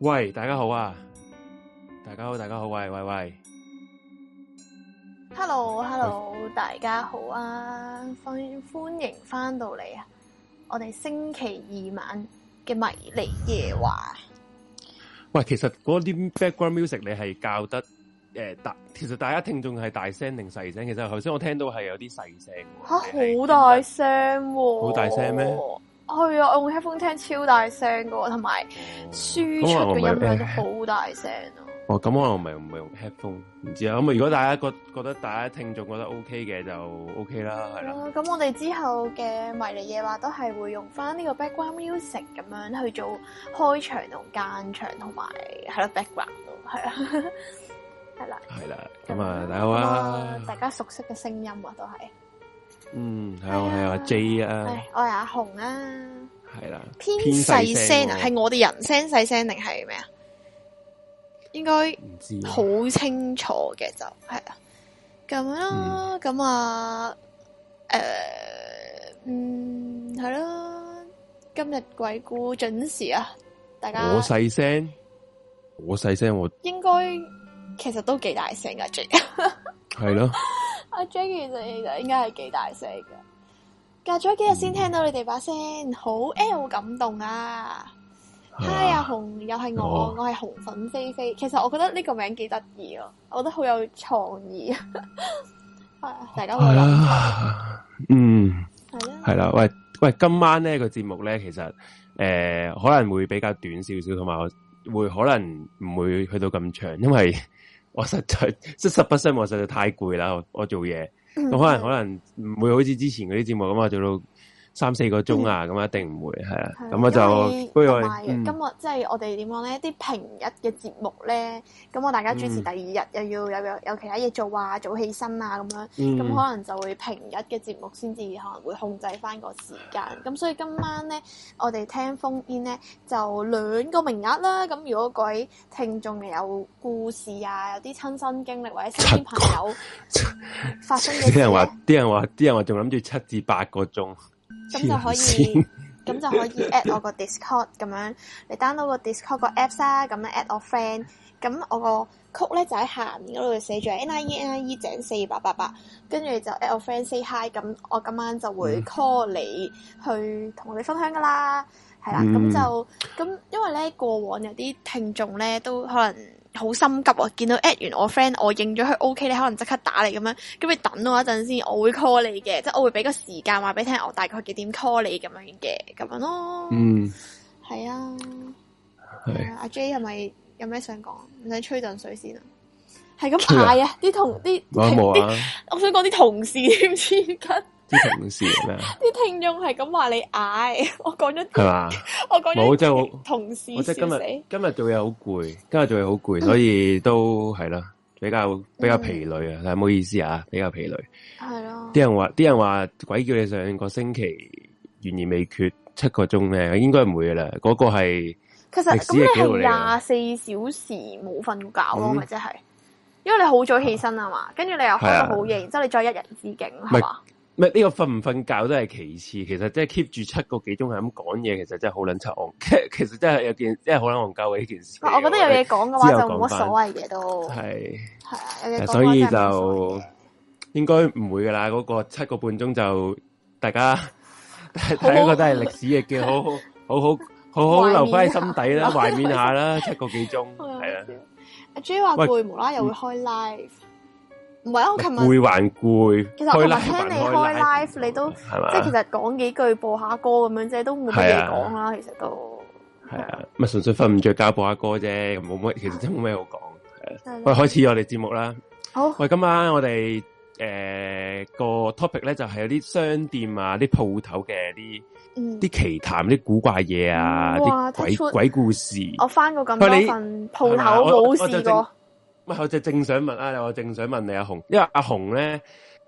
喂，大家好啊！大家好，大家好，喂喂喂，Hello，Hello，大家好啊，歡歡迎翻到嚟啊！我哋星期二晚嘅迷離夜話。喂，其實嗰啲 background music 你係教得誒大、呃，其實大家聽眾係大聲定細聲？其實頭先我聽到係有啲細聲，吓好哈大聲、啊，好大聲咩？係啊，我用 headphone 聽超大聲噶，同埋輸出嘅音量都好大聲啊！哦，咁可能唔係唔係用 headphone，唔知啊咁啊！如果大家覺得覺得大家聽眾覺得 O K 嘅就 O K 啦，係啦。咁我哋之後嘅迷離夜話都係會用翻呢個 background music 咁樣去做開場同間場同埋係咯 background 咯，係啊，係啦，係啦，咁啊，大家好啊，大家熟悉嘅聲音啊，都係。嗯，係啊係阿 J 啊，我係阿紅啊，係啦、啊，偏細聲啊，係、啊、我哋人聲細聲定係咩啊？應該好清楚嘅就係啊，咁啦，咁、嗯、啊，誒、呃，嗯，係啊，今日鬼故準時啊，大家我細聲，我細聲我，我應該其實都幾大聲噶 J，係咯。我 j a 你 k i e 其應該係幾大聲嘅，隔咗幾日先聽到你哋把聲，好誒、嗯，好感動啊 Hi 啊吧，阿紅，又係我，我係紅粉菲菲，其實我覺得呢個名幾得意哦，我覺得好有創意啊， 大家好啊，嗯，係啊，係啦、啊，喂喂，今晚呢、這個節目咧，其實誒、呃、可能會比較短少少，同埋我會可能唔會去到咁長，因為。我實在即十不十，我實在太攰啦！我我做嘢，咁可能可能唔會好似之前嗰啲節目咁啊做到。三四個鐘啊，咁、嗯、一定唔會係啊。咁的我就，今日即係我哋點講咧？啲平日嘅節目咧，咁我大家主持第二日、嗯、又要有有有其他嘢做啊，早起身啊咁樣。咁、嗯、可能就會平日嘅節目先至可能會控制翻個時間。咁所以今晚咧，我哋聽 phone in 咧就兩個名額啦。咁如果各位聽眾有故事啊，有啲親身經歷或者身邊朋友發生嘅，啲人話，啲人話，啲人話仲諗住七至八個鐘。咁就可以，咁、啊、就可以 add 我個 Discord 咁樣，你 download 個 Discord 個 Apps 啦，咁樣 add 我 friend，咁我個 code 咧就喺下面嗰度寫住 NIE NIE 井四八八八，跟住、嗯、就 add 我 friend say hi，咁我今晚就會 call 你、嗯、去同我哋分享噶啦，係啦，咁就咁，因為咧過往有啲聽眾咧都可能。好心急啊！見到 at 完我 friend，我認咗佢 OK 你可能即刻打你咁樣，咁你等我一陣先，我會 call 你嘅，即係我會俾個時間話俾聽，我大概幾點 call 你咁樣嘅，咁樣咯。嗯，係啊，係啊，阿 J 係咪有咩想講？唔使吹陣水先實不啊，係咁快啊！啲同啲，有我想講，啲同事點知咁。 啲同事咩？啲聽眾係咁話你嗌我講咗，係嘛？我講冇，同事笑死。今日今日做嘢好攰，今日做嘢好攰，所以都係咯，比較比較疲累啊。但係唔好意思啊，比較疲累。係咯。啲人話，啲人話，鬼叫你上個星期懸疑未決七個鐘咧，應該唔會噶啦。嗰個係其實咁，你係廿四小時冇瞓覺咯，咪即係，因為你好早起身啊嘛，跟住你又開到好夜，然之後你再一日之境。係嘛？呢個瞓唔瞓覺都係其次，其實即係 keep 住七個幾鐘係咁講嘢，其實真係好撚戇。其其實真係有件真係好撚戇鳩嘅一件事。我覺得有嘢講嘅話就冇乜所謂嘅都係啊，嘢都係所以就應該唔會㗎啦。嗰個七個半鐘就大家第一個都係歷史嘅嘅，好好好好好好留翻喺心底啦，懷念下啦。七個幾鐘係啊，阿 J 話攰，無啦又會開 live。唔係琴日攰還攰，其實同埋聽你開 live 你都即係其實講幾句播下歌咁樣啫，都冇乜嘢講啦。其實都係啊，咪純粹瞓唔着覺播下歌啫，咁冇乜其實真冇乜嘢好講。喂，開始我哋節目啦。好，喂，今晚我哋誒個 topic 咧就係有啲商店啊，啲鋪頭嘅啲啲奇談、啲古怪嘢啊，啲鬼鬼故事。我返過咁多份鋪頭，冇試過。唔係，我正想問啊！我正想問你阿紅，因為阿紅咧，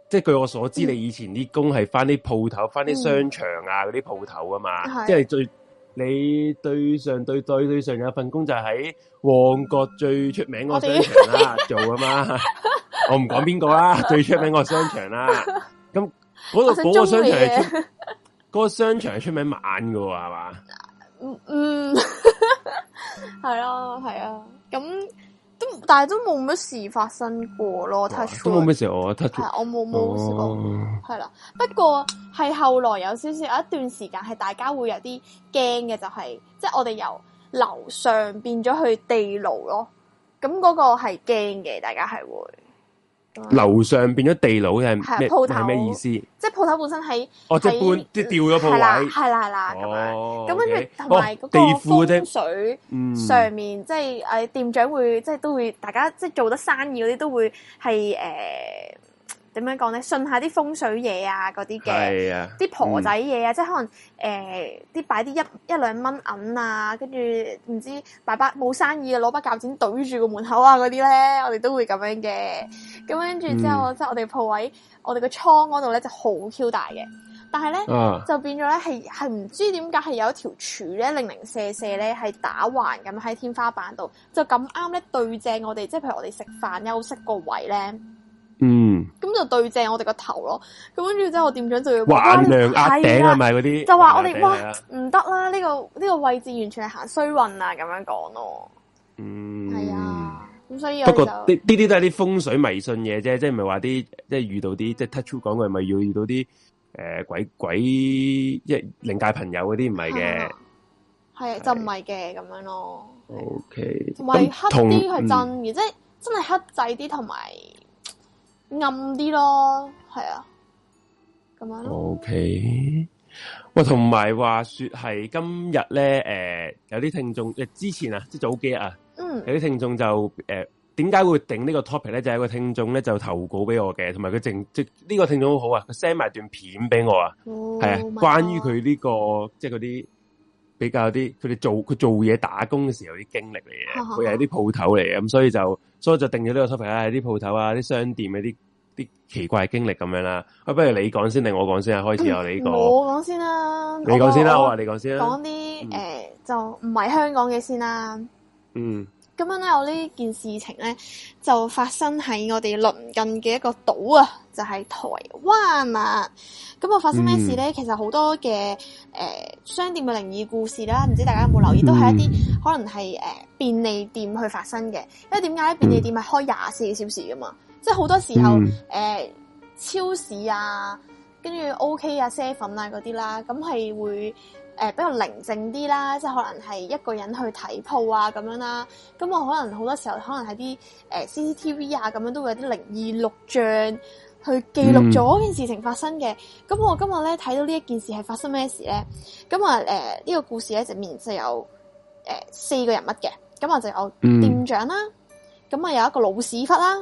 即係據我所知，嗯、你以前啲工係翻啲鋪頭，翻啲、嗯、商場啊嗰啲鋪頭㗎嘛，嗯、即係最你對上對對對上有份工就喺旺角最出名嗰個商場啦，做㗎嘛。我唔講邊個啦，最出名嗰個商場啦。咁嗰度嗰個商場係出嗰個商場係出名猛㗎，係嘛？嗯，係 咯，係啊，咁。都但係都冇乜事發生過咯，嘩都冇乜事我，係、啊、我冇冇、哦、事過，係啦。不過係後來有少少，有一段時間係大家會有啲驚嘅，就係即係我哋由樓上變咗去地牢咯。咁嗰個係驚嘅，大家係會。樓、嗯、上變咗地牢嘅咩？係咩、啊、意思？即係鋪頭本身喺哦，是即係搬即係調咗鋪係啦，係啦，係啦。咁啊、哦，咁跟住同埋嗰個風水，上面，啊嗯、即係誒，店長會即係都會，大家即係做得生意嗰啲都會係誒。是呃點樣講咧？信下啲風水嘢啊，嗰啲嘅，啲婆仔嘢啊，啊嗯、即係可能誒，啲擺啲一一,一兩蚊銀啊，跟住唔知大把冇生意啊，攞把鉸剪對住個門口啊，嗰啲咧，我哋都會咁樣嘅。咁跟住之後，即係我哋鋪位，我哋個倉嗰度咧就好 Q 大嘅，但係咧、啊、就變咗咧係係唔知點解係有一條柱咧零零四四咧係打橫咁喺天花板度，就咁啱咧對正我哋，即係譬如我哋食飯休息個位咧。嗯，咁就對正我哋個頭咯。咁跟住之後，我店長就要話橫梁壓頂係咪嗰啲？就話我哋哇唔得啦！呢個呢個位置完全係行衰運啊！咁樣講咯。嗯，係啊。咁所以不過啲啲啲都係啲風水迷信嘢啫。即係唔係話啲即係遇到啲即係 touch to 講佢咪要遇到啲誒鬼鬼即係另界朋友嗰啲唔係嘅，係啊就唔係嘅咁樣咯。O K，同埋黑啲係真嘅，即係真係黑仔啲同埋。暗啲咯，係啊，咁樣咯。O K，喂，同埋話說係今日咧，誒、呃、有啲聽眾之前啊，即早幾日啊，嗯，有啲聽眾就誒點解會定呢個 topic 咧？就係、是、個聽眾咧就投稿俾我嘅，同埋佢淨即呢個聽眾好好啊，佢 send 埋段片俾我啊，係、哦、啊，關於佢呢、這個即係嗰啲比較啲佢哋做佢做嘢打工嘅時候啲經歷嚟嘅，佢係啲鋪頭嚟嘅，咁所以就所以就定咗呢個 topic 啊，啲鋪頭啊，啲商店嗰、啊、啲。啲奇怪嘅經歷咁樣啦，不如你講先定我講先啊？開始由你講，我講先啦。你講先啦，好啊，你講先啦。講啲誒，就唔係香港嘅先啦。嗯，咁樣咧，我呢件事情咧就發生喺我哋鄰近嘅一個島、就是、啊，就係台灣啊。咁我發生咩事咧？嗯、其實好多嘅誒、呃、商店嘅靈異故事啦，唔知大家有冇留意？都係一啲、嗯、可能係誒、呃、便利店去發生嘅。因為點解咧？便利店係開廿四小時噶嘛。即係好多時候，誒、嗯呃、超市啊，跟住 OK 啊、Seven 啊嗰啲啦，咁係會誒、呃、比較寧靜啲啦。即係可能係一個人去睇鋪啊咁樣啦、啊。咁我可能好多時候，可能喺啲誒 CCTV 啊咁樣都會有啲靈異錄像去記錄咗件事情發生嘅。咁、嗯、我今日咧睇到呢一件事係發生咩事咧？咁啊誒呢個故事咧入面就有誒、呃、四個人物嘅。咁啊就有店長啦，咁啊、嗯、有一個老屎忽啦。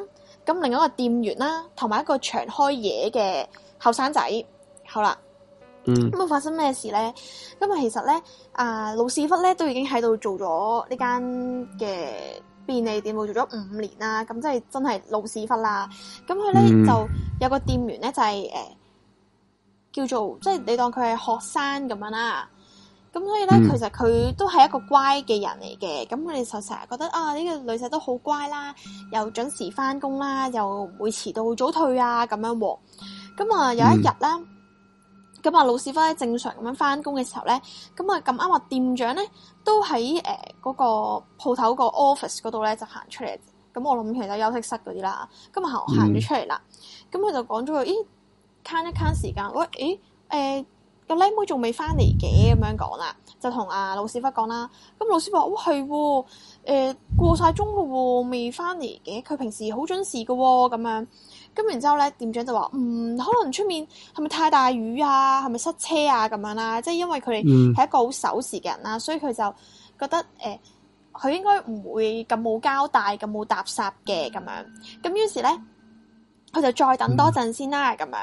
咁另外一個店員啦、啊，同埋一個長開嘢嘅後生仔，好啦，咁啊、嗯、發生咩事咧？咁啊其實咧，啊老屎忽咧都已經喺度做咗呢間嘅便利店，做咗五年啦，咁即係真係老屎忽啦。咁佢咧就有個店員咧就係、是、誒、呃，叫做即係你當佢係學生咁樣啦。咁所以咧，嗯、其實佢都係一個乖嘅人嚟嘅。咁我哋就成日覺得啊，呢、呢個女仔都好乖啦，又準時翻工啦，又唔會遲到、早退啊咁樣。咁啊，有一日咧，咁啊、嗯，老師傅正常咁樣翻工嘅時候咧，咁啊咁啱話店長咧都喺嗰、呃嗰個鋪頭個 office 嗰度咧就行出嚟。咁我諗其實休息室嗰啲啦，咁啊行行咗出嚟啦。咁佢、嗯、就講咗：咦慳一慳時間，喂，個靚妹仲未翻嚟嘅咁樣講啦，就同阿老師忽講啦。咁老師傅話：哇係喎，誒、呃、過曬鐘未翻嚟嘅。佢平時好準時嘅喎，咁樣。咁然之後咧，店長就話：唔、嗯、可能出面係咪太大雨啊？係咪塞車啊？咁樣啦，即、就、係、是、因為佢哋係一個好守時嘅人啦、啊，所以佢就覺得誒，佢、呃、應該唔會咁冇交代、咁冇搭霎嘅咁樣。咁於是咧。佢就再等多陣先啦，咁樣，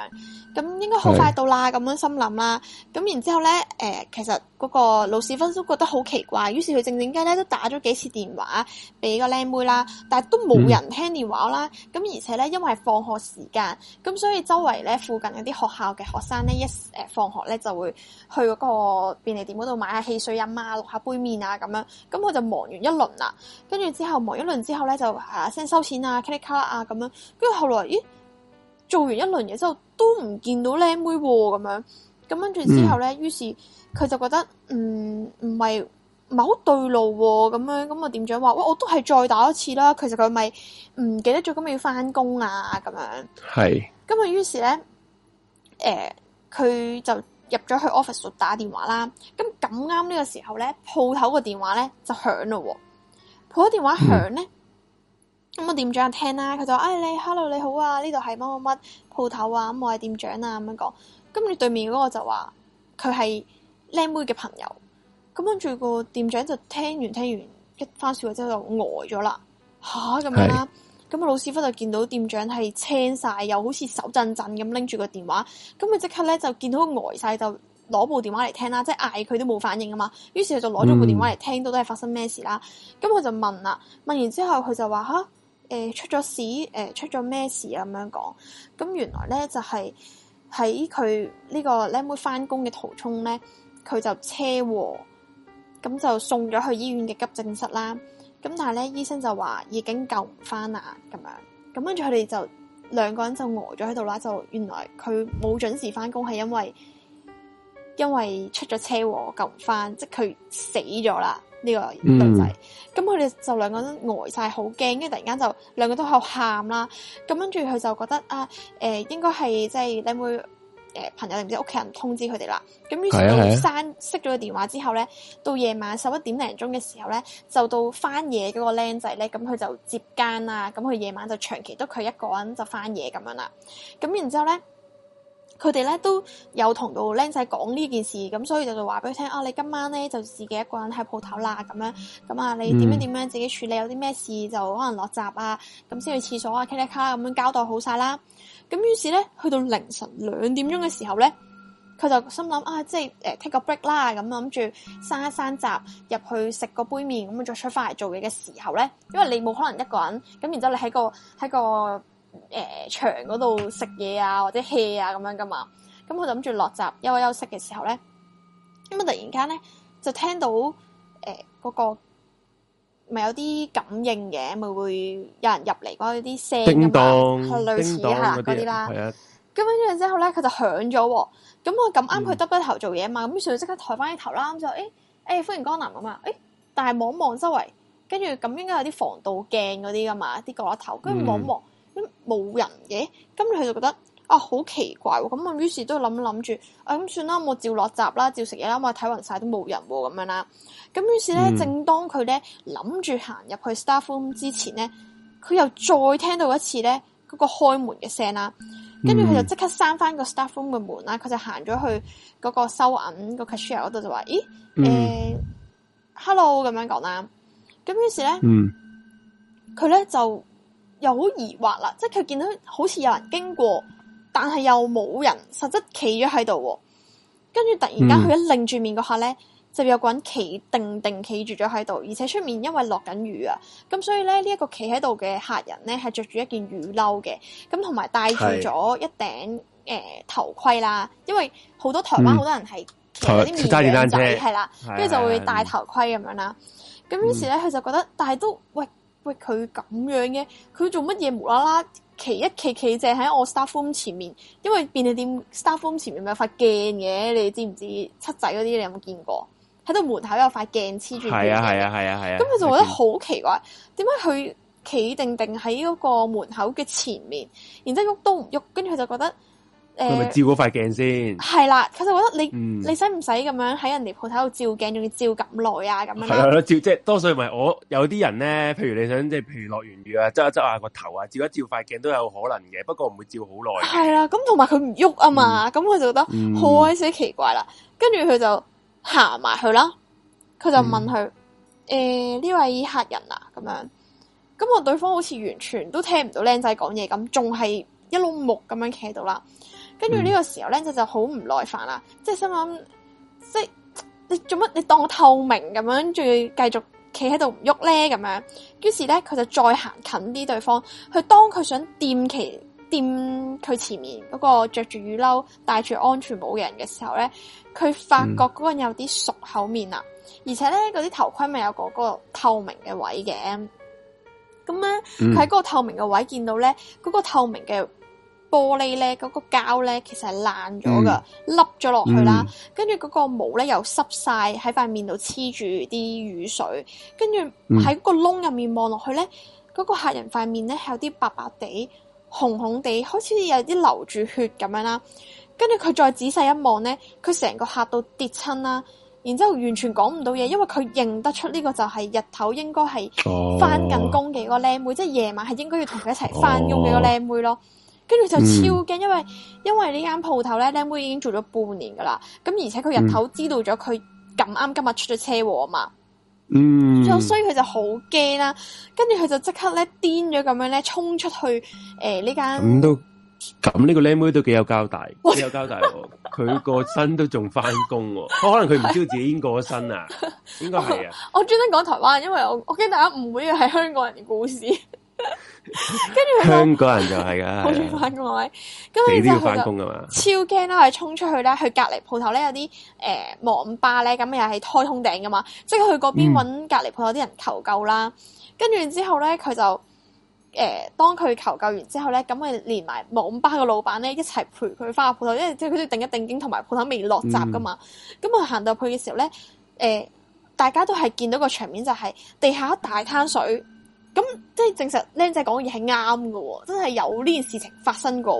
咁應該好快到啦，咁樣心諗啦，咁然之後咧，誒，其實嗰個老師分都覺得好奇怪，於是佢靜靜雞咧都打咗幾次電話俾個靚妹啦，但係都冇人聽電話啦，咁、嗯、而且咧，因為係放學時間，咁所以周圍咧附近有啲學校嘅學生咧一誒、呃、放學咧就會去嗰個便利店嗰度買下汽水飲啊，落下杯麵啊咁樣，咁佢就忙完一輪啦，跟住之後,後忙一輪之後咧就先聲、啊、收錢啊，卡卡啊咁樣，跟住後,後來咦？做完一輪嘢之後，都唔見到靚妹咁樣，咁跟住之後咧，於、嗯、是佢就覺得，唔係唔係好對路咁、啊、樣，咁啊店長話，喂，我都係再打一次啦。其實佢咪唔記得咗，今日要翻工啊，咁樣。係是。咁啊，於是咧，誒，佢就入咗去 office 度打電話啦。咁咁啱呢個時候咧，鋪頭個電話咧就響咯。鋪頭電話響咧。嗯咁啊！店長就聽啦，佢就話，哎，你，hello，你好啊，呢度係乜乜乜鋪頭啊。咁、嗯、我係店長啊，咁樣講。跟住對面嗰個就話佢係靚妹嘅朋友。咁跟住個店長就聽完聽完一翻少少之後就呆咗啦。吓、啊、咁樣啦、啊。咁啊是、嗯，老師傅就見到店長係青晒，又好似手震震咁拎住個電話。咁佢即刻咧就見到呆晒，就攞部電話嚟聽啦，即係嗌佢都冇反應啊嘛。於是佢就攞咗部電話嚟聽到底係發生咩事啦。咁佢就問啦，問完之後佢就話，吓。誒、呃、出咗事，呃、出咗咩事啊？咁樣講，咁原來咧就係喺佢呢個僆妹翻工嘅途中咧，佢就車禍，咁就送咗去醫院嘅急症室啦。咁但係咧，醫生就話已經救唔翻啦咁樣。咁跟住佢哋就兩個人就呆咗喺度啦。就原來佢冇準時翻工係因為因為出咗車禍救唔翻，即係佢死咗啦。呢個女仔，咁佢哋就兩個都呆晒，好驚。跟住突然間就兩個都喺度喊啦。咁跟住佢就覺得啊，誒、呃、應該係即係僆妹誒、呃、朋友定唔知屋企人通知佢哋啦。咁於是佢閂熄咗個電話之後咧，啊、到夜晚十一點零鐘嘅時候咧，就到翻夜嗰個僆仔咧。咁佢就接更啦。咁佢夜晚就長期都佢一個人就翻夜咁樣啦。咁然之後咧。佢哋咧都有同到僆仔講呢件事，咁所以就就話俾佢聽，啊你今晚咧就自己一個人喺鋪頭啦，咁樣，咁啊，你點樣點樣自己處理，有啲咩事就可能落集啊，咁先去廁所啊卡 l 卡 c k 咁樣交代好曬啦。咁於是咧，去到凌晨兩點鐘嘅時候咧，佢就心諗啊，即係誒、呃、take 個 break 啦，咁諗住生一山集，入去食個杯麵咁再出翻嚟做嘢嘅時候咧，因為你冇可能一個人，咁然之後你喺個喺個。誒，牆嗰度食嘢啊，或者 hea 啊，咁樣噶嘛。咁、嗯、佢就諗住落閘休休息嘅時候咧，咁、嗯、啊突然間咧就聽到誒嗰、呃那個咪有啲感應嘅，咪會有人入嚟嗰啲聲噶嘛，類似係嗰啲啦。跟住之後咧佢就響咗，咁我咁啱佢耷低頭做嘢啊嘛，咁於是佢即刻抬翻啲頭啦。咁就、嗯、後誒誒歡迎光臨啊嘛，誒但係望望周圍，跟住咁應該有啲防盜鏡嗰啲噶嘛，啲角落頭跟住望望。冇人嘅，咁佢就覺得啊好奇怪喎，咁啊，於是都諗諗住，啊咁算啦，我照落集啦，照食嘢啦，我睇勻曬都冇人喎，啊，咁樣啦。咁於是咧，嗯、正當佢咧諗住行入去 staff room 之前咧，佢又再聽到一次咧嗰，那個開門嘅聲啦，跟住佢就即刻閂翻個 staff room 嘅門啦，佢就行咗去嗰個收銀，那個 cashier 嗰度就話：咦，誒、嗯、hello 咁樣講啦。咁於是咧，佢咧、嗯、就。又好疑惑啦，即係佢見到好似有人經過，但係又冇人，實質企咗喺度。跟住突然間佢一擰住面個客咧，嗯、就有個人企定定企住咗喺度，而且出面因為落緊雨啊，咁所以咧呢一、個企喺度嘅客人咧係着住一件雨褸嘅，咁同埋戴住咗一頂誒是、呃、頭盔啦，因為好多台灣好多人係騎啲面、嗯、電單車，係啦了，跟住的就會戴頭盔咁樣啦。咁於是咧佢就覺得，但係都喂。喂，佢咁樣嘅，佢做乜嘢無啦啦企一企企正喺我 staff room 前面？因為便利店 staff room 前面咪有塊鏡嘅，你知唔知七仔嗰啲你有冇見過？喺度門口有塊鏡黐住。係啊係啊係啊係啊！咁佢、啊啊啊、就覺得好奇怪，點解佢企定定喺嗰個門口嘅前面然動動，然之後喐都唔喐，跟住佢就覺得。佢咪、嗯、照嗰塊鏡先？係啦、啊，佢就覺得你、嗯、你使唔使咁樣喺人哋鋪頭度照鏡，仲要照咁耐啊？咁樣係啦、啊啊，照即係多數係咪我有啲人咧，譬如你想即係譬如落完雨啊，執一執下個頭啊，照一照塊鏡都有可能嘅，不過唔會照好耐。係啦咁同埋佢唔喐啊嘛，咁佢、嗯、就覺得好鬼死奇怪啦。跟住佢就行埋去啦，佢就問佢：呢、嗯欸、位客人啊？咁樣咁我對方好似完全都聽唔到靚仔講嘢咁，仲係一碌木咁樣企喺度啦。跟住呢個時候咧，佢就好唔耐煩啦，即係心諗，即係你做乜？你當我透明咁樣，仲要繼續企喺度唔喐咧？咁樣，於是咧佢就再行近啲對方，佢當佢想掂其掂佢前面嗰個着住雨褸、戴住安全帽嘅人嘅時候咧，佢發覺嗰個人有啲熟口面啊，而且咧嗰啲頭盔咪有嗰個透明嘅位嘅，咁咧佢喺嗰個透明嘅位見到咧嗰個透明嘅。玻璃咧，嗰、那個膠咧，其實係爛咗噶，嗯、凹咗落去啦。跟住嗰個毛咧又濕晒喺塊面度黐住啲雨水，跟住喺個窿入面望落去咧，嗰、嗯、個客人塊面咧係有啲白白地、紅紅地，好似有啲流住血咁樣啦。跟住佢再仔細一望咧，佢成個吓到跌親啦，然之後完全講唔到嘢，因為佢認得出呢個就係日頭應該係翻緊工嘅嗰個靚妹妹，哦、即係夜晚係應該要同佢一齊翻工嘅嗰個靚妹妹咯。跟住就超驚，嗯，因為因為呢間鋪頭咧，靚妹已經做咗半年噶啦，咁而且佢日頭知道咗佢咁啱今日出咗車禍啊嘛，嗯，所以佢就好驚啦，跟住佢就即刻咧癲咗咁樣咧，衝出去誒呢間咁都咁呢個靚妹都幾有交代，幾我有交代喎，佢個 身都仲翻工喎，可能佢唔知道自己已經過咗身 該啊，應該係啊，我專登講台灣，因為我我驚大家唔會係香港人嘅故事。 跟住 香港人就係噶，要 返工咪？跟住之後佢就，就超驚啦，佢衝出去咧，去隔離鋪頭咧有啲誒、呃、網吧咧，咁又係開通頂噶嘛，即係去嗰邊揾隔離鋪頭啲人求救啦。跟住之後咧，佢就誒、呃、當佢求救完之後咧，咁佢連埋網吧個老闆咧一齊陪佢翻個鋪頭，因為即係佢都要定一定經同埋鋪頭未落閘噶嘛。咁佢行到去嘅時候咧，誒、呃、大家都係見到個場面就係地下一大灘水。咁即係證實僆仔講嘢係啱喎，真係有呢件事情發生過。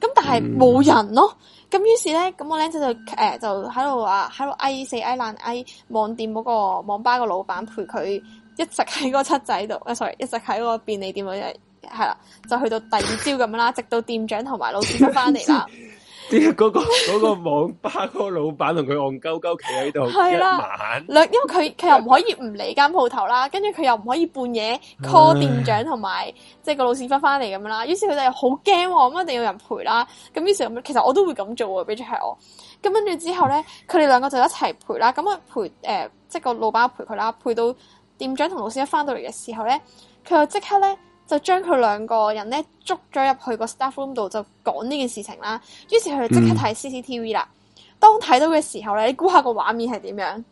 咁但係冇人咯。咁、嗯、於是咧，咁我僆仔就誒、呃、就喺度話喺度嗌死嗌爛嗌網店嗰、嗰個網吧個老闆，陪佢一直喺個七仔度。誒、啊、，sorry，一直喺個便利店度係啦，就去到第二朝咁啦， 直到店長同埋老師都翻嚟啦。 嗰、 那個嗰、那個網吧嗰、那個老闆同佢戇鳩鳩企喺度一晚， 因為佢佢又唔可以唔理間鋪頭啦，跟住佢又唔可以半夜 call 唉 店長同埋即係個老師翻翻嚟咁樣啦，於是佢哋好驚喎，咁一定有人陪啦。咁於是其實我都會咁做喎，比如係我。咁跟住之後咧，佢哋兩個就一齊陪啦。咁啊陪即係、呃就是、個老闆陪佢啦，陪到店長同老師一翻到嚟嘅時候咧，佢即刻咧。就將佢兩個人咧捉咗入去個 staff room 度就講呢件事情啦，於是佢就即刻睇 CCTV 啦。嗯、當睇到嘅時候咧，你估下個畫面係點樣？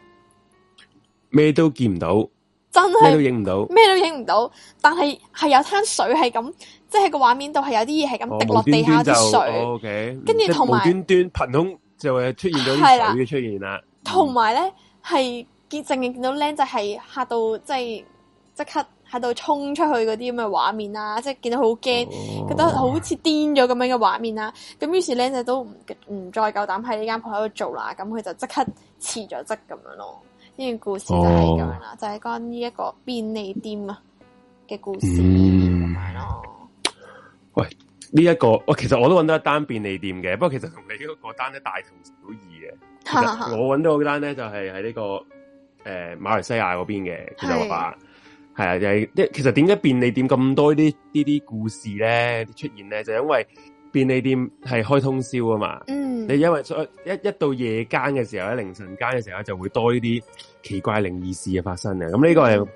咩都見唔到，真係的咩都影唔到，咩都影唔到。但係係有灘水，係咁即係個畫面度係有啲嘢，係咁滴落地下啲水。O K，跟住同埋無端端，就無端，憑空就係出現咗啲水嘅出現啦。同埋咧係見，正正、嗯、見到靚仔係嚇到即，即係即刻。喺度衝出去嗰啲咁嘅畫面啦，即係見到好驚，oh. 覺得好似癲咗咁樣嘅畫面啦。咁於是僆仔都唔唔再夠膽喺呢間鋪喺度做啦。咁佢就即刻辭咗職咁樣咯。呢、這、件、個、故事就係咁樣啦，oh. 就係關於呢一個便利店啊嘅故事係咯、嗯。喂，呢、這、一個我其實我都揾到一單便利店嘅，不過其實同你嗰個單咧大同小異嘅。我揾到嗰單咧就係喺呢個誒、呃、馬來西亞嗰邊嘅，就話。是係啊，就係即係，其實點解便利店咁多呢啲呢啲故事咧出現咧？就因為便利店係開通宵啊嘛。嗯，你因為一一到夜間嘅時候咧，凌晨間嘅時候就會多呢啲奇怪靈異事嘅發生嘅。咁呢個係嗱、mm.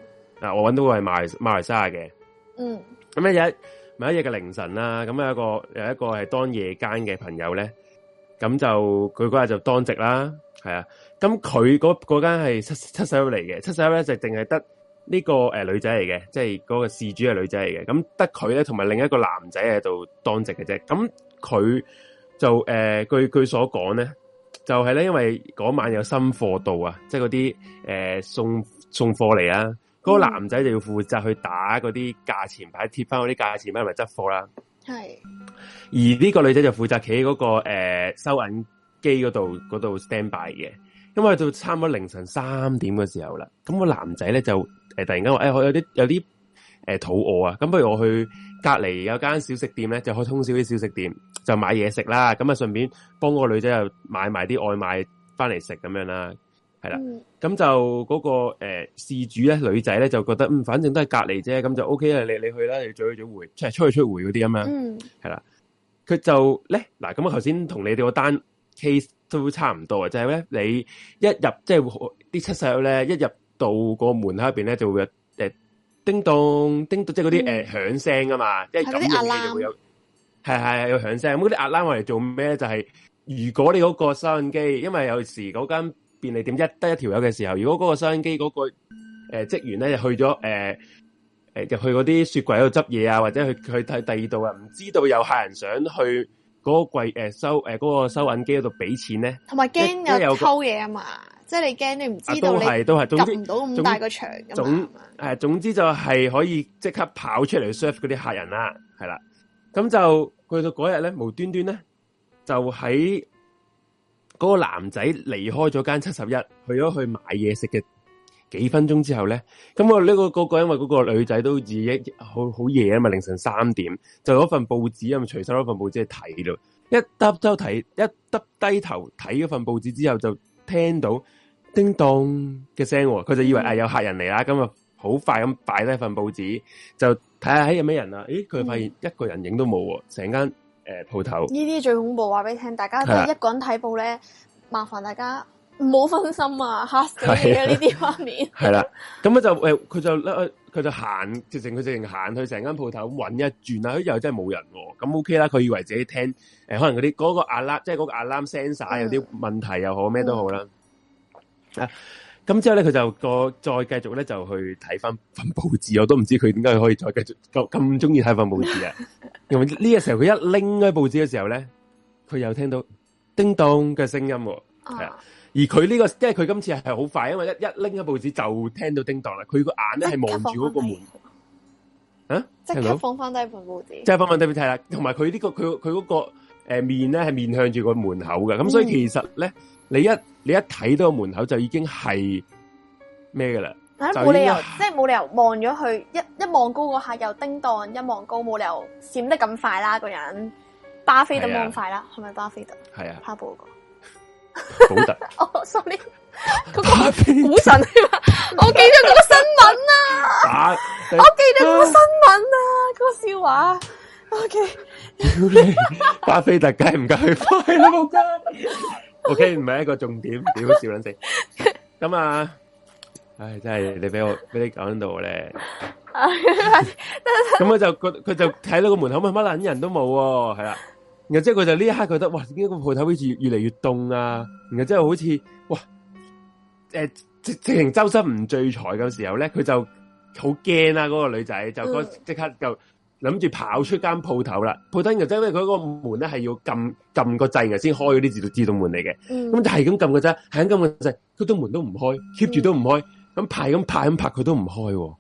啊，我揾到個係馬嚟馬嚟西亞嘅。嗯、mm.，咁一日某一日嘅凌晨啦、啊，咁有一個有一個係當夜間嘅朋友咧，咁就佢嗰日就當值啦，係啊。咁佢嗰嗰間係七七十一嚟嘅，七十一咧就淨係得。呢、這個、呃、女仔嚟嘅，即係嗰個事主係女仔嚟嘅。咁得佢咧，同埋另一個男仔喺度當值嘅啫。咁佢就誒、呃、據據所講咧，就係、是、咧，因為嗰晚有新貨到、呃、貨啊，即係嗰啲送送貨嚟啊。嗰個男仔就要負責去打嗰啲價錢牌，貼翻嗰啲價錢牌咪執貨啦。係是。而呢個女仔就負責企喺嗰個、呃、收銀機嗰度嗰度 stand by 嘅。因為到差唔多凌晨三點嘅時候啦，咁、嗰個男仔咧就。誒突然間話誒、欸、我有啲有啲誒、欸、肚餓啊，咁不如我去隔離有間小食店咧，就開通宵啲小食店，就買嘢食啦。咁啊順便幫個女仔又買埋啲外賣翻嚟食咁樣啦，係啦。咁就嗰、那個事、欸、主咧，女仔咧就覺得嗯，反正都係隔離啫，咁就 O、OK、K 啦。你你去啦，你早去早回，即係出去出去回嗰啲咁樣，係、嗯、啦。佢就咧嗱，咁我頭先同你哋個單 case 都差唔多啊，就係、是、咧，你一入即係啲七十咧一入，到個門口入邊咧就會有誒叮咚叮咚，即係嗰啲誒響聲啊嘛，即係咁樣嘅就會有係係有響聲。咁嗰啲阿拉我嚟做咩咧？就係如果你嗰個收銀機，因為有時嗰間便利店一得一條友嘅時候，如果嗰個收銀機嗰個誒職員咧去咗誒誒入去嗰啲雪櫃度執嘢啊，或者去去睇第二度啊，唔知道有客人想去嗰個櫃誒收誒嗰個收銀機嗰度俾錢咧，同埋驚有偷嘢啊嘛。即係你驚你唔知道你及唔到咁大個牆咁，誒、啊，總之，總吧總之就係可以即刻跑出嚟 serve 嗰啲客人啦，係啦，咁就去到嗰日咧，無端端咧就喺嗰個男仔離開咗間七十一，去咗去買嘢食嘅幾分鐘之後咧，咁我呢個個、嗰個因為嗰個女仔都已經好好夜啊嘛，凌晨三點就攞份報紙，啊嘛隨手攞份報紙去睇咯，一耷低睇，一耷低頭睇嗰份報紙之後就聽到。叮噹嘅聲，佢就以為誒、哎、有客人嚟啦，咁啊好快咁擺低份報紙，就睇下喺有咩人啊？誒，佢發現一個人影都冇，成間誒鋪頭呢啲最恐怖，話俾聽，大家就、啊、一個人睇報咧，麻煩大家唔好分心啊，嚇死你嘅呢啲畫面。係啦、啊，咁咧、啊、就誒，佢、呃、就佢、呃、就行直情佢直行去成間鋪頭咁搵一轉啊、哎，又真係冇人、哦，咁 OK 啦。佢以為自己聽誒、呃，可能嗰啲嗰個 alarm、嗯、即係嗰個 alarm sensor 有啲問題又好，咩、嗯、都好啦。啊！咁之後咧，佢就個再繼續咧，就去睇翻份報紙。我都唔知佢點解可以再繼續咁中意睇份報紙啊！ 因為呢個時候佢一拎開報紙嘅時候咧，佢又聽到叮噹嘅聲音、哦。啊！而佢呢、呢個，即係佢今次係好快，因為一一拎開報紙就聽到叮噹啦。佢個眼咧係望住嗰個門。啊！即係到放翻低份報紙，即係放返低俾睇啦。同埋佢呢個佢佢嗰個誒面咧係面向住個門口㗎。咁所以其實咧。嗯你一你一睇到個門口就已經係咩噶啦？就冇理由，即係冇理由望咗佢一一望高個客又叮當，一望高冇理由閃得咁快啦！個人巴菲特望咁快啦，係咪、啊、巴菲特？係啊，巴布嗰、那個巴菲特、 啊。哦 ，sorry，個股神、啊， 我記得嗰個新聞啊，我記得嗰個新聞啊，嗰個笑話。ok，巴菲特介唔介去快啦 O K，唔係一個重點，點樣笑捻死？咁啊，唉，真係你俾我俾你講到咧，咁 我就佢佢就睇到個門口乜撚人都冇係啦。然後即係佢就呢一刻覺得哇，點解個鋪頭好似越嚟越凍啊。然後即係好似哇，誒、呃，直情周身唔聚財嘅時候咧，佢就好驚啊。嗰、那個女仔就即刻就。 諗住跑出間鋪頭啦，鋪頭入低咧，佢個個門咧係要撳撳個掣嘅，先開嗰啲自動自動門嚟嘅，咁、嗯、就係咁撳嘅啫，係咁撳個掣，佢都門都唔開，keep 住都唔開，咁拍咁拍咁拍佢都唔開，咁嘅、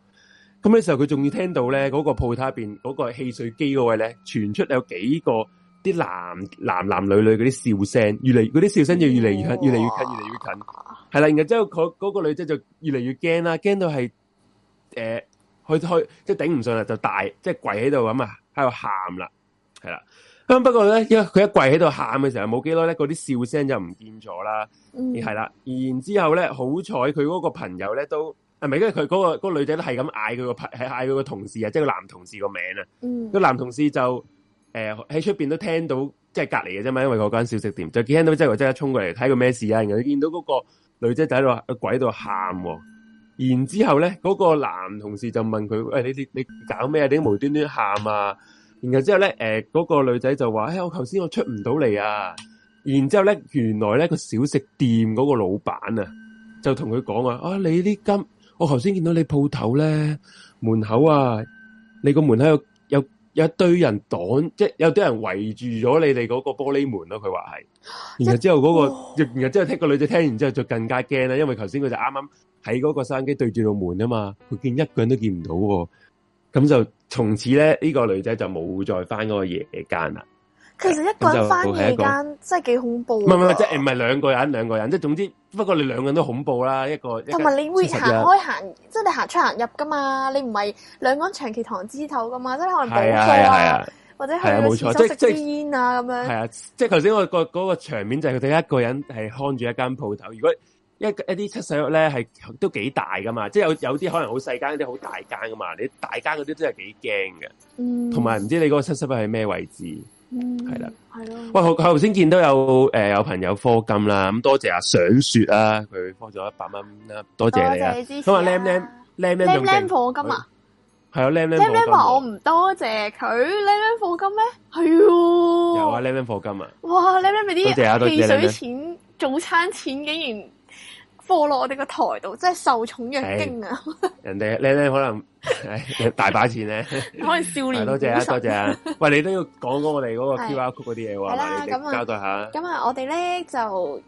嗯哦、時候佢仲要聽到咧嗰、那個鋪頭入邊嗰個汽水機嗰位咧傳出有幾個啲男男男女女嗰啲笑聲，越嚟啲笑聲就越嚟越，哇越，越近，越嚟越近，越嚟越近，係啦，然後之後嗰個個女仔就越嚟越驚啦，驚到係誒。呃佢去即係頂唔順啦，就大即係、即係、跪喺度咁啊，喺度喊啦，係啦。咁不過咧，因為佢一跪喺度喊嘅時候，冇幾耐咧，嗰啲笑聲就唔見咗啦，係啦。而然之後咧，好彩佢嗰個朋友咧都，係咪？因為佢嗰、嗰個嗰個嗰個女仔都係咁嗌佢個朋，係嗌佢個同事啊，即係個男同事個名啊。嗯，個男同事就誒喺出邊都聽到，即係隔籬嘅啫嘛，因為嗰間小食店就見到即係即刻沖過嚟睇個咩事啊，然後見到嗰個女仔喺度跪喺度喊。然之後咧，嗰個男同事就問佢：喂，你你你搞咩啊？點解無端端喊啊？然後之後咧，誒嗰個女仔就話：哎，我頭先我出唔到嚟啊！然之後咧，原來咧個小食店嗰個老闆啊，就同佢講話：啊，你呢間，我頭先見到你鋪頭咧門口啊，你個門口有有有一堆人擋，即係有啲人圍住咗你哋嗰個玻璃門咯。佢話係。然後之後嗰個，的然後之後聽個女仔聽完之後就更加驚啦，因為頭先佢就啱啱。喺嗰個山機對住個門啊嘛，佢見一個人都見唔到。哦，咁就從此咧呢，呢個女仔就冇再翻嗰個夜間啦。其實一個人翻夜間真係幾恐怖。唔係唔係，即係唔係兩個人兩個人，即係總之，不過你兩個人都恐怖啦，一個。同埋你會行開行，即係你行出行入噶嘛？你唔係兩個人長期堂枝頭噶嘛？即係可能閉嘴啊，啊啊啊或者去個廁所食支煙啊咁，啊，樣。係啊，即係頭先我個，嗰個場面就係佢一個人係看住一間鋪頭，如果。一一啲七十一咧係都幾大噶嘛，即係有有啲可能好細間，啲好大間噶嘛。你大間嗰啲真係幾驚嘅，同埋唔知你個七十一係咩位置？係啦，係咯。喂，我頭先見到有有朋友貨金啦，咁多謝阿想雪啊，佢放咗一百蚊啦，多謝你啊。多謝支持。咁啊，靚靚靚靚貨金啊，係啊，靚靚靚靚話我唔多謝佢靚靚貨金咩？係喎，又話靚靚貨金啊！哇，靚靚咪啲汽水錢、早餐錢竟然～放落我哋個台度，即係受寵若驚啊人家！ 人哋咧咧，你可能、哎、你大把錢咧、啊，可能少年、啊 多謝啊、多謝啊，多謝啊。喂，你都要講講我哋嗰個 QR Code 嗰啲嘢喎。咁啊，咁啦交代下、呃、啊，我哋咧就誒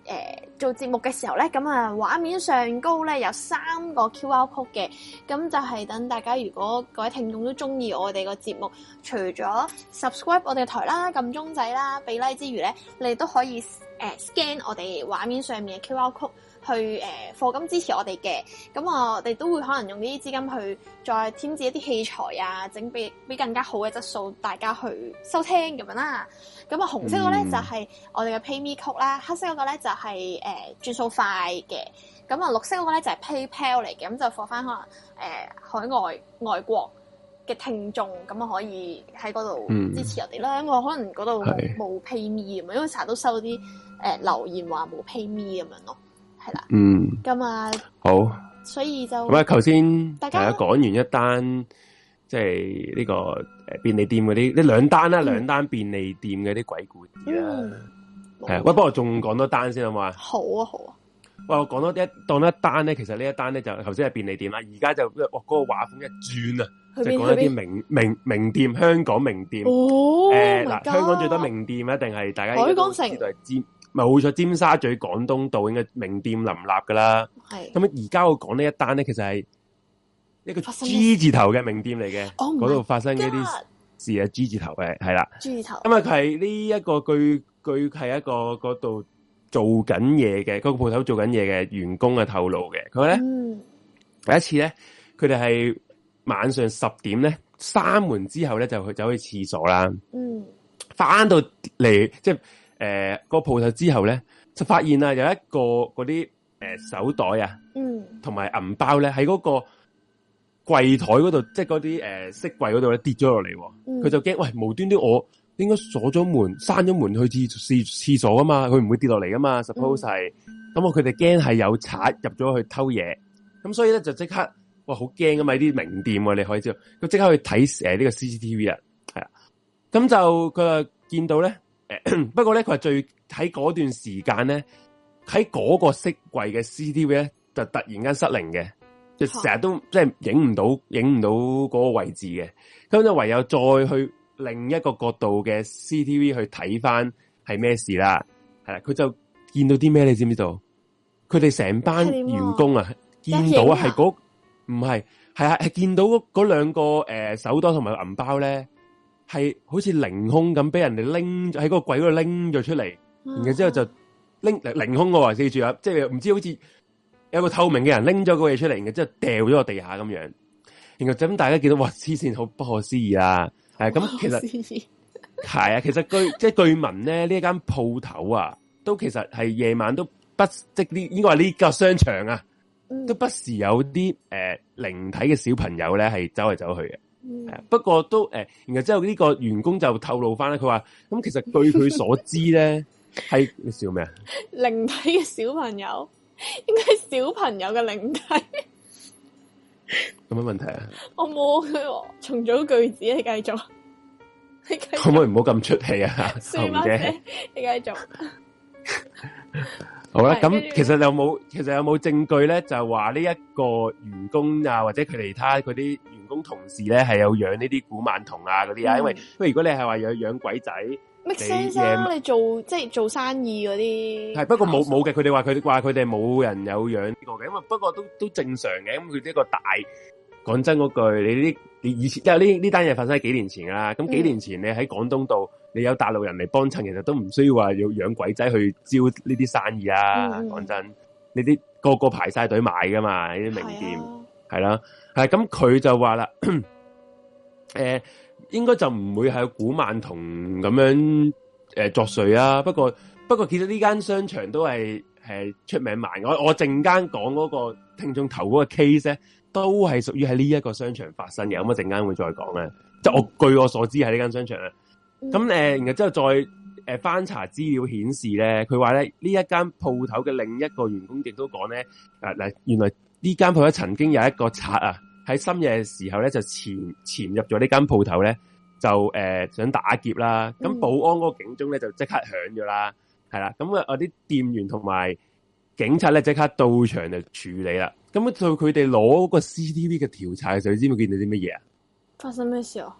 做節目嘅時候咧，咁啊畫面上高咧有三個 QR Code 嘅，咁就係等大家如果各位聽眾都中意我哋個節目，除咗 subscribe 我哋個台啦、撳鐘仔啦、俾 like 之餘咧，你都可以誒 scan 我哋畫面上面嘅 QR Code。去誒課、呃、金支持我哋嘅咁，我哋都會可能用呢啲資金去再添置一啲器材啊，整俾俾更加好嘅質素，大家去收聽咁樣啦。咁啊，紅色嗰個咧就係我哋嘅 PayMe Code 啦，黑色嗰個咧就係誒轉數快嘅。咁啊，綠色嗰個咧就係、是、PayPal 嚟嘅，咁、嗯、就放翻可能誒、呃、海外外國嘅聽眾咁啊，可以喺嗰度支持我哋啦。我、嗯、可能嗰度冇 PayMe 啊是，因為成日都收到啲誒、呃、留言話冇 PayMe 咁樣咯。係啦，嗯，咁啊，好，所以就喂，頭先大家講完一單，即係呢個誒便利店嗰啲，呢兩單啦，兩單便利店嘅啲鬼故事啊。喂，不過仲講多單先好嘛？好啊，好啊，喂，我講多一當一單咧，其實呢一單咧就頭先係便利店啦，而家就哇嗰個畫風一轉啊，就講一啲名名名店，香港名店，哦，嗱，香港最多名店一定係大家海港城咪好在尖沙咀廣東道嘅名店林立噶啦，咁而家我講呢一單咧，其實係一個 G 字頭嘅名店嚟嘅，嗰度發生，發生一啲事啊，G 字頭嘅係啦。G 字頭。咁啊，係呢一個據據係一個嗰度做緊嘢嘅，嗰、嗰個鋪頭做緊嘢嘅員工嘅透露嘅，佢咧、嗯、第一次咧，佢哋係晚上十點咧閂門之後咧就去走去廁所啦，嗯，翻到嚟即係。誒，呃嗰個鋪頭之後咧，就發現啊，有一個嗰啲誒手袋啊，嗯，同埋銀包咧，喺嗰個櫃台嗰度，即係嗰啲誒色櫃嗰度咧跌咗落嚟。佢、啊嗯、就驚，喂，無端端我應該鎖咗門、閂咗門去廁廁廁所噶嘛，佢唔會跌落嚟噶嘛。Suppose 係，咁我佢哋驚係有賊入咗去偷嘢，咁所以咧就即刻，哇，好驚噶嘛！啲名店啊，你可以知道，佢即刻去睇誒呢個 CCTV 啊，係啊，咁就佢見到咧。誒， 不過咧，佢係最喺嗰段時間咧，喺嗰個色櫃嘅 CCTV 咧，就突然間失靈嘅，就成日、啊、都即係影唔到，影唔到嗰個位置嘅，咁就唯有再去另一個角度嘅 CCTV 去睇翻係咩事啦，係啦，佢就見到啲咩，你知唔知道？佢哋成班員工啊，見到是、嗰個、唔係是啊，係嗰唔係，係啊，係見到嗰嗰兩個誒、呃、手袋同埋銀包咧。係好似凌空咁，俾人哋拎咗喺個個櫃嗰度拎咗出嚟，然之後就拎、啊、凌空嘅喎，四住啊，即係唔知好似有個透明嘅人拎咗個嘢出嚟，然之後掉咗個地下咁樣，然後就咁大家見到嘩，黐線好不可思議啊！不可思議？係咁、啊、其實係 啊，其實據即係據聞咧呢一間鋪頭啊，都其實係夜晚都不即係呢應該話呢個商場啊，嗯、都不時有啲誒靈體嘅小朋友咧係走嚟走去嘅。不過都誒、欸，然後之後呢個員工就透露翻咧，佢話咁其實據佢所知咧，係你笑咩啊？靈體嘅小朋友應該係小朋友嘅靈體，有乜問題啊？我冇佢、哦、重組句子，你繼續，你繼續可唔可以唔好咁出氣啊？算話 姐 你繼續好啦。咁其實有冇其實有冇證據咧？就話呢一個員工啊，或者佢哋他嗰啲。工同事咧係有養呢啲古曼童啊嗰啲啊，因為因為如果你係話有養鬼仔，makes sense，你做即係做生意嗰啲，係不過冇冇嘅，佢哋話佢話佢哋冇人有養過嘅，因為不過都都正常嘅。咁佢呢個大，講真嗰句，你呢啲你以前，又呢呢單嘢發生喺幾年前啦。咁幾年前你喺廣東道，你有大陸人嚟幫襯，其實都唔需要話要養鬼仔去招呢啲生意啊。講真，你啲個個排晒隊買㗎嘛，呢啲名店。係啦，係咁佢就話啦，誒、 呃，應該就唔會係古曼同古曼童咁樣誒、呃、作祟啊。不過不過，其實呢間商場都係誒、呃、出名猛。我我陣間講嗰個聽眾頭嗰個 case 咧，都係屬於喺呢一個商場發生嘅。咁啊，陣間會再講呢。即係我據我所知喺呢間商場咧，咁誒、呃，然後之後再誒、呃、翻查資料顯示咧，佢話咧呢一間鋪頭嘅另一個員工亦都講咧，誒、呃、嗱、呃，原來。呢間鋪呢曾經有一個賊啊，喺深夜嘅時候咧就潛潛入咗呢間鋪頭咧，就誒、呃、想打劫啦。咁保安嗰個警鐘咧就即刻響咗啦，係啦、嗯。咁啊，我啲店員同埋警察咧即刻到場就處理啦。咁到佢哋攞個 CCTV 嘅調查嘅時候，你知唔知見到啲乜嘢啊？發生咩事啊？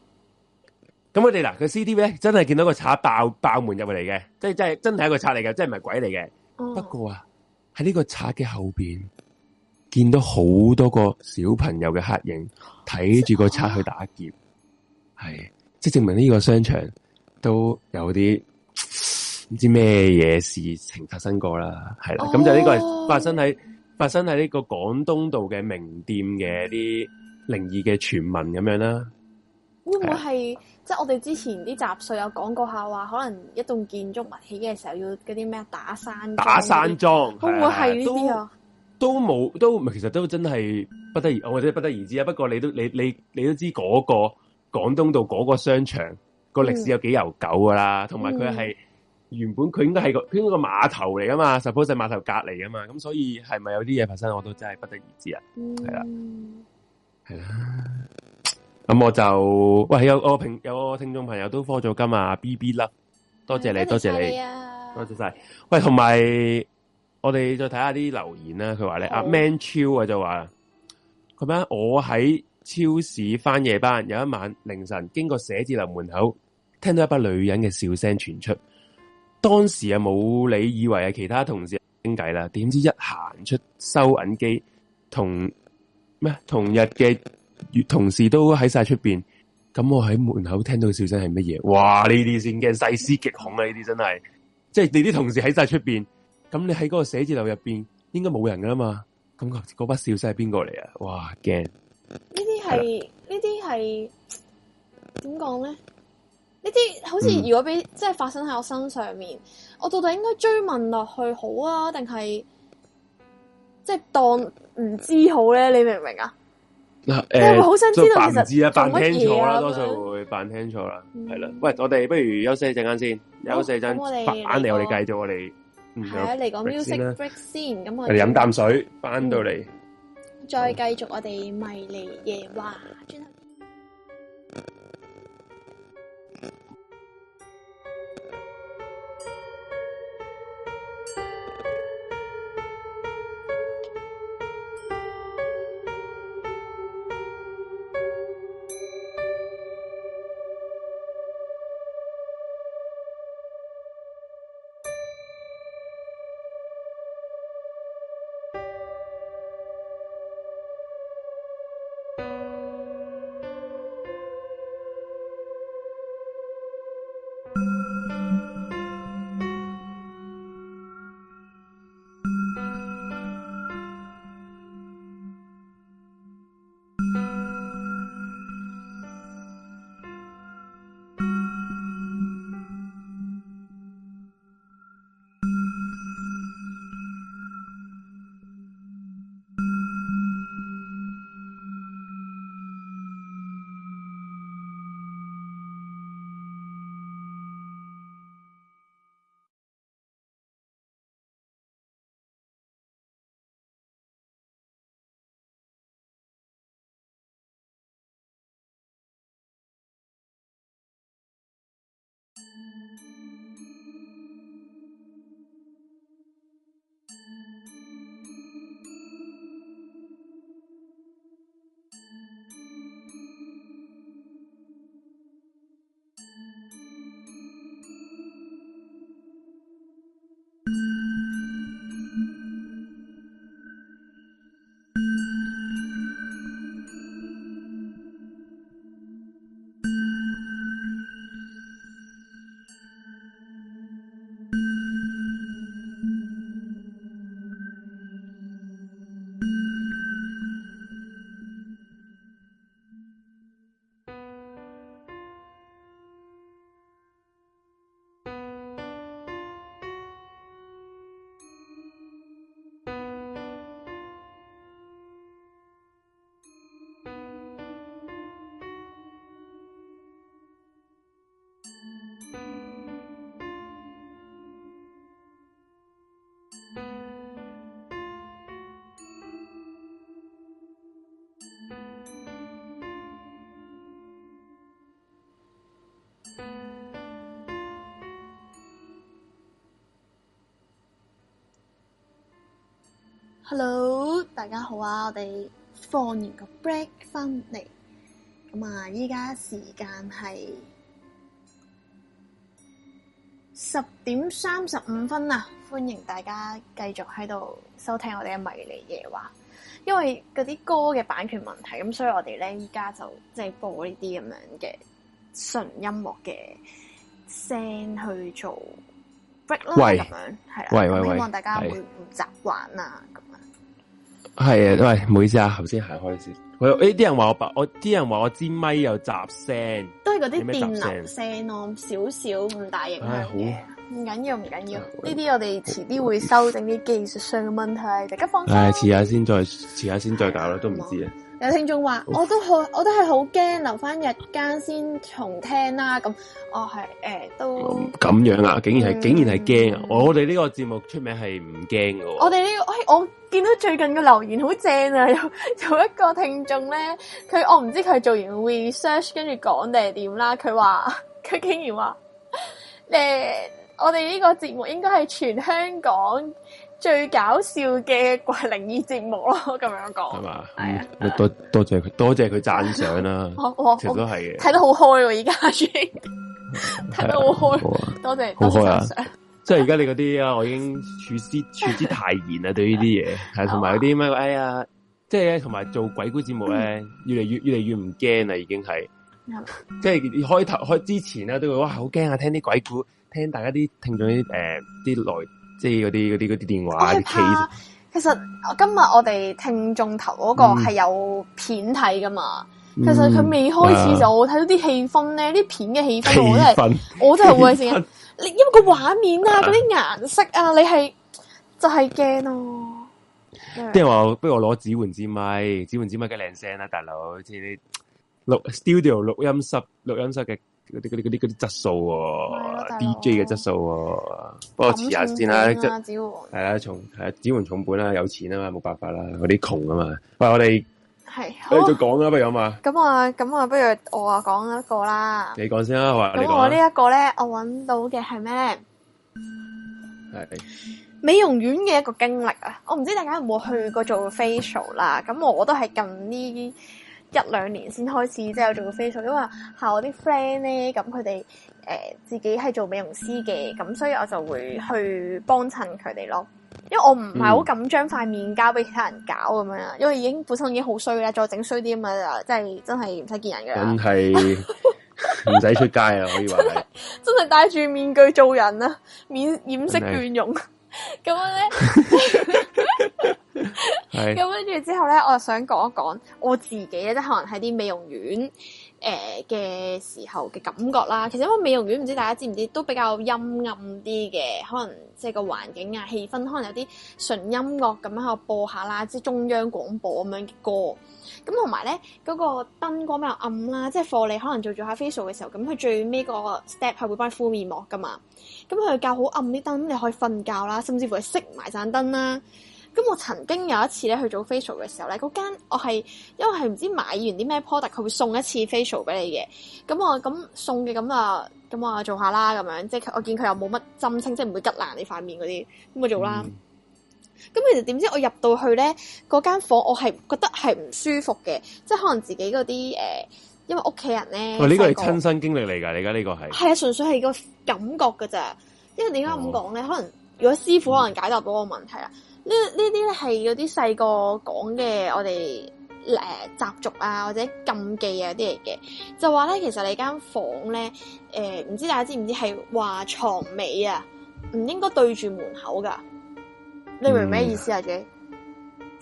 咁我哋嗱個 CCTV 咧真係見到個賊爆爆門入嚟嘅，即係即係真係一個賊嚟嘅，即係唔係鬼嚟嘅。嗯、不過啊，喺呢個賊嘅後邊。見到好多個小朋友嘅黑影，睇住個賊去打劫，係即係證明呢個商場都有啲唔知咩嘢事情發生過啦，係啦，咁、哦、就呢個係發生喺發生喺呢個廣東道嘅名店嘅啲靈異嘅傳聞咁樣啦。會唔會係的即係我哋之前啲雜碎有講過下話，可能一棟建築物起嘅時候要嗰啲咩打山打山莊，會唔會係呢啲啊？都冇，都其實都真係不得而，或者不得而知啊。不過你都，你你你都知嗰個廣東道嗰個商場個歷史有幾悠久噶啦，同埋佢係原本佢應該係個佢嗰個碼頭嚟噶嘛，十鋪仔碼頭隔籬噶嘛，咁所以係咪有啲嘢發生，我都真係不得而知啊。係、嗯、啦，係啦，咁我就喂有，我，有我聽有聽眾朋友都科咗金啊，B B 粒，多謝你，嗎多謝你，謝謝你啊、多謝晒。喂，同埋。我哋再睇下啲留言啦。佢話咧，阿 Man 超啊就話：，咁啊，我喺超市返夜班，有一晚凌晨經過寫字樓門口，聽到一班女人嘅笑聲傳出。當時啊冇你以為係其他同事傾偈啦，點知一行出收銀機，同咩同日嘅同事都喺晒出邊。咁我喺門口聽到笑聲係乜嘢？哇！呢啲先驚，細思極恐啊！呢啲真係，即係你啲同事喺晒出邊。咁你喺嗰個寫字樓入邊應該冇人噶啦嘛？咁嗰筆笑聲係邊個嚟，那個，啊？哇驚！呢啲係呢啲係點講咧？呢啲好似如果俾，嗯、即係發生喺我身上面，我到底應該追問落去好啊，定係即係當唔知好咧？你明唔明啊？嗱，啊，誒、呃，好想知道其實做乜嘢啊？乜嘢多數會扮聽錯啦，係啦，嗯。喂，我哋不如休息一陣間先，休息陣返嚟我哋繼續我哋。係、嗯、啊，嚟個 music break 先，咁我哋飲啖水，翻到嚟，再繼續我哋迷離夜話。等等 Hello，大家好啊！我哋放完個 break 翻嚟，咁啊，依家時間係十點三十五分啊！歡迎大家繼續喺度收聽我哋嘅迷離夜話，因為嗰啲歌嘅版權問題，咁所以我哋咧依家就即係播呢啲咁樣嘅純音樂嘅聲去做。喂，喂喂喂，希望大家會唔習慣啊，咁啊，係啊，喂，唔好意思啊，頭先行開先，喂，誒啲人話我白，我啲人話我支咪有雜聲，都係嗰啲電流聲咯，少少唔大型好，唔緊要唔緊要，呢啲我哋遲啲會修正啲技術上嘅問題，大家放心，係，遲下先再，遲下先再搞囉，都唔知啊。有聽眾話 Okay.，我都好，我都係好驚，留返日間先重聽啦。咁，我係誒都咁樣啊，竟然係，嗯、竟然係驚啊！嗯、我哋呢個節目出名係唔驚噶。我哋呢，誒，我見到最近嘅留言好正啊！有有一個聽眾咧，佢我唔知佢做完 research 跟住講定係點啦。佢話佢竟然話，誒、呃，我哋呢個節目應該係全香港，最搞笑嘅鬼靈異節目咯，咁樣講係嘛？多多謝佢，多謝佢讚賞啦。其實都係嘅，睇得好開喎！而家睇得好開，多謝好開啊，即係而家你嗰啲啊，我已經處之處之泰然啦，對呢啲嘢係同埋嗰啲咩？哎呀，即係咧，同埋做鬼故節目咧，越嚟越越嚟越唔驚啦，已經係。即係開頭開之前咧，都會哇好驚啊！聽啲鬼故，聽大家啲聽眾啲誒啲內。即係嗰啲啲啲電話，其實今日我哋聽眾頭嗰個係有片睇噶嘛。嗯、其實佢未開始就睇到啲氣氛咧，啲片嘅氣氛，氣氛我真係氛我真係好成日，氛你因為個畫面啊，嗰啲顏色啊，你係就係驚咯。即係話不如我攞指換紙咪，指換紙咪幾靚聲啦，大佬，好似啲錄 studio 錄音室錄音室嘅。嗰啲嗰啲嗰啲啲質素喎、啊，DJ 嘅質素喎、啊，不過遲下先啦，即係係啦，重係啊，紫紅重本啦、啊，有錢啊嘛，冇辦法啦、啊，嗰啲窮啊嘛，喂，我哋係繼續講啦，不如咁啊，咁啊，咁啊，不如我啊講一個啦，你講先啦，我話你講，我呢一個咧，我揾到嘅係咩咧？係美容院嘅一個經歷啊！我唔知大家有冇去過做 facial 啦，咁 我都係近呢。一兩年先開始即係做 facial, 因為靠我啲 friend 咧，咁佢哋誒自己係做美容師嘅，咁所以我就會去幫襯佢哋咯。因為我唔係好敢將塊面交俾其他人搞咁樣，嗯、因為已經本身已經好衰啦，再整衰啲咁啊，真係真係唔使見人嘅， 真係唔使出街啊！可以話真係真係戴住面具做人啊，面掩飾面的容咁樣咧。 咁跟住之後咧，我就想講一講我自己咧，即可能喺啲美容院誒嘅、呃、時候嘅感覺啦。其實因為美容院唔知大家知唔知，都比較陰暗啲嘅，可能即係個環境啊、氣氛可能有啲純音樂咁樣喺度播下啦，即係中央廣播咁樣嘅歌。咁同埋咧，嗰、嗰個燈光比較暗啦，即係貨你可能做做下 facial 嘅時候，咁佢最尾個 step 係會幫你敷面膜噶嘛。咁佢較好暗啲燈，你可以瞓覺啦，甚至乎係熄埋盞燈啦。咁我曾經有一次咧去做 facial 嘅時候咧，嗰間我係因為係唔知買完啲咩 product，佢會送一次 facial 俾你嘅。咁我咁送嘅咁啊，咁我做下啦，咁樣即係我見佢又冇乜針清，即係唔會吉爛你塊面嗰啲，咁咪做啦。咁、嗯、其實點知我入到去咧，嗰間房我係覺得係唔舒服嘅，即係可能自己嗰啲、呃、因為屋企人咧。喂！呢、呢個係親身經歷嚟㗎，你家呢個係係啊，純粹係個感覺㗎咋。因為點解咁講咧？哦、可能如果師傅可能解答到個問題呢呢啲咧係嗰啲細個講嘅，講的我哋誒習俗啊或者禁忌啊啲嚟嘅，就話咧其實你間房咧誒，唔、呃、知大家知唔知係話床尾啊，唔應該對住門口噶。你明唔明咩意思啊？姐、嗯、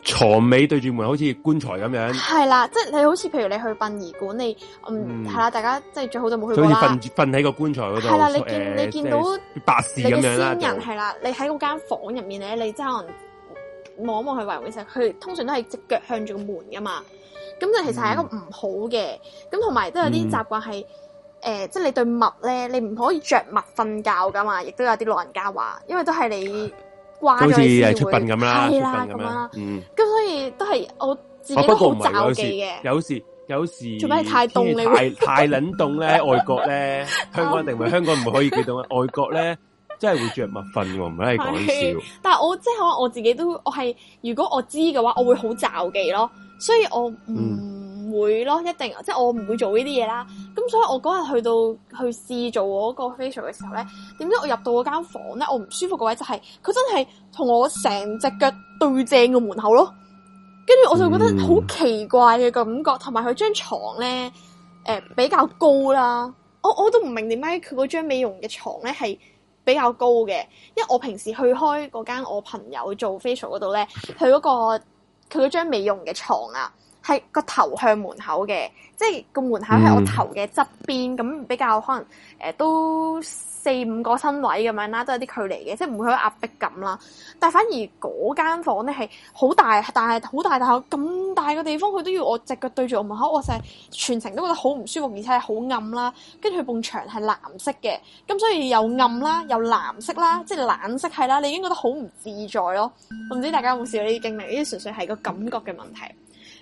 己床尾對住門口好似棺材咁樣。係啦，即係你好似譬如你去殯儀館，你嗯係啦、嗯，大家即係最好都冇去瞓瞓喺個棺材嗰度。係啦，你見、呃、你見到白事咁嘅先人係啦就，你喺嗰間房入面咧，你即可能。望一望佢入去嘅時候，佢通常都係隻腳向住個門噶嘛，咁就其實係一個唔好嘅，咁同埋都有啲習慣係，誒，即係你對襪咧，你唔可以著襪瞓覺噶嘛，亦都有啲老人家話，因為都係你，好似係出殯咁啦，係啦咁樣啦，嗯，咁所以都係我自己都好罩忌嘅，啊，有時有時，除非太凍你會，太冷凍咧，外國咧，香港定唔係香港唔可以幾凍啊，外國咧。真係會着墨瞓，唔係講講笑。但係我即係可能我自己都，我係如果我知嘅話，我會好罩忌咯。所以我唔會咯，嗯、一定即係我唔會做呢啲嘢啦。咁所以，我嗰日去到去試做嗰個 facial 嘅時候咧，點解我入到嗰間房咧，我唔舒服嘅位就係、是、佢真係同我成隻腳對正個門口咯。跟住我就覺得好奇怪嘅感覺，同埋佢張床咧，誒、嗯、比較高啦。我我都唔明點解佢嗰張美容嘅床咧係。比較高嘅，因為我平時去開嗰間我朋友做 facial 嗰度咧，佢嗰、嗰個佢嗰張美容嘅床啊，係個頭向門口嘅，即係個門口喺我頭嘅側邊，咁、嗯、比較可能、呃、都，四五個身位咁樣啦，都有啲距離嘅，即係唔會好壓迫感啦。但係反而嗰間房咧，係好大，但係好大，但係咁大個地方，佢都要我隻腳對住我門口，我成全程都覺得好唔舒服，而且係好暗啦。跟住佢埲牆係藍色嘅，咁所以又暗啦，又藍色啦，即係冷色系啦，你已經覺得好唔自在咯。我唔知大家有冇試過呢啲經歷？呢啲純粹係個感覺嘅問題。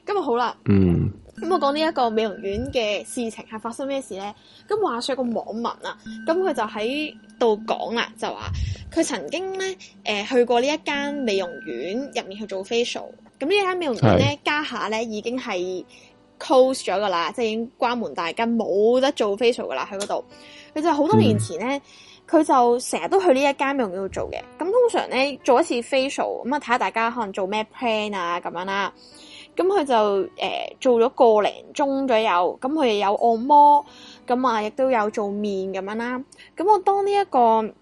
咁啊好啦，嗯。咁、嗯、我講呢一個美容院嘅事情係發生咩事咧？咁話說個網民啊，咁佢就喺度講啦，就話佢曾經咧，誒、呃、去過呢一間美容院入面去做 facial。咁呢間美容院咧，是家下咧已經係 close 咗噶啦，即係已經關門大吉，冇得做 facial 噶啦，喺嗰度。佢就好多年前咧，佢、嗯、就成日都去呢一間美容院度做嘅。咁通常咧，做一次 facial，咁啊睇下大家可能做咩 plan 啊，咁樣啦、啊。咁佢就誒、呃、做咗個零鐘左右，咁佢又有按摩，咁啊亦都有做面咁樣啦。咁、嗯嗯、我當呢、這、一個誒、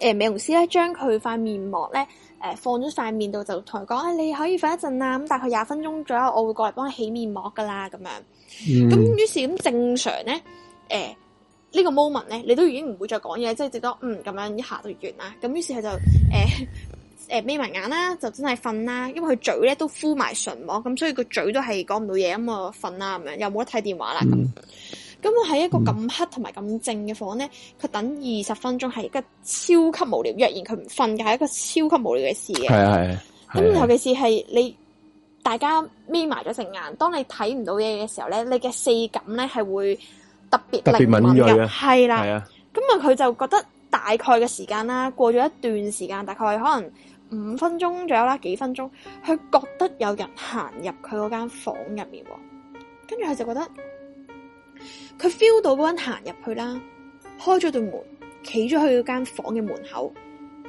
呃、美容師咧，將佢塊面膜咧誒、呃、放咗塊面度，就同佢講：，誒你可以瞓一陣啦，咁、嗯、大概廿分鐘左右，我會過嚟幫你起面膜噶啦。咁樣，咁於、嗯、是咁正常咧，誒、呃這個、呢個 moment 咧，你都已經唔會再講嘢，即係直到嗯咁樣一下就完啦。咁、嗯、於是佢就誒。呃誒，眯埋、呃、眼啦，就真係瞓啦，因為佢嘴咧都敷埋唇膜，咁所以個嘴都係講唔到嘢，咁啊瞓啦，咁樣又冇得睇電話啦。咁、嗯，咁喺一個咁黑同埋咁靜嘅房咧，佢、嗯、等二十分鐘係一個超級無聊，若然佢唔瞓嘅係一個超級無聊嘅事嘅。係啊係啊。咁尤其是係你是的大家眯埋咗隻眼，當你睇唔到嘢嘅時候咧，你嘅視感咧係會特別特別敏銳嘅。係啦。咁啊，佢就覺得大概嘅時間啦，過咗一段時間，大概可能。五分鐘左右啦，幾分鐘，佢覺得有人行入佢嗰間房入面，跟住佢就覺得佢 feel 到嗰個人行入去啦，開咗對門，企咗去嗰間房嘅門口，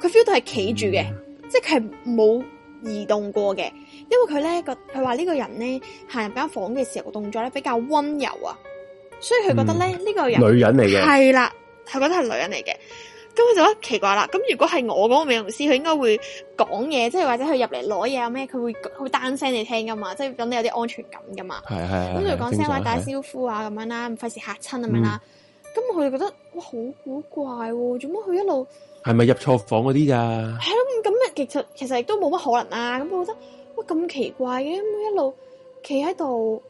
佢 feel 到係企住嘅，嗯、即係佢係冇移動過嘅，因為佢咧個佢話呢個人咧行入間房嘅時候個動作咧比較溫柔啊，所以佢覺得咧呢、嗯、個人女人嚟嘅，係啦，佢覺得係女人嚟嘅。咁佢就覺得奇怪啦。咁如果係我嗰個美容師，佢應該會講嘢，即係或者佢入嚟攞嘢啊咩，佢會會單聲你聽噶嘛，即係等你有啲安全感噶嘛。係係係。咁佢就講聲話打招呼啊咁樣啦，唔費事吓親係咪啦。咁佢就覺得哇好古怪，做乜佢一路係咪入錯房嗰啲咋？係咯，咁其實其實亦都冇乜可能啦。咁我覺得喂咁奇怪嘅，咁一路企喺度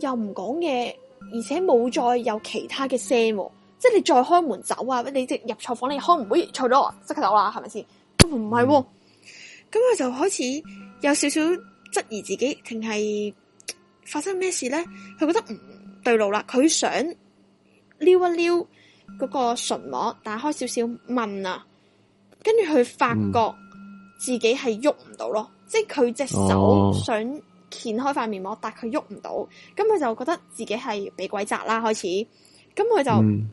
又唔講嘢，而且冇再有其他嘅聲。即係你再開門走啊！你即入錯房，你開唔會錯咗，即刻走啦，係咪先？咁唔係，咁佢、啊嗯、就開始有少少質疑自己，定係發生咩事咧？佢覺得唔對路啦。佢想撩一撩嗰個唇膜，打開少少問啊，跟住佢發覺自己係喐唔到咯。嗯、即係佢隻手想掀開塊面膜，哦、但係佢喐唔到。咁佢就覺得自己係被鬼抓啦。開始，咁佢就。嗯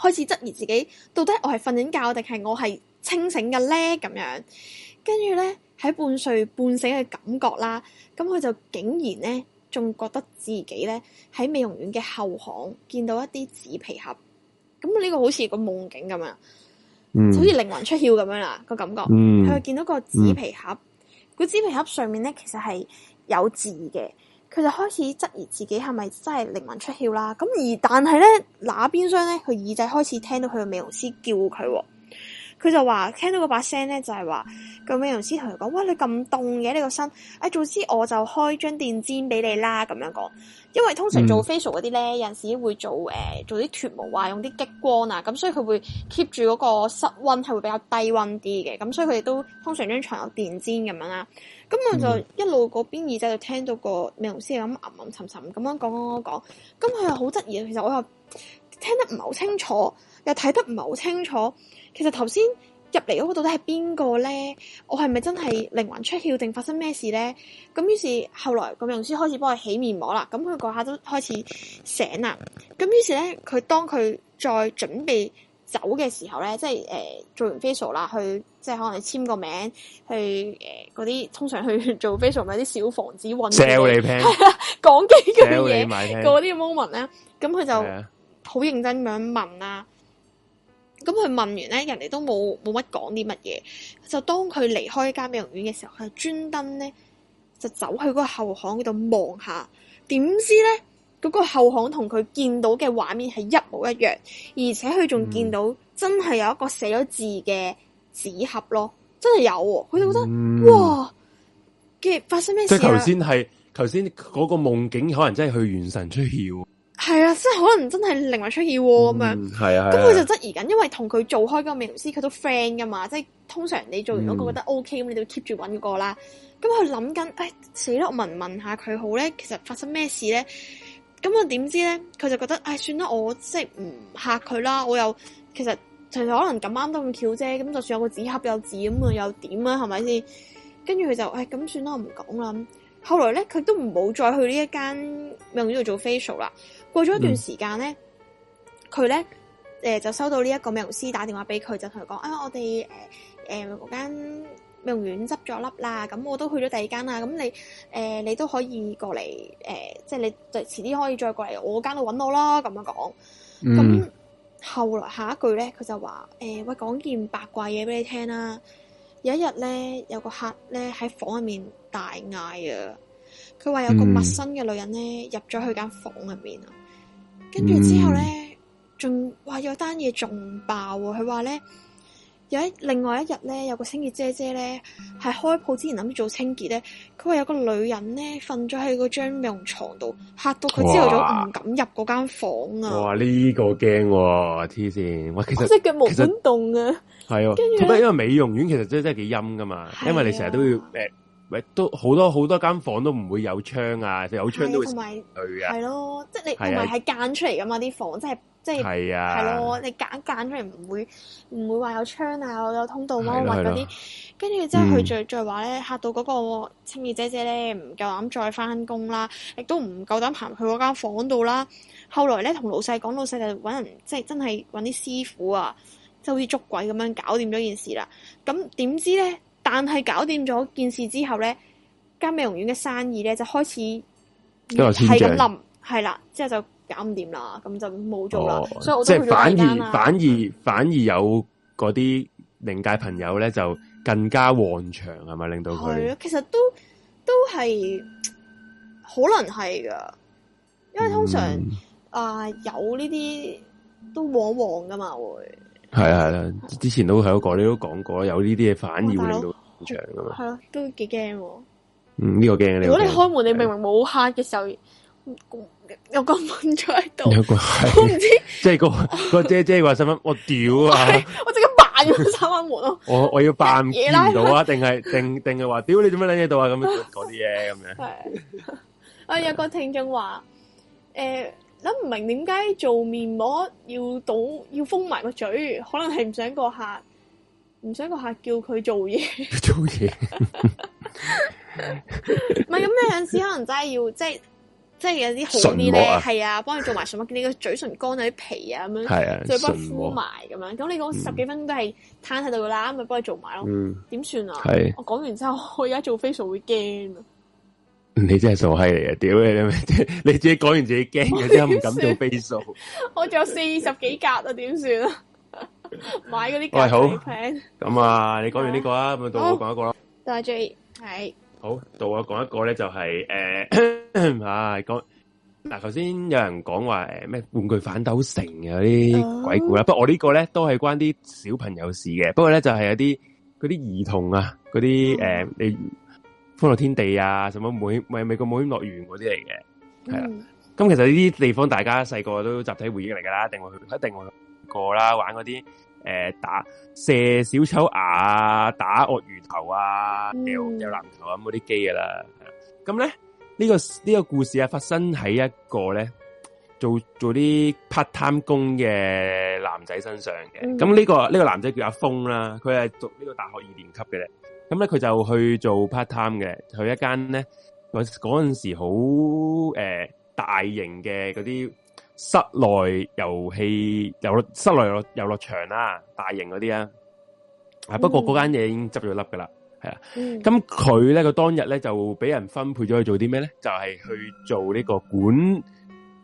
開始質疑自己，到底我係瞓緊覺定係我係清醒嘅咧？咁樣，跟住咧，喺半睡半醒嘅感覺啦，咁佢就竟然咧仲覺得自己咧喺美容院嘅後巷見到一啲紙皮盒，咁呢個好似個夢境咁樣，好似靈魂出竅咁樣啦個感覺，佢、嗯、就見到個紙皮盒，個紙、嗯、皮盒上面咧其實係有字嘅。佢就開始質疑自己係咪真係靈魂出竅啦。咁而但係咧，那邊廂咧，佢耳仔開始聽到佢嘅美容師叫佢喎。佢就話聽到嗰把聲咧，就係話個美容師同佢講：喂，你咁凍嘅你個身，啊、哎！早知我就開張電氈俾你啦。咁樣講，因為通常做 facial 嗰啲咧，嗯、有陣時會做、呃、做啲脫毛啊，用啲激光啊，咁所以佢會 keep 住嗰個室溫係會比較低溫啲嘅。咁所以佢哋都通常張床有電氈咁樣啦。咁我就一路嗰邊耳仔就聽到個美容師咁吟吟沉沉咁樣講講講講，咁佢又好質疑，其實我又聽得唔係好清楚，又睇得唔係好清楚。其實頭先入嚟嗰個到底係邊個咧？我係咪真係靈魂出竅定發生咩事咧？咁於是後來咁樣，先開始幫佢起面膜啦。咁佢嗰下都開始醒啦。咁於是咧，佢當佢再準備走嘅時候咧，即係誒、呃、做完 facial 啦，去即係可能簽個名，去誒嗰啲通常去做 facial 咪啲小房子搵 sell 你 plan 係啦，講幾句嘢嗰啲 moment 咧，咁佢就好認真咁樣問啊。咁佢問完咧，人哋都冇冇乜講啲乜嘢，就當佢離開一間美容院嘅時候，佢專登咧就走去嗰個後巷嗰度望下，點知咧嗰、嗰個後巷同佢見到嘅畫面係一模一樣，而且佢仲見到真係有一個寫咗字嘅紙盒咯，真係有、哦，佢就覺得、嗯、哇，即係發生咩事、啊？即係頭先係頭先嗰個夢境，可能真係去元神出竅。係啊，即係可能真係靈魂出竅喎咁樣。咁佢、嗯、就質疑緊，因為同佢做開個美容師，佢都 friend 噶嘛。即係通常你做完嗰個、嗯、覺得 OK，咁你都 keep 住揾個啦。咁佢諗緊，誒死咯，我問問下佢好咧。其實發生咩事咧？咁我點知咧？佢就覺得，唉、哎，算啦，我即係唔嚇佢啦。我又其實其實可能咁啱都咁巧啫。咁就算有個紙盒有字咁啊，又點啊？係咪先？跟住佢就唉，咁、哎、算啦，我唔講啦。後來咧，佢都唔好再去呢一間美容院度做 facial 啦。過咗一段時間咧，佢咧誒就收到呢一個美容師打電話俾佢，就同佢講：啊，我哋誒誒間美容院執咗笠啦，咁我都去咗第二間啦，咁你誒、呃、你都可以過嚟誒、呃，即係你就遲啲可以再過嚟我間度揾我咯。咁樣講。咁、嗯、後來下一句咧，佢就話：誒、呃，喂，講件八卦嘢俾你聽啦。有一日咧，有個客咧喺房入面大嗌啊！佢話有個陌生嘅女人咧入咗佢間房入面啊，跟住之後咧，仲話、嗯、有單嘢仲爆喎。佢話咧，有一另外一日咧，有個清潔姐姐咧，係開鋪之前諗住做清潔咧，佢話有個女人咧瞓咗喺嗰張美容床度，嚇到佢之後就唔哇敢入嗰間房間啊，哇、這個啊！哇，呢個驚喎，黐線！我其實只腳毛半動啊，係啊，特別、哦、因為美容院其實真真係幾陰噶嘛，啊、因為你成日都要誒。呃喂，都好多好多間房都唔會有窗啊，有窗都唔對啊，係咯，即係你唔係係間出嚟噶嘛啲、那個、房，即係即係係啊，係咯，你揀一間出嚟唔會唔會話有窗啊，有，有通道啊，或嗰啲，跟住之後佢再再話咧吓到嗰個清潔姐姐咧唔夠膽再翻工啦，亦都唔夠膽行去嗰間房度啦。後來咧同老細講，老細就搵人即係、就是、真係搵啲師傅啊，即係好似捉鬼咁樣搞掂咗件事啦。咁、嗯、點知咧？但係搞掂咗件事之後咧，間美容院嘅生意咧就開始係咁冧，係啦、哦，之後就搞唔掂啦，咁就冇做啦。哦、所以即係反而反而反而有嗰啲靈界朋友咧就更加旺場，係咪令到佢？係啊，其實都都係可能係噶，因為通常、嗯、啊有呢啲都旺旺噶嘛，會係啊係啦，哦、之前都喺度講，你都講過有呢啲嘢反而會令到。係咯，都幾驚喎。嗯，呢個驚，如果你開門，你明明冇客嘅時候，有個門喺度，有個係，我唔知。即係個個姐姐話：，使乜我屌啊！我即刻扮咗閂翻門咯。我我要扮見到啊？定係定定係話屌你做乜捻嘢度啊？咁樣嗰啲嘢咁樣。係。啊，有個聽眾話：，誒，諗唔明點解做面膜要倒要封埋個嘴？可能係唔想個客。唔想個客叫佢做嘢 事，做嘢 ，唔係咁你有陣時可能真係要即係即係有啲好啲咧，係啊，幫佢、啊、做埋唇，見你個嘴唇乾啊啲皮啊咁樣，最不、啊、磨敷埋咁樣，咁你講十幾分鐘都係攤喺度啦，咁咪幫佢做埋咯，點、嗯、算啊？是我講完之後，我而家做 facial 會驚啊！你真係傻閪嚟啊！屌你，你自己講完自己驚，然之後唔敢做 facial，我仲有四十幾格啊，點算啊？ 買嗰啲玩具 plan，咁啊，你講完呢個啊，咁啊，到我講一個咯。大 J 係好，到我講一個咧，就係誒，啊，講嗱，頭先有人講話誒，咩玩具反斗城有啲鬼故啦，不過我呢個咧都係關啲小朋友事嘅，不過咧就係有啲嗰啲兒童啊，嗰啲誒，歡樂天地啊，什麼冒險咪咪個冒險樂園嗰啲嚟嘅，係啦。咁其實呢啲地方，大家細個都集體回憶嚟噶啦，一定會去，一定會。個啦，玩嗰啲誒打射小丑牙啊，打鱷魚頭啊，有掉籃球啊，咁啲機噶啦。咁咧呢、呢個呢、呢個故事啊，發生喺一個咧做做啲 part time 工嘅男仔身上嘅。咁呢、mm hmm. 呢個呢、呢個男仔叫阿峰啦，佢係讀呢個大學二年級嘅。咁咧佢就去做 part time 嘅，去一間咧嗰嗰陣時好誒、呃、大型嘅嗰啲。室內遊戲遊室內遊樂，遊樂場啦、啊，大型嗰啲啊，啊、嗯、不過嗰間嘢已經執咗笠噶啦，係啊，咁佢咧佢當日咧就俾人分配咗去做啲咩咧？就係、是、去做呢個管誒、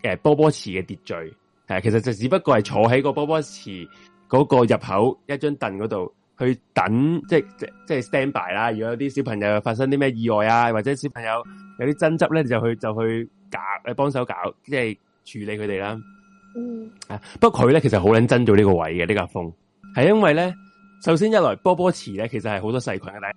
呃、波波池嘅秩序，係啊，其實就只不過係坐喺個波波池嗰個入口一張凳嗰度去等，即即即 stand by 啦。如果有啲小朋友發生啲咩意外啊，或者小朋友有啲爭執咧，就去就去搞誒幫手搞，即係。處理佢哋啦，嗯，啊，不過佢咧其實好捻憎做呢個位嘅，呢、這個風係因為咧，首先一來波波池咧其實係好多細菌嘅，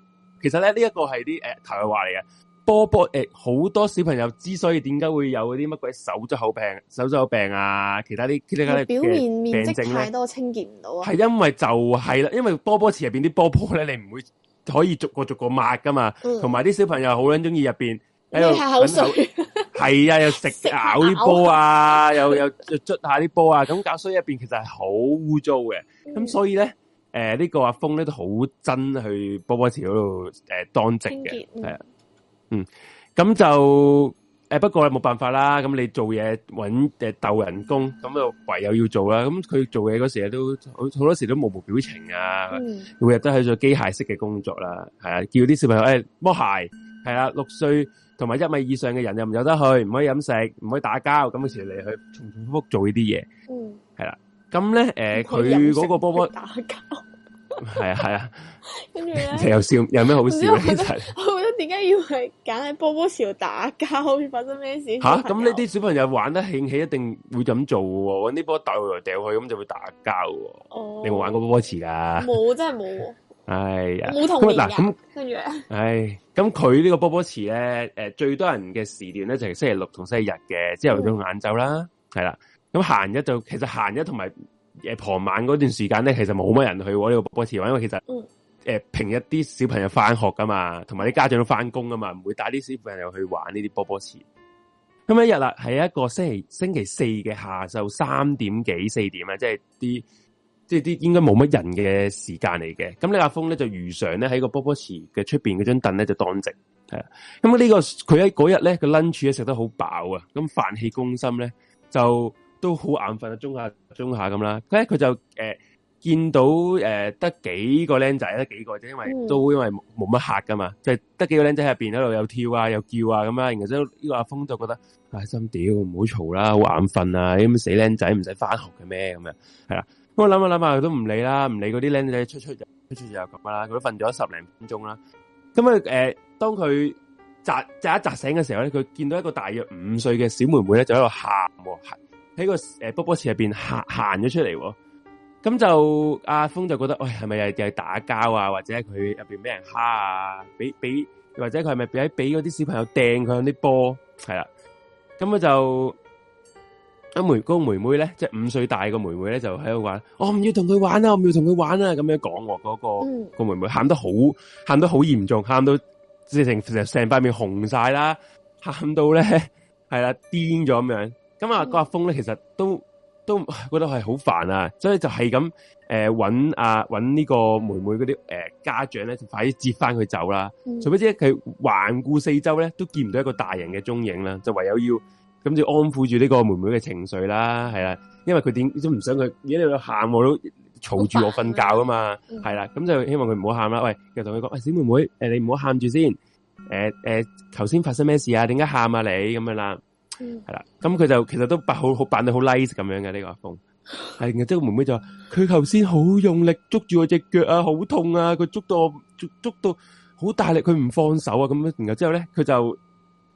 其實咧呢、這個、是一個係啲誒台語話嚟嘅，波波誒好、欸、多小朋友之所以點解會有嗰啲乜鬼手足口病、手足口病啊，其他啲，佢哋表面面積太多清潔唔到啊，係因為就係、是、啦，因為波波池入邊啲波波咧，你唔會可以逐個逐個抹噶嘛，同埋啲小朋友好捻中意入邊。喺度口，口水係 啊！又食咬啲波啊， 又又又捽下啲波啊！咁 搞衰一邊，其實係好污糟嘅。咁、嗯、所以咧，誒、呃、呢、這個阿峰咧都好憎去波波池嗰度誒當值嘅，係、嗯、啊，嗯，咁就誒、呃、不過冇辦法啦。咁你做嘢搵誒斗人工，咁、嗯、就唯有要做啦。咁佢做嘢嗰時都好好多時都冇無，無表情啊，嗯、每日都喺做機械式嘅工作啦。係啊，叫啲小朋友誒磨、哎、鞋，係、嗯、啊，六歲。同埋一米以上嘅人又唔有得去，唔可以飲食，唔可以打交，咁嘅時嚟去重重複複做呢啲嘢，嗯，係啦，咁咧，誒、呃，佢嗰個波波打交，係啊係啊，跟住又笑，有咩好笑咧？就我覺得點解要係揀喺波波池打交會發生咩事？吓、啊，咁呢啲小朋友玩得興起，一定會咁做喎、哦，搵啲波帶嚟掉去，咁就會打交喎。哦，你冇玩過波波池噶？冇，真係冇。 係啊，冇、哎、同年嘅。跟住，唉，咁佢呢個波波池咧，誒、呃，最多人嘅時段咧就係、是、星期六同星期日嘅，之後中午晏晝啦，係啦、嗯。咁閒日就其實閒日同埋誒傍晚嗰段時間咧，其實冇乜人去呢、這個波波池，因為其實，誒、呃、平日啲小朋友返學㗎嘛，同埋啲家長都返工㗎嘛，唔會帶啲小朋友去玩呢啲波波池。咁一日啦，係一個星期星期四嘅下晝三點幾四點啊，即係啲。即係啲應該冇乜人嘅時間嚟嘅，咁呢阿峰咧就如常咧喺個波波池嘅出邊嗰張凳咧就當值，係、這個、啊。咁呢個佢喺嗰日咧個 lunch 咧食得好飽啊，咁飯氣攻心咧就都好眼瞓啊，中下中下咁啦。佢咧佢就誒、呃、見到誒得、呃、幾個僆仔得幾個，即因為都因為冇乜客噶嘛，就係、是、得幾個僆仔喺入邊喺度又跳啊又叫啊咁啊，然之後呢個阿峰就覺得唉、哎、心屌唔好嘈啦，好眼瞓啊，咁死僆仔唔使翻學嘅咩？咁啊，係啦。不過佢諗下諗下，佢都唔理啦，唔理嗰啲僆仔出出出出就咁噶啦。佢都瞓咗十零分鐘啦。咁啊，誒，當佢乍乍一乍醒嘅時候咧，佢見到一個大約五歲嘅小妹妹咧，就喺度喊喎，喺個誒波波池入邊行行咗出嚟。咁就阿峰就覺得，喂、哎，係咪又係打交啊？或者佢入邊俾人蝦啊？俾俾或者佢係咪俾俾嗰啲小朋友掟佢嗰啲波？係啦，咁佢就。阿梅嗰個妹妹咧，即係五歲大個妹妹呢，啊嗰個妹妹咧，就喺度玩，我唔要同佢玩啊，我唔要同佢玩啊咁樣講。嗰個個妹妹喊得好，喊得好嚴重，喊到成成成塊面紅晒啦，喊到咧係啦癲咗咁樣。咁啊，個阿峰咧其實都都覺得係好煩啊，所以就係咁誒，揾、呃、呢、啊、個妹妹嗰啲誒家長咧，就快啲接翻佢走啦。嗯，除非之佢環顧四周咧，都見唔到一個大人嘅蹤影啦，就唯有要。咁就安撫住呢個妹妹嘅情緒啦，係啦，因為佢點都唔想佢而家喺度喊，我都嘈住我瞓覺㗎嘛，係啦，咁就希望佢唔好喊啦。喂，又同佢講，喂，小妹妹，誒，你唔好喊住先，誒誒，頭先發生咩事啊？點解喊啊你咁樣啦？係啦，咁佢就其實都扮好好扮到好 nice 咁樣嘅呢個風，係，然後之後妹妹就話佢頭先好用力捉住我隻腳啊，好痛啊，佢捉到捉捉到好大力，佢唔放手啊，咁樣，然後之後咧佢就。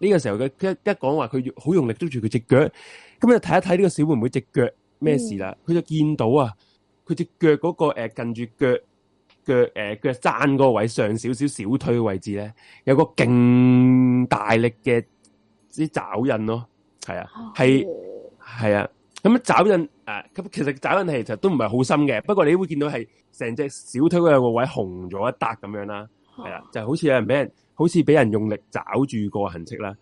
呢個時候佢一一講話，佢好用力捉住佢隻腳，咁你睇一睇呢個小妹妹隻腳咩事啦。佢、嗯、就見到啊，佢隻腳嗰、嗰個、誒、呃、近住腳腳誒、呃、腳踭嗰個位上少少小，小，小，小腿嘅位置咧，有個勁大力嘅啲爪印咯，係啊，係係啊，咁爪印誒咁、啊、其實爪印係其實都唔係好深嘅，不過你都會見到係成隻小腿有個位紅咗一笪咁樣啦，係啦、啊，就好似有人俾人。好似俾人用力抓住個痕跡啦，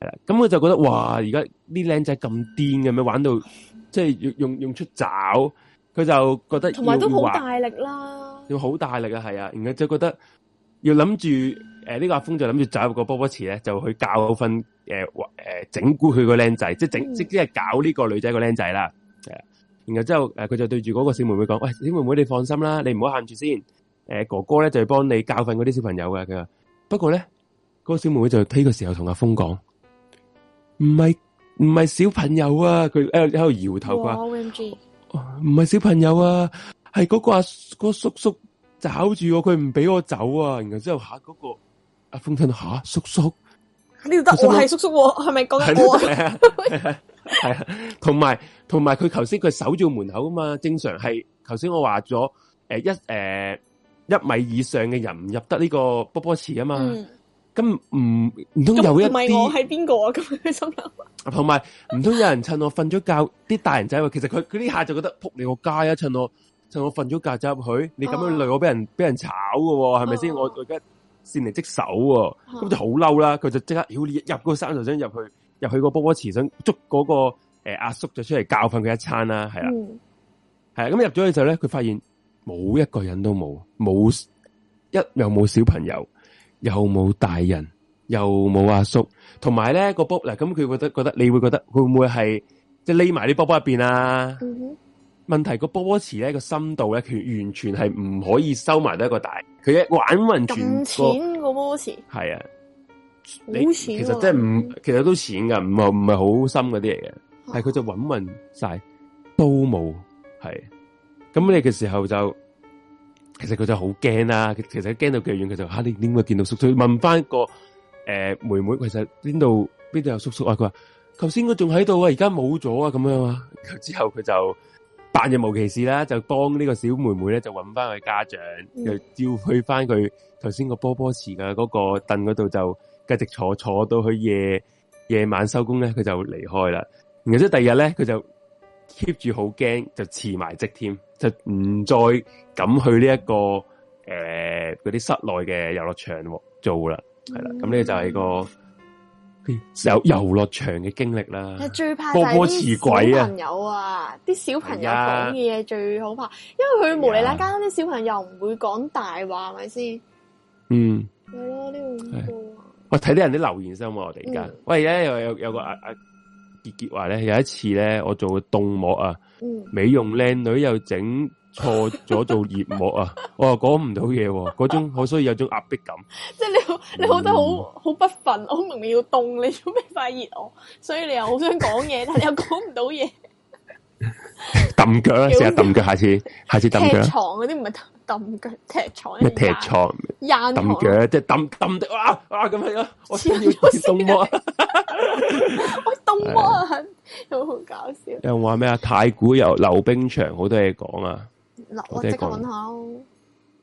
係啦，咁、嗯、佢就覺得哇，而家啲靚仔咁癲咁樣，玩到即係用用用出爪，佢就覺得同埋都好大力啦，要好大力呀係啊。然後就覺得要諗住誒、呢、呃這個阿峰就諗住走入個波波池咧，就去教訓誒誒整蠱佢個靚仔，嗯、即係整即係即係搞呢個女仔個靚仔啦。係啊，然後之後誒，佢、呃、就對住嗰個小妹妹講：，喂、哎，小妹妹你放心啦，你唔好喊住先。誒、呃，哥哥咧就要幫你教訓嗰啲小朋友嘅。佢話。不過咧，嗰、那個小妹妹就呢個時候同阿峰講，唔係唔係小朋友啊，佢喺度喺度搖頭啊，唔係哇、嗯、小朋友啊，係嗰個阿、那個、叔叔找住我，佢唔俾我走啊。然後之後吓，嗰個阿峰聽到吓、啊，叔叔呢度得我係叔叔，係咪講緊我啊？係啊， 同埋同埋佢頭先佢守住門口啊嘛，正常係頭先我話咗誒一誒。欸一米以上嘅人唔入得呢個波波池啊嘛，咁唔唔通有一啲？唔係我，係邊個啊？咁心諗。同埋唔通有人趁我瞓咗覺，啲 大人仔話，其實佢佢呢下就覺得扑你個街啊，趁我趁我瞓咗覺就入去，你咁樣累我俾人俾、啊、人炒噶、哦，係咪先？啊、我而家先嚟即手，咁、啊啊、就好嬲啦。佢就即刻，妖你入個個山頭想入去，入去個波波池想捉嗰、那個誒、呃、阿叔就出嚟教訓佢一餐啦，係啦，係啊。咁入咗去之後咧，佢發現。冇一個人都冇，冇一又冇小朋友，又冇大人，又冇阿叔，叔，同埋呢個波嗱，咁佢覺得覺得你會覺得會唔會係即係匿埋啲波波入邊啊？嗯、哼問題，個波波池呢個深度呢，佢完全係唔可以收埋得一個大，佢一玩混全咁淺個波，波池，係啊，淺啊你，其實真係唔，其實都淺㗎，唔係唔係好深嗰啲嚟嘅，係佢、啊、就搵勻晒都冇係。咁呢嘅時候就，其實佢就好驚啦，其實驚到幾遠，佢就嚇你點會見到叔叔？問翻個誒妹妹，其實邊度邊度有叔叔啊？佢話頭先佢仲喺度啊，而家冇咗啊，咁樣啊。之後佢就扮嘢無其事啦，就幫呢個小妹妹咧，就揾翻佢家長，就召去翻佢頭先個波波池嘅嗰個凳嗰度，就繼續坐坐到佢夜夜晚收工咧，佢就離開啦。然後即係第二日咧，佢就。keep 住好驚就辭埋職添，就唔再敢去呢、這個呃嗯嗯、一個誒嗰啲室內嘅遊樂場做啦，係啦，咁呢就係個遊遊樂場嘅經歷啦。最怕就係啲小朋友啊，啲、啊啊、小朋友講嘢最好怕，啊、因為佢無理啦家啲小朋友唔會講大話，係咪先？嗯，係咯，呢個我睇啲人啲留言先，我哋而家，喂，而家有有，有個、啊傑傑話咧，有一次咧，我做凍膜啊，嗯、美容靚女又整錯咗做熱膜啊， 我又講唔到嘢，嗰種我所以有種壓迫感，即係你好你好得好好，嗯、不忿，我明明要凍你，做咩快熱我？所以你又好想講嘢， 但係又講唔到嘢。揼腳啦，成日揼腳，下次，下次揼腳床嗰啲唔係揼腳，踢床。咩踢床？啱，揼腳，即係揼揼的哇哇咁樣、啊。我先要切凍窩，我凍又好搞笑。又話咩啊？太古有溜冰場，好多嘢講啊。嗱，我即刻問下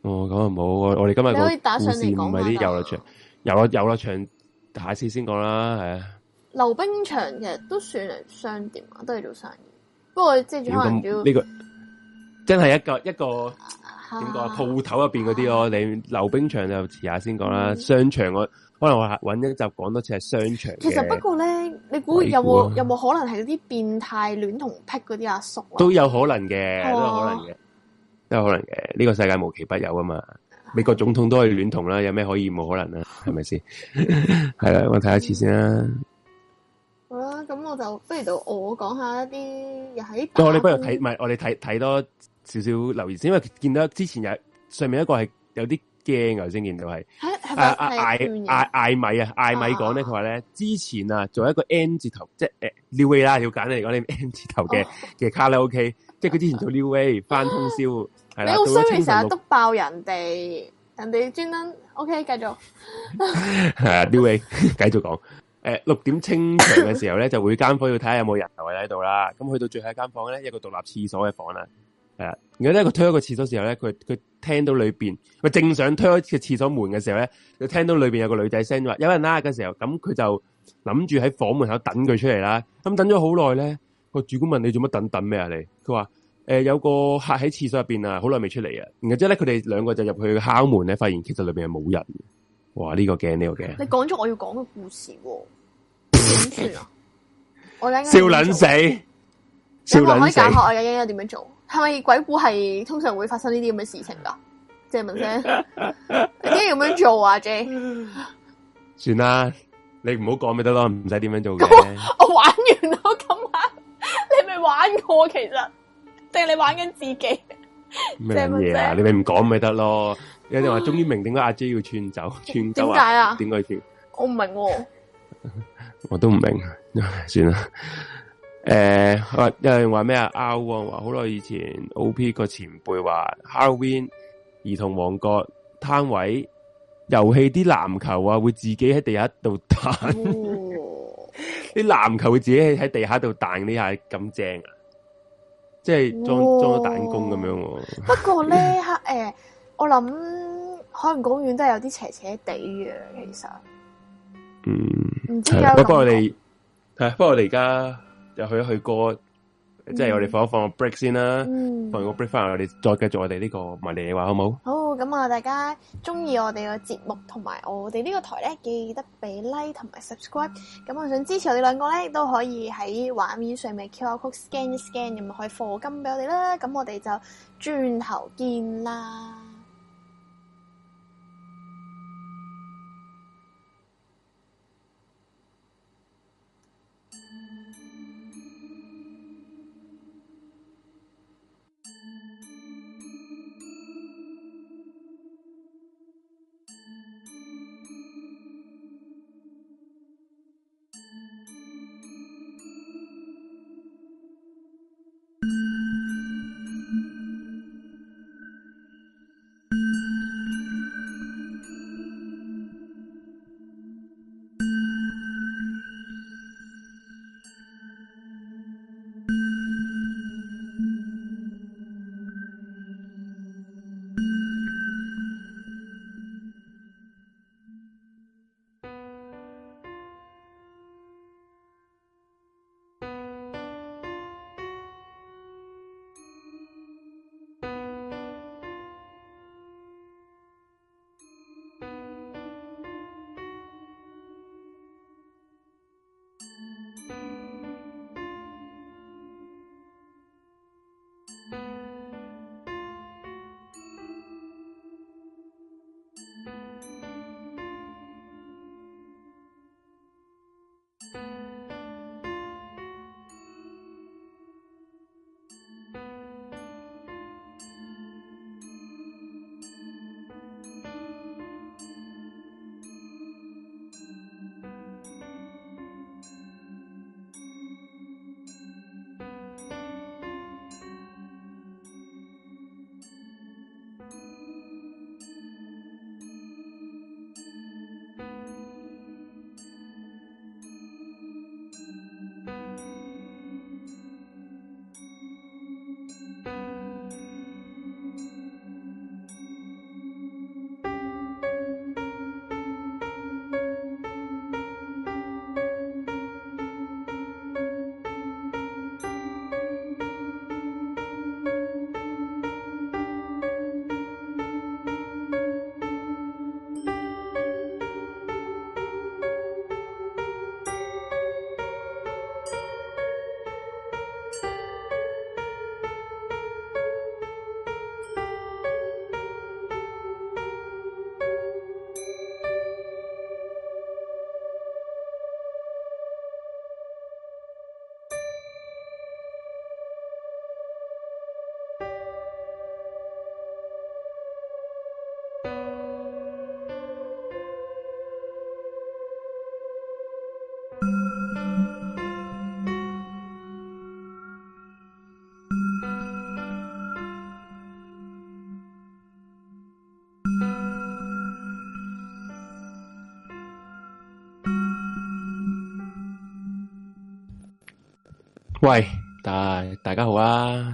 哦，咁啊好。我哋今日可以打上嚟唔係啲遊樂場，遊樂遊樂場，下次先講啦。係啊，溜冰場其實都算係商店啊，都係做生意。不過即係呢個真係一個一個點講啊？鋪頭入邊嗰啲咯，啊、你溜冰場就遲下先講啦。嗯、商場我可能我搵一集講多次係商場。其實不過咧，你有估、啊、有冇有冇可能係嗰啲變態戀童癖嗰啲阿叔、啊、都有可能嘅、啊，都有可能嘅，都有可能嘅。呢個世界無奇不有啊嘛！美國總統都可以戀童啦，有咩可以冇可能啊？係咪先？係啦，我睇一次先啦。咁我就不如到我講下一啲又喺，我哋不如睇唔係我哋睇睇多少少留言先，因為見到之前又上面一個係有啲驚啊，先見到係，啊啊艾艾艾米啊，艾米講咧，佢話咧之前啊做一個 N 字頭，即係誒 Neway 啦，要揀嚟講啲 N 字頭嘅嘅卡拉 OK，即係佢之前做 Neway 翻通宵，係啦，到咗清晨六點，你好衰，你成日督爆人哋，人哋專登 OK，繼續，誒 Neway 繼續講。誒、呃，六點清場嘅時候咧， 就會間房要睇下有冇人留喺度啦。咁去到最後一間房咧，一個獨立廁所嘅房啦，係啦。然後咧，佢推開個廁所時候咧，佢佢聽到裏邊，佢正想推開嘅廁所門嘅時候咧，佢聽到裏邊有個女仔聲話有人拉，啊、嘅時候，咁佢就諗住喺房門口等佢出嚟啦。咁等咗好耐咧，個主管問你做乜等等咩啊你？你佢話，誒，有個客喺廁所入邊啊，好耐未出嚟啊。然後之後咧，佢哋兩個就入去敲門咧，發現其實裏邊係冇人。哇！呢、這個鏡，呢、這個鏡，你講咗我要講嘅故事，點算啊？ 我笑撚死，你可唔可以解開？依家點樣做？係咪鬼故係通常會發生呢啲咁嘅事情噶？借問聲， 你竟然咁樣做啊？借， 算啦，你唔好講咪得咯，唔使點樣做 我玩完咯，今晚你咪玩過，其實定係你玩緊自己咩嘢啊？你咪唔講咪得咯。有人話終於明點解阿 J 要串走，串走啊！點解啊？點解跳？我唔明，我都唔明，算啦。誒、欸，有人話咩啊？阿旺話好耐以前，O P 個前輩話，Halloween 兒童王國攤位遊戲啲籃球啊，會自己喺地下度彈。啲籃、哦、 球會自己喺地下度彈，呢下咁正裝、哦、裝彈啊？即係裝裝咗彈弓咁樣。不過咧，誒。 欸我諗海洋公園都係有啲斜斜地嘅。其實嗯，唔知點解我哋係啊，幫佢哋而家又去一去歌，嗯、即係我哋放一放個 break 先啦。嗯、放完個 break 翻嚟，我哋再繼續我哋呢個迷離夜話好唔好？好，咁啊，大家中意我哋個節目同埋我哋呢個台咧，記得俾 like 同埋 subscribe。咁我想支持我哋兩個咧，都可以喺畫面上面 QR Code scan 一 scan，又咪可以課金俾我哋啦。咁我哋就轉頭見啦。喂，大大家好啊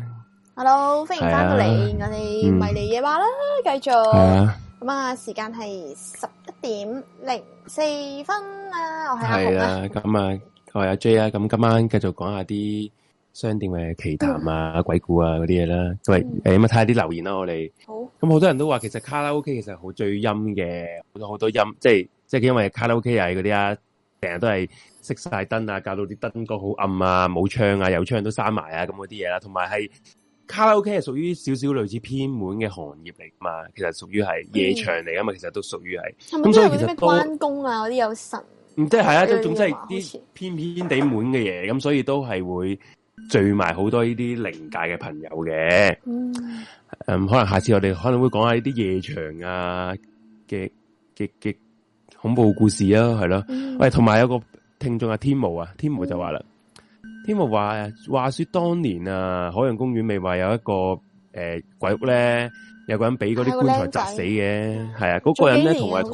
！Hello，歡迎翻到嚟，我哋迷離夜話啦，繼續。係啊，咁啊，時間係十一點零四分啦，我係阿紅啊。係啊，咁啊，我係阿 J 啊。咁今晚繼續講下啲商店嘅奇談啊、鬼故啊嗰啲嘢啦。喂，誒，咁啊睇下啲留言啦，我哋好。咁好多人都話，其實卡拉 OK 其實好聚陰嘅，好多好多陰，即係即係因為卡拉 OK 係嗰啲啊。成日都係熄晒燈啊，搞到啲燈光好暗啊，冇窗啊，有窗都閂埋啊，咁嗰啲嘢啦，同埋係卡拉 OK 係屬於少少類似偏門嘅行業嚟嘛，其實屬於係夜場嚟啊嘛，其實都屬於係咁，嗯、所以其實係咪有關公啊嗰啲有神，嗯、即係啊，即係總之係啲偏偏地滿嘅嘢，咁 所以都係會聚埋好多呢啲靈界嘅朋友嘅，嗯,嗯，可能下次我哋可能會講下呢啲夜場啊嘅嘅嘅。恐怖故事啊，係咯，嗯、喂，同埋有個聽眾阿天無啊，天無就話啦，嗯、天無話，話說當年啊，海洋公園未話有一個誒、呃、鬼屋咧，有個人俾嗰啲棺材砸死嘅。係啊，嗰、嗰個人咧同佢同，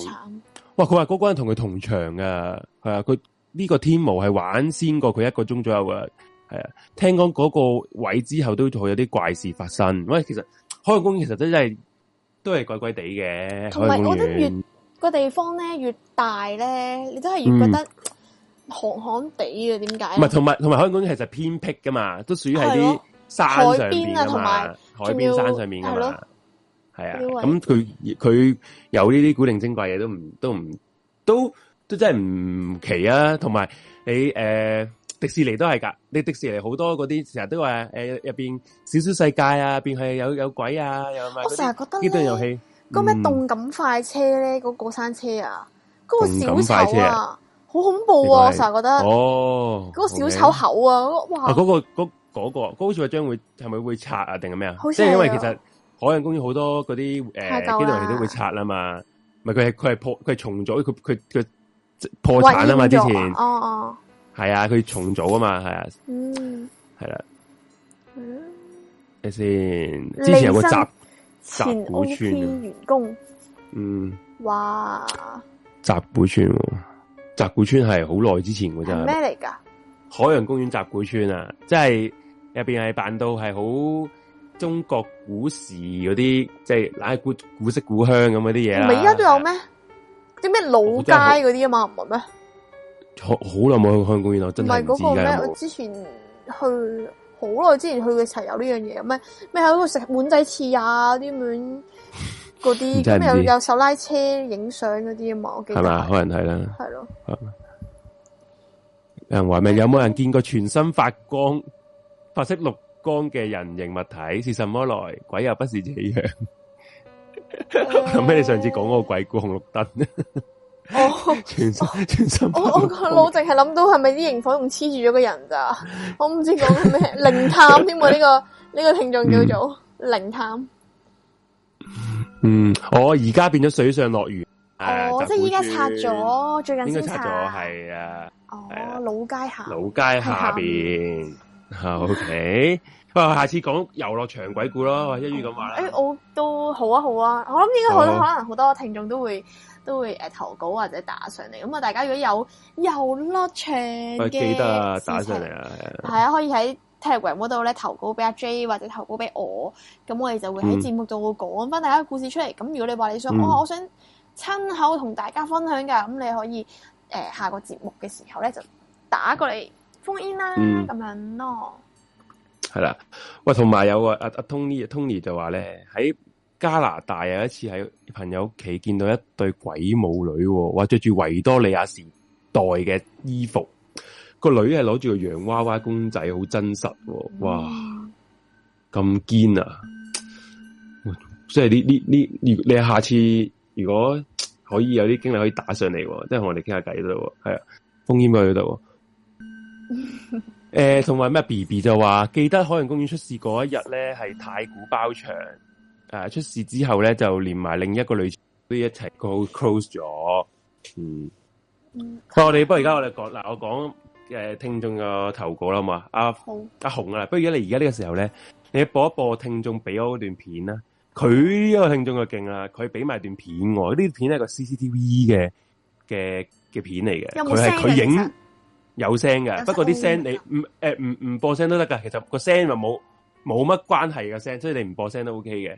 哇，佢話嗰個人同佢同場噶，係啊，佢呢、呢個天無係玩先過佢一個鐘左右嘅。係啊，聽講嗰個位之後都仲有啲怪事發生，喂，其實海洋公園其實真係都係怪怪地嘅，貴貴有海洋公園。個地方咧越大咧，你都係要覺得寒寒地啊，點解、嗯？唔係，同埋同埋香港其實偏僻噶嘛，都屬於係啲山上面噶嘛，海邊、啊、山上面噶嘛，係啊有。咁佢佢有呢啲古靈精怪嘢，都唔都唔都都真係唔奇啊！同埋你誒、呃，迪士尼都係噶，你迪士尼好多嗰啲成日都話誒入邊小小世界啊，入邊係有有鬼啊，又咩？我成日覺得呢啲遊戲。嗰個咩動感快車咧？嗰過山車啊，嗰個小丑啊，好恐怖啊！我成日覺得，嗰個小丑口啊，嗰哇！啊，嗰個嗰嗰個，好似話將會係咪會拆啊？定係咩啊？即係因為其實海洋公園好多嗰啲誒，機動遊戲都會拆啊嘛。唔係佢係佢係破佢係重組佢佢佢破產啊嘛之前，哦哦，係啊，佢重組啊嘛，係啊，嗯，係啦，嗯，睇先，之前有個集。前 O 員工，嗯，哇，集古村，集、嗯、哇古村係好耐之前噶咋？咩嚟噶？海洋公園集古村啊，即係入邊係扮到係好中國古時嗰啲，即係古古色古香咁嗰啲嘢啊！依家都有咩？啲咩係老街嗰啲啊嘛？唔係咩？好好耐冇去海洋公園啦，真係唔、嗰個、知啦。我之前去。好耐之前去嘅齊有呢樣嘢，咩咩喺嗰度食碗仔翅啊，啲碗嗰啲咁又手拉車影相嗰啲啊嘛，我記得係嘛，可能係啦，係咯吧。吧有人話咪有冇人見過全身發光、白色綠光嘅人形物體？是什麼來？鬼又不是自己樣。有 咩、欸、 你上次講嗰個鬼故紅綠燈？ 我我個腦淨係諗到係咪啲螢火蟲黐住咗個人咋？我唔知講緊咩靈探添啊！呢個呢個聽眾叫做靈探。嗯，我而家變咗水上樂園。哦，即係依家拆咗，最近拆咗係啊。哦，老街下老街下邊。O K，下次講遊樂場鬼故啦，一於咁話。誒，我都好啊，好啊，我諗應該好，可能好多聽眾都會。都會誒投稿或者打上嚟，咁啊大家如果有有落場嘅，記得、啊、打上嚟啊！係啊，可以喺 Telegram 嗰度咧投稿俾阿 J 或者投稿俾我，咁我哋就會喺節目度講翻大家嘅故事出嚟。咁、嗯、如果你話你想，嗯、我想親口同大家分享㗎，咁你可以誒下個節目嘅時候咧就打過嚟 Phone in 啦，咁、嗯、樣咯。係啦，喂，同埋有啊阿阿、啊、Tony Tony 就話咧喺。加拿大有一次喺朋友屋企見到一對鬼母女，哦，話着住維多利亞時代嘅衣服，個女係攞住個洋娃娃公仔，好真實，哦，哇！咁堅，嗯、啊，即係呢呢呢你下次如果可以有啲經歷可以打上嚟，哦，即係同我哋傾下偈都得，係啊，phone in 佢都得。誒、 欸，同埋咩 B B 就話記得海洋公園出事嗰一日咧，係太古包場。出事之後咧，就連埋另一個女主都一齊 close close 咗。嗯，啊、好，我哋不過而家我哋講，嗱，我講誒聽眾個投稿啦，好嘛？阿阿紅啊，不如而家你而家呢個時候咧，你一播一播聽眾俾我嗰段片啦。佢呢個聽眾嘅勁啦，佢俾埋段片我。呢、這個、片係個 CCTV 嘅嘅嘅片嚟嘅，佢係佢影有聲噶、呃，不過啲聲你唔誒唔唔播聲都得噶。其實個聲又冇冇乜關係嘅聲，所以你唔播聲都 OK 嘅。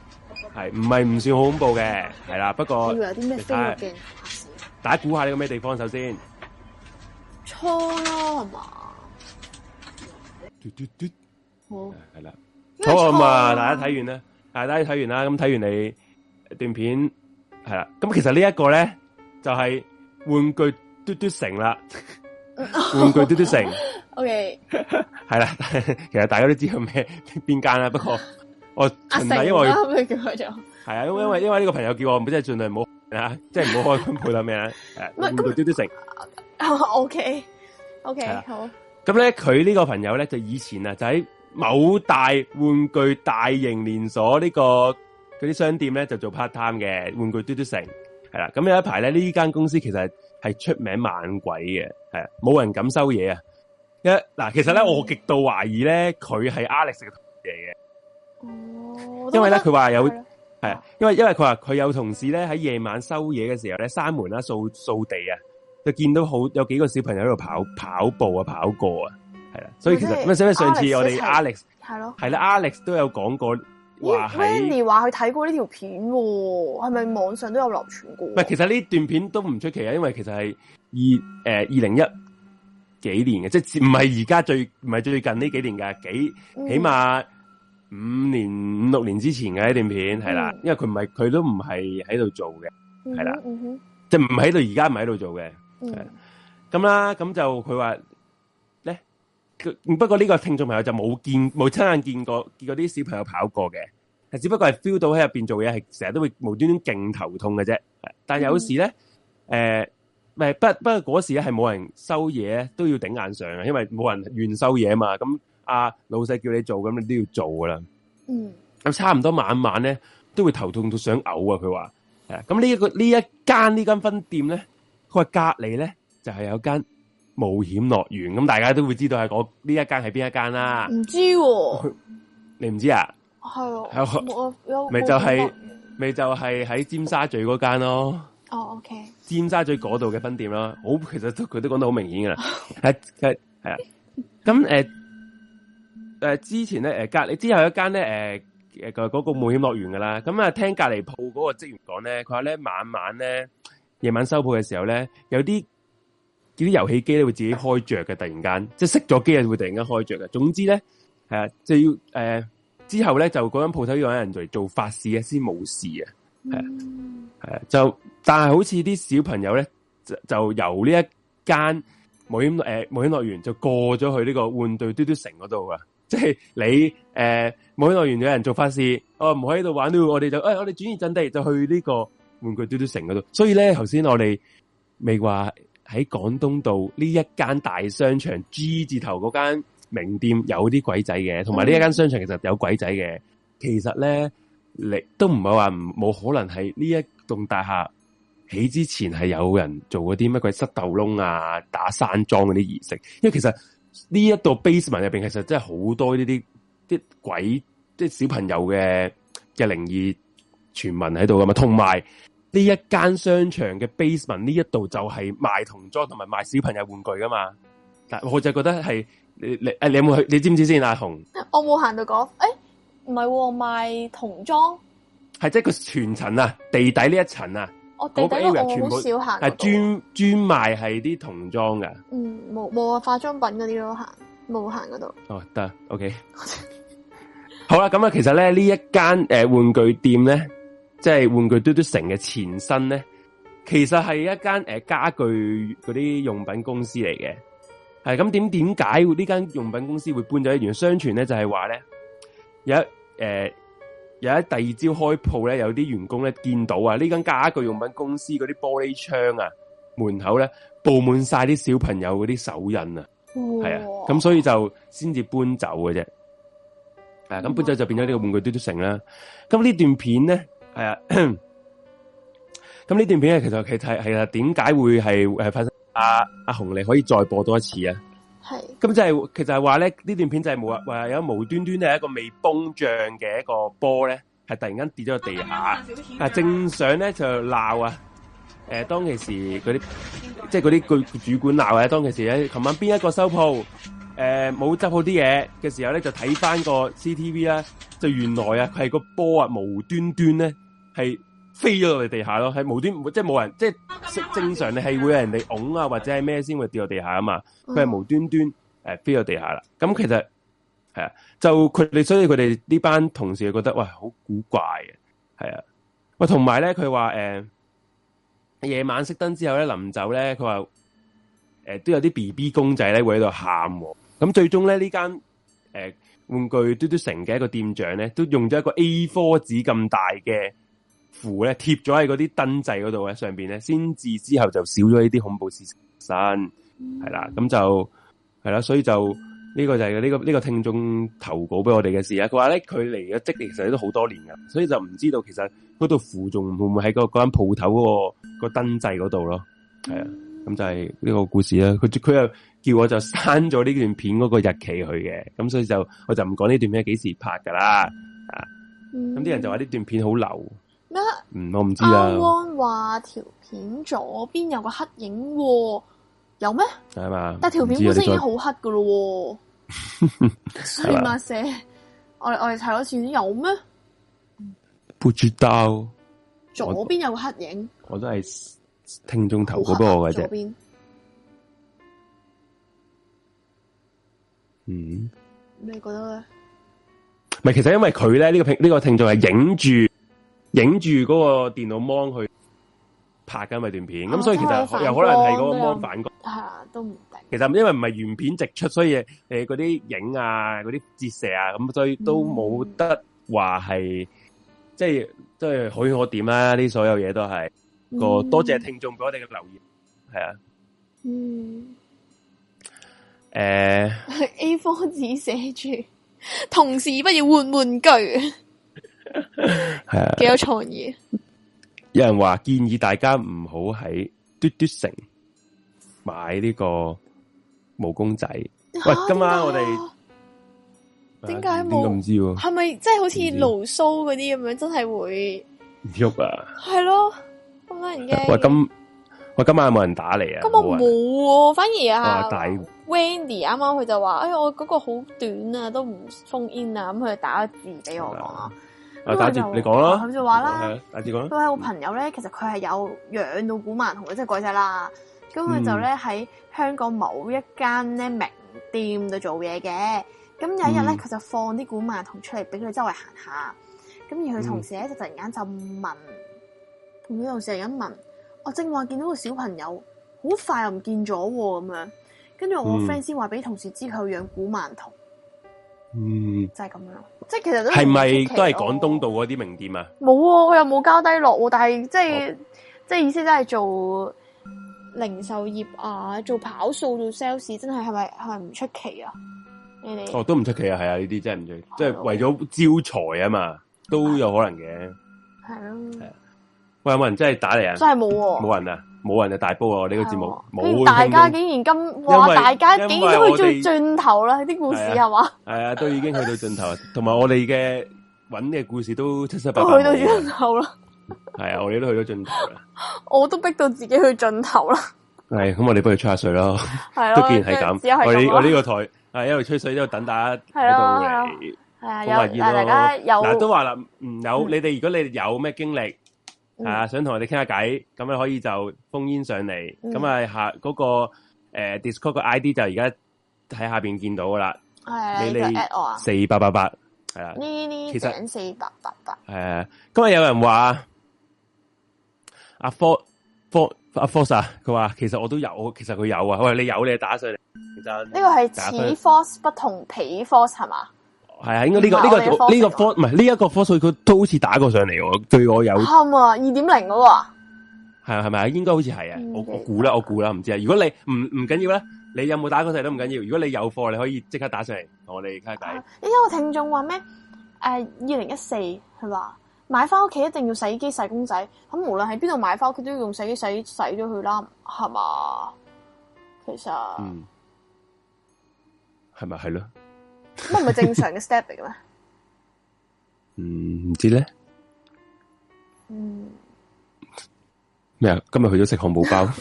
係唔係唔算好恐怖嘅，係啦。不過有啲咩驚，大家估下呢個咩地方首先？初咯係嘛？嘟嘟嘟，好係啦。的麼好啊嘛、嗯，大家睇完啦，大家睇完啦。咁睇完你段片係啦。咁其實呢一個咧就係、是、玩具嘟嘟城啦。 玩具嘟嘟城。OK，係啦。其實大家都知道咩邊間啦，不過。我、哦、阿成不，啱你叫佢做係啊，因為因為呢個朋友叫我，唔即係盡量唔好吓，即係唔好開噴炮啦，咩咧？喂玩具嘟嘟城，OK，OK，好。咁咧，佢呢個朋友咧，就以前啊，就喺某大玩具大型連鎖呢、這個嗰啲商店咧，就做 part time 嘅玩具嘟嘟城。係啦，咁有一排咧，呢、這、間、個、公司其實係出名猛鬼嘅，係冇人敢收嘢啊！一嗱，其實咧，嗯、我極度懷疑咧，佢係 Alex 嘅嘢嘅。哦，因為咧，佢話有係，因為因為佢話佢有同事咧喺夜晚收嘢嘅時候咧，閂門啦掃掃地啊，就見到好有幾個小朋友喺度跑跑步啊，跑過啊，係啦，所以其實咁啊，所以上次我哋 Alex 係咯，係啦 Alex 都有講過話 Manny 話佢睇過呢條片，係咪網上都有流傳過？其實呢段片都唔出奇啊，因為其實係二誒二零一幾年嘅，即係唔係而家最唔係最近呢幾年嘅幾起碼。嗯五年五六年之前嘅一段片係啦，因為佢唔係佢都唔係喺度做嘅，係啦，即係唔喺度，而家唔喺度做嘅，係咁啦，咁就佢話咧，不過呢個聽眾朋友就冇見冇親眼見過見過啲小朋友跑過嘅，係只不過係 feel 到喺入邊做嘢，係成日都會無端端勁頭痛嘅啫，但係有時咧，誒，唔係不不過嗰時咧係冇人收嘢，都要頂硬上嘅，因為冇人願收嘢啊嘛，咁。啊，老細叫你做咁，那你都要做噶啦。嗯，咁差唔多晚晚咧，都會頭痛到想嘔啊。佢話，誒、嗯，咁呢一個呢一間呢間分店咧，佢話隔籬咧就係、是、有間冒險樂園。咁、嗯、大家都會知道係嗰呢一間係邊一間啦。唔知、啊，你唔知啊？係、啊，係、啊、我有咪就係、是、咪就係、是、喺我尖沙咀嗰間咯。哦，OK，尖沙咀嗰度嘅分店咯。好，其實佢都講得好明顯噶啦。係係係啊，咁誒。嗯嗯嗯嗯誒、呃，之前咧，誒隔籬之後有一間咧，誒誒個嗰個冒險樂園噶啦，咁、嗯、啊聽隔離鋪嗰個職員講咧，佢話咧晚呢晚咧夜晚收鋪嘅時候咧，有啲啲遊戲機咧會自己開着嘅，突然間即係熄咗機啊會突然間開着嘅，總之咧係啊，就要誒、呃、之後咧就嗰間鋪頭有人嚟做法事啊先冇事啊，係啊係啊，就但係好似啲小朋友咧就就由呢一間冒險誒、呃、冒險樂園就過咗去呢個換對嘟嘟城嗰度噶。即係你誒，冒險樂園有人做法事，我、哦、唔可以喺度玩，呢我哋就誒、哎，我哋轉移陣地，就去呢個玩具嘟嘟城嗰度。所以咧，頭先我哋未話喺廣東道呢一間大商場 G 字頭嗰間名店有啲鬼仔嘅，同埋呢一間商場其實有鬼仔嘅。嗯、其實咧，你都唔係話冇可能係呢一棟大廈起之前係有人做嗰啲乜鬼塞豆窿啊、打山莊嗰啲儀式，因為其實。呢一度 basement 入邊其實真係好多呢啲啲鬼，即係小朋友嘅嘅靈異傳聞喺度㗎嘛，同埋呢一間商場嘅 basement 呢一度就係賣童裝同埋賣小朋友玩具㗎嘛，但我就覺得係你你誒你有冇去？你知唔知先？阿紅，啊、我冇行到講，誒唔係賣童裝，係即係個全層啊，地底呢一層啊。個全部是專我第一日好少，嗯專是哦哦、行，係專專賣係啲童裝嘅。嗯 冇冇啊，化妝品嗰啲都行，冇行嗰度。哦，得，OK，好啦，咁啊，其實咧呢一間誒玩具店咧，即係玩具嘟嘟城嘅前身咧，其實係一間誒家具嗰啲用品公司嚟嘅。係咁點點解呢間用品公司會搬咗一樣相傳咧？就係話咧有誒。呃有喺第二朝開鋪咧，有啲員工咧見到啊，呢間傢具用品公司嗰啲玻璃窗啊，門口咧布滿晒啲小朋友嗰啲手印啊，係、哦、啊，咁所以就先至搬走嘅、啊、啫。誒、啊，咁搬走就變咗呢個玩具嘟嘟城啦。咁呢、哦、段片咧，係啊，咁呢段片咧，其實其實係啊，點解會係誒發生，阿阿紅你可以再播多一次啊？係，咁即係，其實係話咧，呢段片就係無話有無端端係一個未崩脹嘅一個波咧，係突然間跌咗個地下，啊。啊，正想咧就鬧啊，誒，當其時嗰啲，即係嗰啲主管鬧啊，當其時琴晚邊一個收鋪，誒、啊，冇執好啲嘢嘅時候咧，就睇返個 C T V 啦、啊，就原來啊，佢係個波啊，無端端咧係。是飛咗落嚟地下咯，係無端即係冇人，即係正常，你係會有人哋拱啊，或者係咩先會跌落地下啊嘛？佢係無端端誒飛咗地下啦。咁其實係啊，就佢哋所以佢哋呢班同事就覺得嘩，好古怪嘅，係啊喂，同埋咧佢話誒夜晚熄燈之後咧臨走咧，佢話誒都有啲 B B 公仔咧會喺度喊，咁最終咧呢間誒、呃、玩具嘟嘟城嘅一個店長咧，都用咗一個 A 4紙咁大嘅。符咧貼咗喺嗰啲燈掣嗰度啊，上邊咧先至之後就少咗呢啲恐怖事實身，係啦，咁就係啦，所以就呢、呢個就係呢、呢個呢、呢個聽眾投稿俾我哋嘅事啦。佢話咧佢離咗職其實都好多年噶，所以就唔知道其實嗰度符仲會唔會喺嗰間鋪頭嗰個、嗰個燈掣嗰度咯。係啊，咁就係呢個故事啦。佢佢又叫我就刪咗呢段片嗰個日期去嘅，咁所以就我就唔講呢段片幾時拍噶啦啊。咁啲人就話呢段片好流。咩？嗯，我唔知啊。安安話條片左邊有個黑影，有咩？係嘛？但條片本身已經好黑噶咯。衰馬死！我我哋睇多次有咩？不知道。左邊有個黑影。我都係聽眾頭嗰個。嘅啫。嗯。你覺得咧？咪係，其實因為佢咧呢個呢個聽眾係影住。影住嗰個電腦芒去拍緊咪段片，咁、啊、所以其實又可能係嗰個芒反光，都唔定。其實因為唔係原片直出，所以誒嗰啲影啊，嗰啲折射啊，咁所以都冇得話係，嗯、即係即係可圈可點啦。呢、就是啊、所有嘢都係，個、嗯、多謝聽眾俾我哋嘅留言，係啊。嗯。誒、呃。A4 紙寫住，同事不要換玩具。係啊，幾有創意。有人話建議大家唔好喺嘟嘟城買呢個毛公仔。喂，今晚我哋點解冇？唔知喎，係咪即係好似露酥嗰啲咁樣？真係會唔喐啊？係咯，好冇人嘅。喂，今喂今晚有冇人打嚟啊？咁我冇，反而啊，大 Wendy 啱啱佢就話：哎呀我嗰個好短啊，都唔 phone in 啊。咁佢就打字俾我講啊。啊！打字你講啦，咁就話啦，打字講。佢係我朋友咧，嗯、其實佢係有養到古曼童嘅，即係鬼仔啦。咁佢就咧喺香港某一間咧名店度做嘢嘅。咁有一日咧，佢、嗯、就放啲古曼童出嚟俾佢周圍行下。咁而佢同事咧就、嗯、突然間就問，同佢同事係咁問，我正話見到個小朋友好快又唔見咗喎咁樣。跟住我 friend 先話俾同事知佢養古曼童，嗯，就係咁樣。即係其實都唔出奇啊？係咪都係廣東道嗰啲名店啊？冇喎、啊，佢又冇交低落喎。但係即係、oh. 即係意思都係做零售業啊，做跑數做 sales，真係係咪係唔出奇啊？你哋哦，oh, 都唔出奇啊，係啊，呢啲真係唔出奇，oh. 即係為咗招財啊嘛，都有可能嘅。係咯。係啊。喂，有冇人真係打嚟啊？真係冇、啊，冇人啊。冇人就大波啊！我呢個節目，大家竟然咁話，大家竟然都去到盡頭啦！啲故事係嘛？係啊，都已經去到盡頭，同埋我哋嘅搵嘅故事都七七八八去到盡頭啦。係啊，我哋都去咗盡頭啦。我都逼到自己去盡頭啦。係，咁我哋不如吹下水咯。係咯，都既然係咁。我我呢個台係一路吹水一路等大家喺度嚟，好熱鬧咯。嗱，都話啦，唔有你哋，如果你哋有咩經歷？係、嗯、啊，想同我哋傾下偈，咁你可以就封煙上嚟，咁、嗯、啊下嗰、那個誒、呃、Discord 個 ID 就而家喺下邊見到噶啦，係你你四八八八係啊，呢呢，其實四八八八，誒，今日有人話阿 four four 阿 four 啊，佢話其實我都有，其實佢有啊，喂，你有你打上嚟，其實呢個係似 four 不同皮 four 係嘛？係啊，應該呢、這個呢是、這個呢個科唔係呢一個科稅，佢都好似打過上嚟嘅，對我有。啱啊，二點零嗰個。係啊係咪啊？應該好似係啊，嗯、我我估啦，我估啦，唔知啊。如果你唔唔緊要咧，你有冇打過上嚟都唔緊要。如果你有貨，你可以即刻打上嚟同我哋傾下偈。有一個聽眾話咩？誒、uh,，二零一四佢話買翻屋企一定要洗衣機洗公仔，咁無論喺邊度買翻屋企都要用洗衣機洗洗咗佢啦，係嘛？其實，係咪係咯？是咁係咪正常嘅 step 啊？唔知咧。嗯。咩啊？今日去咗食漢堡包。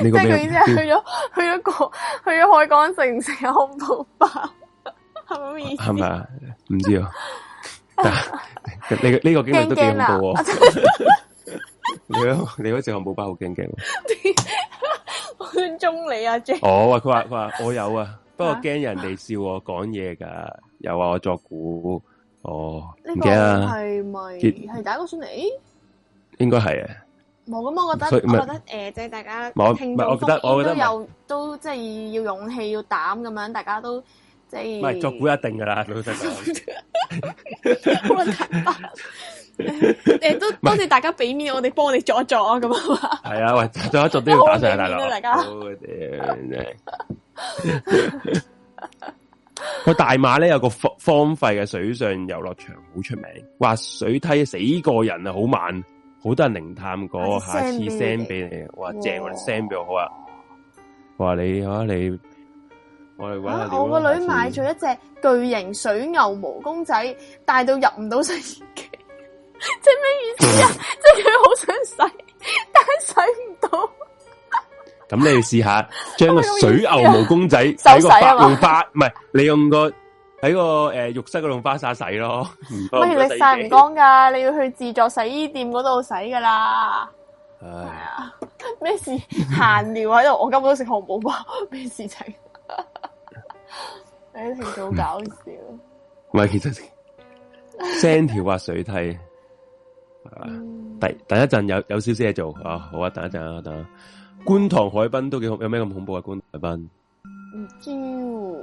即係意思係去咗去咗港去咗海港城食漢堡包，係咪？係咪啊？唔知啊。你呢個經歷都幾恐怖。你你好食漢堡包好驚驚。我尊重你啊，J。我話佢話佢話我有啊。不過驚人哋笑我講嘢噶又話我作古哦。呢個係咪係第一個信嚟？應該係啊。冇，咁，我覺得覺得誒，即係大家聽眾都都有都即係要勇氣要膽咁樣，大家都即係。唔係作古一定噶啦，老實講。好問題。誒，都多謝大家俾面，我哋幫我哋作一作啊，咁啊嘛。係啊，喂，作一作都要打上大佬。好嘅，真係。個 大馬咧有個荒荒廢嘅水上遊樂場好出名，話水梯死過人啊，好慢，好多人靈探過，下次 send 俾你啊，哇正，我 send 俾我好啊，話你啊你，你你找找找我哋我個女買咗一隻巨型水牛毛公仔，大到入唔到洗衣機，即係咩意思啊？即係佢好想洗，但係洗唔到。咁你試下將個水牛毛公仔喺個用花，唔係你用個喺個誒浴室嗰度用花灑洗咯，唔係力晒唔乾噶，你要去自助洗衣店嗰度洗噶啦。係啊唉，咩 事閒聊喺度？我根本都食漢堡包，咩事情？你 啲事好搞笑，唔係，嗯嗯、其實聲調或水梯係嘛？等，啊嗯、等一陣有有少少嘢做啊，好啊，等一陣啊，等一。觀塘海濱都幾恐怖，有咩咁恐怖啊？觀塘海濱唔知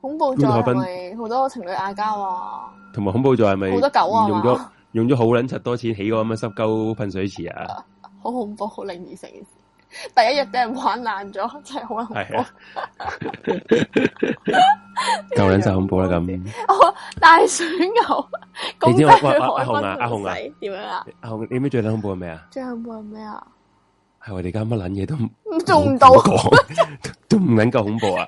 恐怖就係咪好多情侶嗌交啊？同埋恐怖就係咪好多狗啊？用咗用咗好捻柒多錢起個咁嘅濕鳩噴水池啊？好、啊、恐怖，好靈異成件事，第一日俾人玩爛咗，真係好恐怖。夠捻晒恐怖啦！咁哦，大水牛，觀塘、啊啊、海濱點、啊啊啊、樣啊？阿紅，你咩最捻恐怖係咩啊？最恐怖係咩啊？最恐怖係我哋而家乜捻嘢都唔做唔不到，都唔捻夠恐怖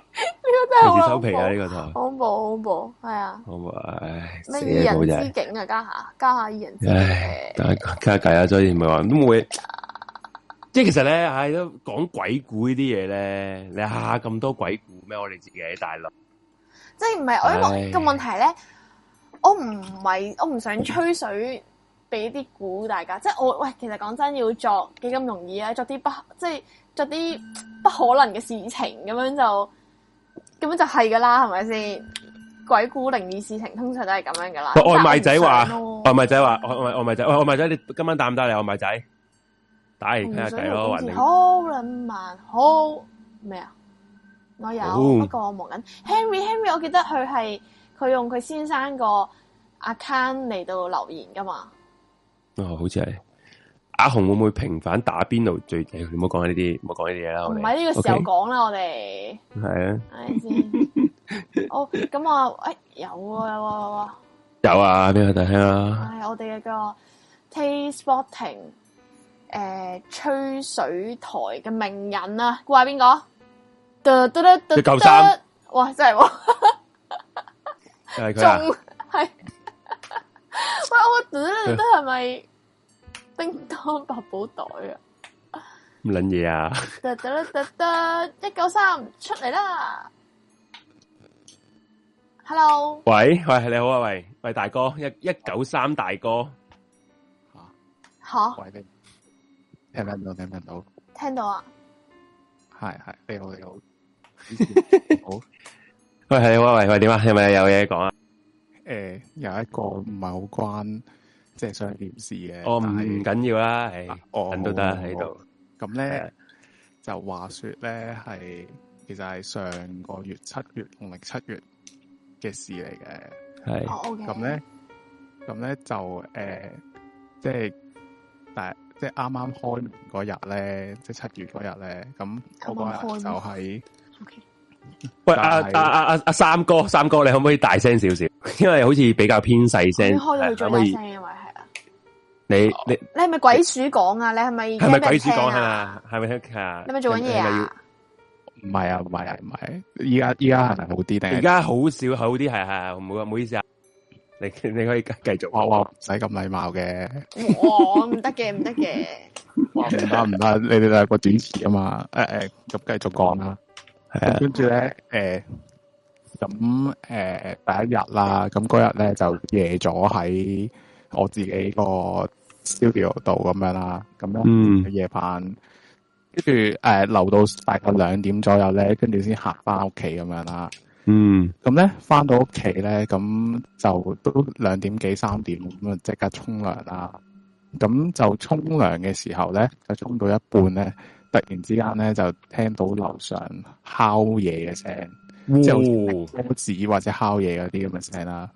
真好你皮啊！呢怖個真係好收皮啦！呢個就恐怖，恐怖係啊！恐怖啊！唉，異人之境啊！家下家下異人，唉，家計啊，所以唔係話都冇。啊、即係其實咧，係、哎、都講鬼故呢啲嘢咧，你下下咁多鬼故咩？我哋自己喺大陸，即係唔係我呢個唉問題咧，我唔係我唔想吹水。俾啲鼓大家估，即係我喂，其實講真，要作幾咁容易啊？作啲不即係作啲不可能嘅事情，咁樣就咁樣就係噶啦，係咪先？鬼故靈異事情通常都係咁樣噶啦我。外賣仔話，外賣仔話，外外賣仔，外賣仔，你今晚打唔打嚟？外賣仔打嚟聽下偈咯。好浪漫，好咩啊？我有，好不過我忙緊 Henry，Henry，我記得佢係佢用佢先生個 account 嚟到留言噶嘛。啊、哦，好似係阿紅會唔會平反打邊爐最？你唔好講呢啲，唔好講呢啲嘢啦。唔係呢個時候講啦 Okay?，我哋係啊。 哦、我咁我誒有啊有啊有啊有啊邊個大兄啊？係、啊啊啊、我哋嘅、這個 Taste Boxing 誒、呃、吹水台嘅名人啦、啊，估邊個？得得得得得，一九哇，真係，係 佢啊，係。喂，我得啦得係咪叮當百寶袋啊？乜撚嘢啊？得得啦得得，一九三出嚟啦！Hello，喂喂你好啊喂喂大哥，一一九三大哥，吓吓、啊啊，喂聽唔到聽唔聽到？聽到，聽到啊，係係你好你好，你好， 喂係、啊、喂喂點啊？有冇有嘢講啊？誒、欸，有一個唔係好關，即係商業事嘅。我唔緊要啦，我、啊啊哦、都得喺度。咁咧、uh, 就話說咧，係其實係上個月七月，農曆七月嘅事嚟嘅。係，咁咧、oh, yeah.，咁咧就誒、呃，即係，但係即係啱啱開門嗰日咧，即係七月嗰日咧，咁嗰日就喺、是。喂，阿阿阿阿阿三哥三哥，你可唔可以大聲少少？因為好似比較偏細聲，開咗去做乜聲？因為係啊，你你你係咪鬼鼠講啊？你係咪係咪鬼鼠講啊？係咪聽啊？你咪做緊嘢啊？唔係啊，唔係啊，唔係，而家而家好啲定，而家好少好啲係係，唔好唔好意思啊。你你可以繼續，我我唔使咁禮貌嘅，我唔得嘅唔得嘅，唔得唔得，你哋兩個短詞啊嘛，誒誒，咁繼續講啦。跟住咧，誒，咁誒、嗯呃呃、第一日啦，咁嗰日咧就夜咗喺我自己個 studio 度咁樣啦，咁咧夜飯，跟住誒留到大概兩點左右咧，跟住先行翻屋企咁樣啦。嗯，咁咧翻到屋企咧，咁就都兩點幾三點咁啊，即刻沖涼啦。咁就沖涼嘅時候咧，就沖到一半咧。突然之間咧，就聽到樓上敲嘢嘅聲，即係鋪紙或者敲嘢嗰啲咁嘅聲啦。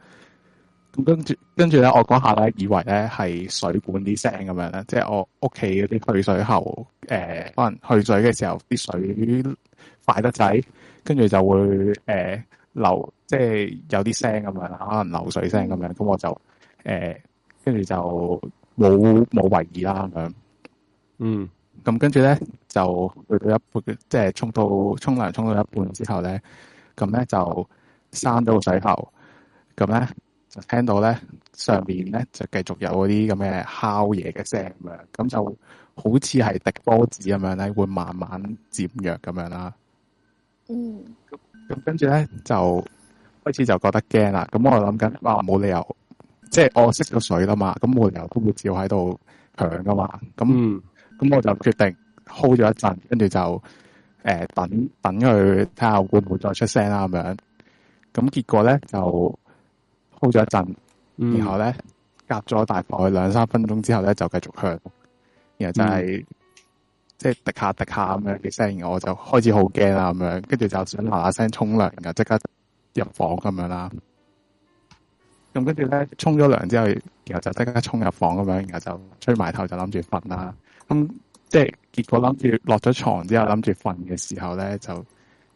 咁跟住，跟住咧，我嗰下咧以為咧係水管啲聲咁樣咧，即係我屋企嗰啲去水喉，誒、呃、可能去水嘅時候啲水快得滯，跟住就會誒、呃、流，即係有啲聲咁樣，可能流水聲咁樣。咁我就誒跟住就冇冇懷疑啦咁樣，嗯。咁跟住咧，就去到一半，即係沖到沖涼，沖到一半之後咧，咁咧就閂咗個水喉，咁咧就聽到咧上面咧就繼續有嗰啲咁嘅敲嘢嘅聲咁樣，咁就好似係滴波子咁樣咧，會慢慢漸弱咁樣啦。嗯，咁跟住咧就開始就覺得驚啦。咁我諗緊哇，冇哇理由，即係我熄咗水啦嘛，咁冇理由都會照喺度響噶嘛。咁咁我就決定 hold 咗一陣，跟住就誒、呃、等等佢睇下會唔會再出聲啦咁樣。咁結果咧就 hold 咗一陣，嗯、然後咧隔咗大概兩三分鐘之後咧就繼續響，然後真係、嗯、即係滴下滴下咁樣嘅聲，然後我就開始好驚啦咁樣。跟住就想嗱嗱聲沖涼噶，即刻入房咁樣啦。咁跟住咧沖咗涼之後，然後就即刻衝入房咁樣，然後就吹埋頭就諗住瞓啦。咁、嗯、即係結果諗住落咗床之後諗住瞓嘅時候咧，就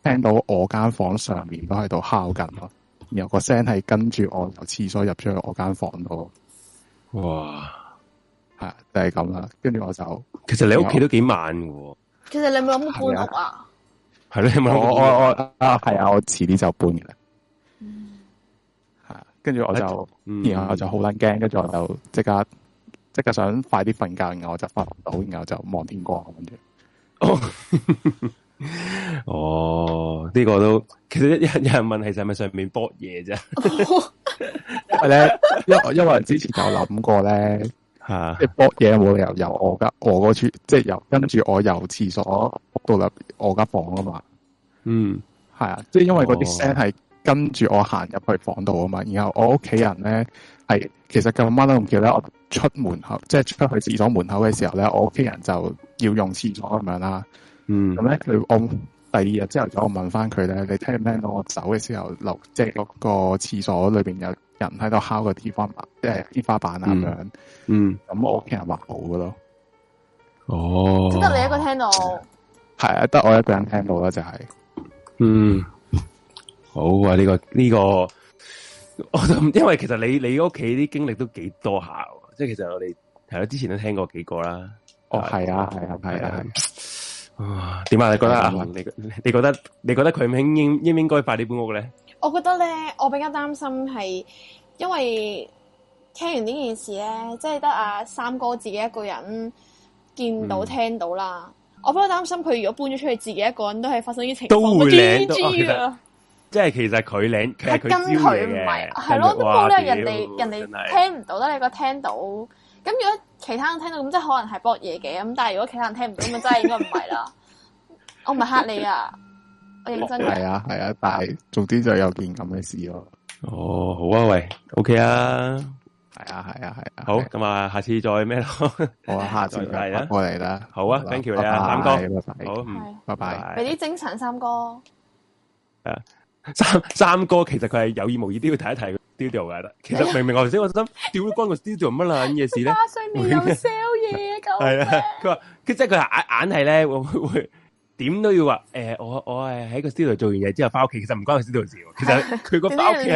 聽到我間房上面都喺度敲緊咯，然後個聲係跟住我由廁所入咗去我間房度。哇，係就係咁啦。跟住我就，其實你屋企都幾慢嘅。其實你冇諗搬屋啊？係咧，我我我啊，係啊，我遲啲就搬嘅。嗯，係。跟住我就，嗯、然後我就好撚驚，跟住我就即刻。即係想快啲瞓覺，然後我就瞓唔到，然後就望天光咁樣。哦，呢、 哦這個都其實一有人問，其實係咪上面博嘢啫？咧、哦， 因為因為之前就諗過咧吓，博嘢、冇、理由由我家我個處，即、就、係、是、由跟住我由廁所到入我間房啊嘛。嗯，係啊，即係因為嗰啲聲係。跟住我行入去房度啊嘛，然後我屋企人咧係其實咁掹都唔叫呢。我出門口，即係出去廁所門口嘅時候咧，我屋企人就要用廁所咁樣啦。嗯，咁咧佢我第二日朝頭早我問翻佢咧，你聽唔聽到我走嘅時候落，即係嗰個廁所裏面有人喺度敲個天花板，即係天花板啊咁樣。嗯，咁我屋企人話冇噶咯。哦，得你一個聽到？係啊，得我一個人聽到啦，就是，就係嗯。好啊！呢、這個呢、這個，我因為其實你你屋企啲經歷都幾多下，即係其實我哋係咯，之前都聽過幾個啦。哦，係、哦、啊，係啊，係啊，係。啊，點解,啊？你覺得是啊？你你覺得你覺得佢應應唔應該快啲搬屋咧？我覺得咧，我比較擔心係，因為聽完呢件事咧，即係得阿三哥自己一個人見到聽到啦。嗯、我比較擔心佢如果搬咗出去，自己一個人都係發生啲情都會我知即係其實佢領，係跟佢唔係，係咯。不過咧，人哋人哋聽唔到得你個聽到。咁如果其他人聽到，咁即係可能係博嘢嘅。咁但係如果其他人聽唔到，咁真係應該唔係啦。我唔係嚇你啊，我認真。係啊係啊，但係總之就有件咁嘅事咯。哦，好啊，喂，OK 啊，係啊係啊係啊，好咁啊，下次再咩咯？我下次我嚟啦。好啊，thank you 啊，三哥，好，拜拜，俾啲精神，三哥，誒。三三哥其實佢係有意無意都要睇一睇個 studio 㗎。其實明唔明我意先我心屌光個 studio 乜撚嘢事咧？沙上面又宵嘢，夠係啊！佢話即係佢係硬係咧，會會點都要話誒！我我係喺個 studio 做完嘢之後翻屋企，其實唔關個 studio 事。其實佢個翻屋企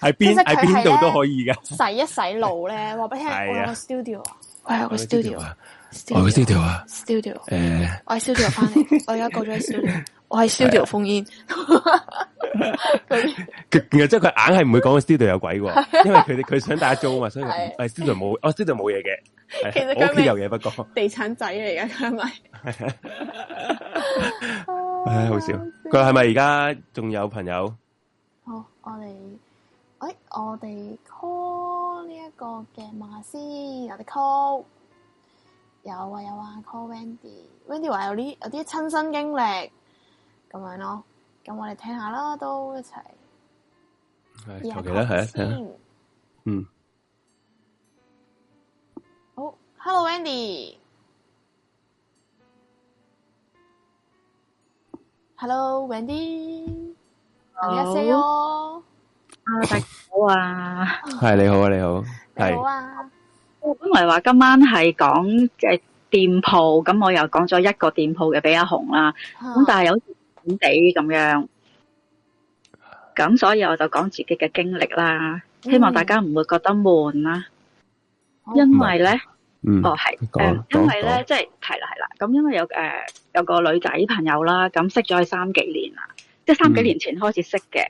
係邊喺邊度都可以嘅。洗一洗腦咧，話俾聽我係 studio，我個 studio，studio 啊，studio 誒，我係 studio 翻嚟，我而家過咗 studio，我係 studio 封煙。其實即係佢硬係唔會講 studio 有鬼喎， 因為佢哋佢想大家做啊嘛，所以 studio 冇，哦 studio 冇嘢嘅，其我有嘢不過，地產仔嚟、啊、噶，係咪？唉 哎，好笑，佢係咪而家仲有朋友？好我哋、哎、我哋 call 呢一個嘅問下先，有啲 call 有啊有啊，call Wendy，Wendy 話 Wendy 有啲有啲親身經歷咁樣咯。咁我哋聽下啦，都一齊，求其啦，係啊，聽，嗯，好，Hello，Wendy，Hello，Wendy，講一聲咯，啊，大家好啊，係你好啊，你好，你好啊，我本嚟話今晚係講嘅店鋪，咁我又講咗一個店鋪嘅俾阿紅啦，咁但係有。咁地咁樣，咁所以我就講自己嘅經歷啦，希望大家唔會覺得悶啦。因為咧，哦係，誒，因為咧，即係係啦係啦，咁因為有誒有個女仔朋友啦，咁識咗三幾年啦，即係三幾年前開始識嘅，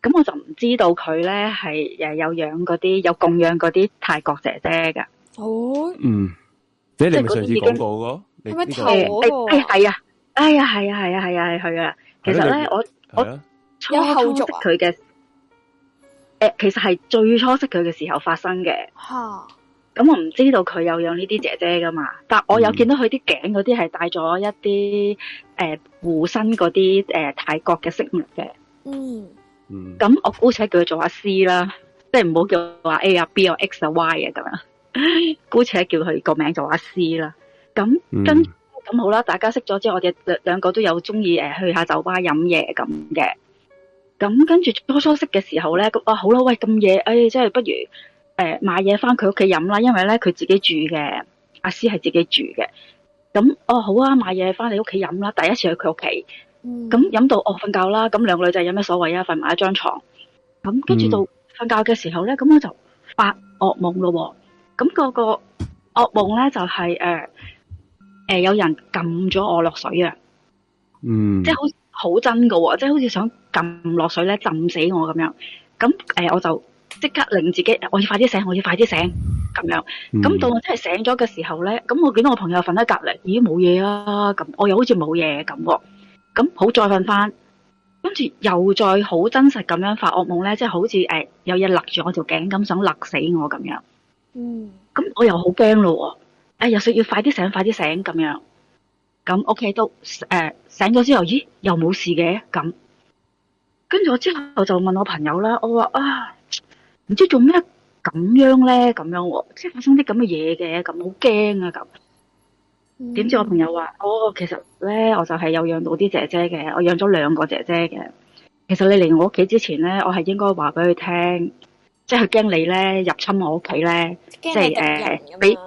咁我就唔知道佢咧係誒有養嗰啲有供養嗰啲泰國姐姐噶。哦，嗯，即係你咪上次講過咯，係咪頭嗰個？係啊。哎呀，係啊，係啊，係啊，係佢啊！其實咧，是啊、我是、啊、我初后、啊、初識佢嘅，誒、呃，其實係最初識佢嘅時候發生嘅。咁哈、嗯、我唔知道佢有養呢啲姐姐噶嘛，但我有見到佢啲頸嗰啲係戴咗一啲誒護身嗰啲誒泰國嘅飾物嘅。嗯，咁、嗯、我姑且叫佢做阿 C 啦，即係唔好叫話 A 啊 B 啊 X 啊 Y 啊咁樣，姑且叫佢個名做阿 C 啦。咁、嗯、跟。嗯咁好啦，大家識咗之後，我哋兩個都有中意誒，去下酒吧飲嘢咁嘅。咁跟住初初識嘅時候咧，哇、啊、好啦，喂咁夜，哎，即係不如誒、呃、買嘢翻佢屋企飲啦，因為咧佢自己住嘅，阿師係自己住嘅。咁哦、啊、好啊，買嘢翻你屋企飲啦，第一次去佢屋企，咁飲、嗯、到哦瞓覺啦。咁兩個女仔有咩所謂啊？瞓埋一張床，咁跟住到瞓覺嘅時候咧，咁我就發噩夢咯。咁、那個個噩夢咧就係、是、誒。呃誒、呃，有人撳咗我落水啊！嗯，即係好好真噶、哦，即係好似想撳落水咧，浸死我咁樣。咁誒、呃，我就即刻令自己，我要快啲醒，我要快啲醒咁樣。咁、嗯、到我真係醒咗嘅時候咧，咁我見到我朋友瞓喺隔籬，咦冇嘢啊！咁我又好似冇嘢咁喎。咁好再瞓翻，跟住又再好真實咁樣發噩夢咧，即係好似誒、呃、有嘢勒住我條頸咁，想勒死我咁樣。嗯，咁我又好驚咯喎！誒，又說、哎、要快啲醒，快啲醒咁樣。咁屋企都誒、呃、醒咗之後，咦，又冇事嘅咁。跟住我之後我就問我朋友啦，我話啊，唔知做咩咁樣咧，咁樣即係、啊、發生啲咁嘅嘢嘅，咁好驚啊咁。點知我朋友話，嗯、哦，其實咧，我就係有養到啲姐姐嘅，我養咗兩個姐姐嘅。其實你嚟我屋企之前咧，我係應該話俾佢聽，即係佢驚你咧入侵我屋企咧，即係誒俾。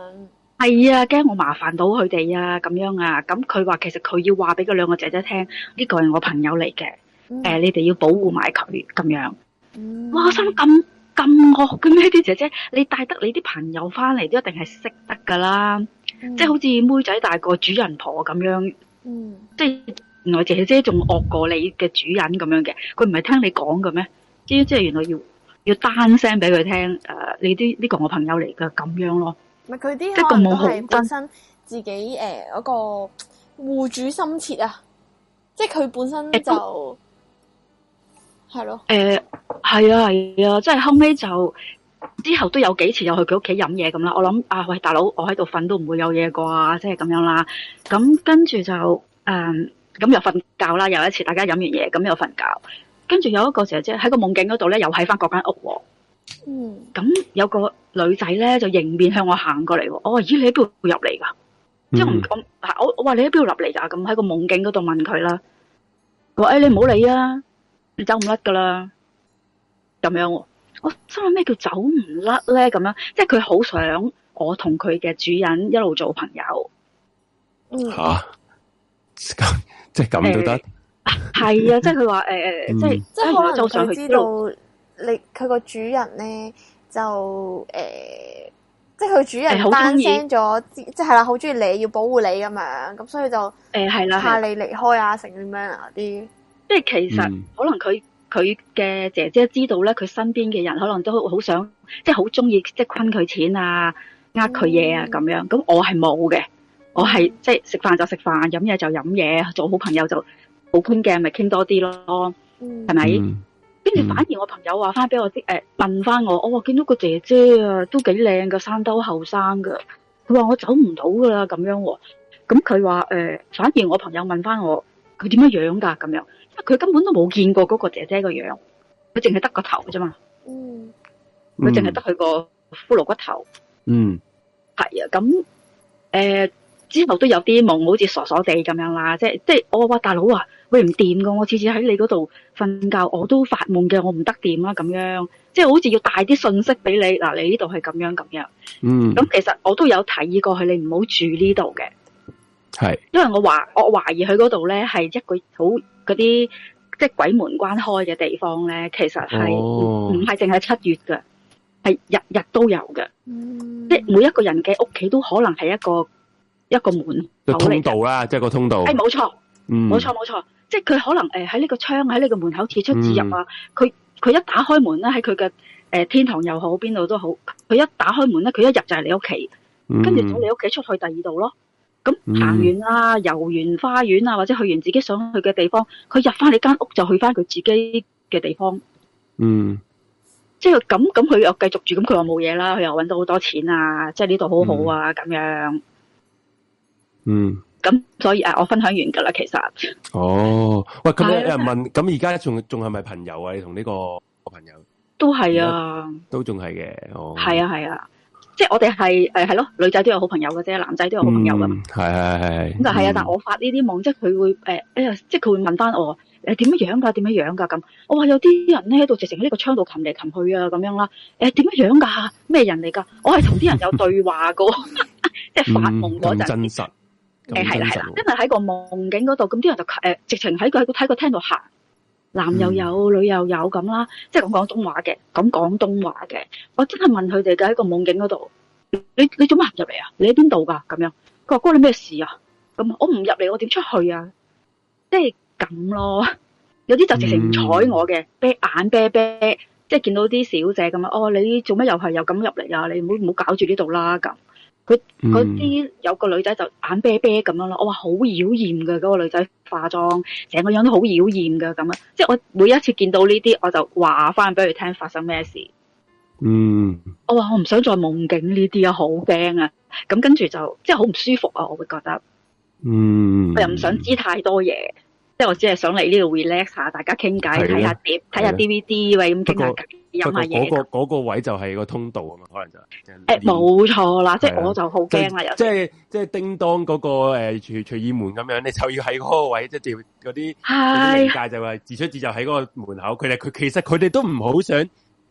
係啊，驚我麻煩到佢哋啊，咁樣啊，咁佢話其實佢要話俾嗰兩個姐姐聽，呢個係我朋友嚟嘅，誒、嗯呃，你哋要保護埋佢咁樣。嗯、哇，心咁咁惡嘅咩？啲姐姐，你帶得你啲朋友翻嚟都一定係識得噶啦，嗯、即係好似妹仔大過主人婆咁樣。嗯，即係原來姐姐仲惡過你嘅主人咁樣嘅，佢唔係聽你講嘅咩？即即係，原來要要單聲俾佢聽，誒、呃，你啲呢、這個我朋友嚟嘅，咁樣咯。佢啲可能都係本身自己誒嗰不、呃嗰個戶主心切啊，即係佢本身就係、欸、咯。誒、欸，係啊係啊，啊，即係後尾就之後都有幾次又去佢屋企飲嘢咁啦。我諗啊，喂大佬，我喺度瞓都唔會有嘢啩，即係咁樣啦。咁跟住就誒咁、嗯、又瞓覺啦。有一次大家飲完嘢咁又瞓覺，跟住有一個姐姐喺個夢境嗰度咧，又喺翻嗰間屋。嗯，咁有個女仔咧就迎面向我行過嚟，我話咦，你喺邊度入嚟噶？即係、嗯、我我我話你喺邊度入嚟噶？咁喺個夢境嗰度問佢啦。我話誒、哎、你唔好理啊，你走唔甩噶啦。咁樣我真係咩叫走唔甩咧？咁樣即係佢好想我同佢嘅主人一路做朋友。吓咁、嗯啊、即係咁都得？係、嗯、啊，即係佢話誒，即係即係可能就想去知道。你佢個主人咧就誒、欸，即係佢主人好單聲咗，欸、很喜歡即係啦，好中意你要保護你咁樣，咁所以就誒係啦，怕你離開啊，欸、成點樣啊啲？即係其實可能佢佢嘅姐姐知道咧，佢身邊嘅人可能都好想，即係好中意即係坤佢錢啊、呃佢嘢啊咁、嗯、樣。咁我係冇嘅，我係、嗯、即係食飯就食飯，飲嘢就飲嘢，做好朋友就好傾嘅，咪傾多啲咯，係咪？跟住反而我朋友話翻俾我知，誒問翻我，我、哦、話見到個姐姐啊，都幾靚噶，山兜後生噶。佢話我走唔到噶啦咁樣、哦，咁佢話誒，反而我朋友問翻我，佢點樣樣噶咁樣，因為佢根本都冇見過嗰個姐姐個樣，佢淨係得個頭啫嘛，嗯，佢淨係得佢個骷髏骨頭，嗯，係啊，咁誒。之後都有啲夢，好似傻傻地咁樣啦，即係即係我話大佬啊，喂唔掂噶，我次次喺你嗰度瞓覺，我都發夢嘅，我唔得掂啦咁樣，即係好似要帶啲信息俾你嗱、啊，你呢度係咁樣咁樣，樣嗯，咁其實我都有提議過佢，你唔好住呢度嘅，係，因為我懷我懷疑佢嗰度咧係一個好嗰啲即係鬼門關開嘅地方咧，其實係唔係淨係七月嘅，係日日都有嘅，嗯、即係每一個人嘅屋企都可能係一個。一個門，個通道啦，即、就、係、是、個通道。誒、哎，冇錯，冇錯冇錯，即係佢可能誒喺呢個窗，喺呢個門口自出自入啊。佢佢、嗯、一打開門咧，喺佢嘅誒天堂又好，邊度都好。佢一打開門咧，佢一入就係你屋企，跟住從你屋企出去第二度咯。咁行、嗯、完啦、啊，遊完花園啊，或者去完自己想去嘅地方，佢入翻你間屋就去翻佢自己嘅地方。嗯即他，即係咁咁，佢又繼續住，咁佢話冇嘢啦，佢又搵到好多錢啊，即係呢度好好啊，咁、嗯、樣。嗯，咁所以我分享完噶啦，其實。哦，喂，咁有人問，咁而家咧仲仲係咪朋友啊？你同呢個朋友。都係啊，都仲係嘅。哦，係啊係啊，即係我哋係誒係咯，女仔都有好朋友嘅啫，男仔都有好朋友噶嘛。係係係。咁係啊，嗯、但係我發呢啲夢，即係佢會誒、欸，即係佢會問翻我誒，點、欸、樣樣噶？點樣樣噶？咁我話有啲人咧喺度直情喺呢個窗度擒嚟擒去啊，咁樣啦。誒、欸，點樣樣噶？咩人嚟噶？ 我係同啲人有對話噶，嗯、 即係發夢陣。真實。誒，係啦係啦，因為喺個夢境嗰度，咁啲人就誒、呃，直情喺個喺個喺個廳度行，男又有女又有咁啦，即係講廣東話嘅，咁廣東話嘅，我真係問佢哋嘅喺個夢境嗰度，你你做乜入嚟啊？你喺邊度噶？咁樣，佢話關你咩事啊？咁我唔入嚟，我點出去啊？即係咁咯，有啲就直情唔睬我嘅，啤、嗯、眼啤啤，即係見到啲小姐咁樣，哦，你做乜又係又咁入嚟啊？你唔好唔好搞住呢度啦咁。這樣。嗰啲、嗯、有個女仔就眼啤啤咁樣咯，我話好妖艷嘅嗰個女仔化妝，成個樣都好妖艷嘅咁啊！即係我每一次見到呢啲，我就話翻俾佢聽發生咩事。嗯，我話我唔想再夢境呢啲啊，好驚啊！咁跟住就即係好唔舒服啊，我會覺得，嗯，我又唔想知太多嘢。即係我只係想嚟呢度 relax 下，大家傾偈，睇下碟，睇下 DVD 喂，咁傾下偈，飲下嘢。嗰個個位就係個通道啊嘛，可能就誒，冇錯啦。即係我就好驚啦。又即係即係叮當嗰個誒，隨意門咁樣，你就要喺嗰個位即係嗰啲。係，就係自出自入喺嗰個門口。佢哋佢其實佢哋都唔好想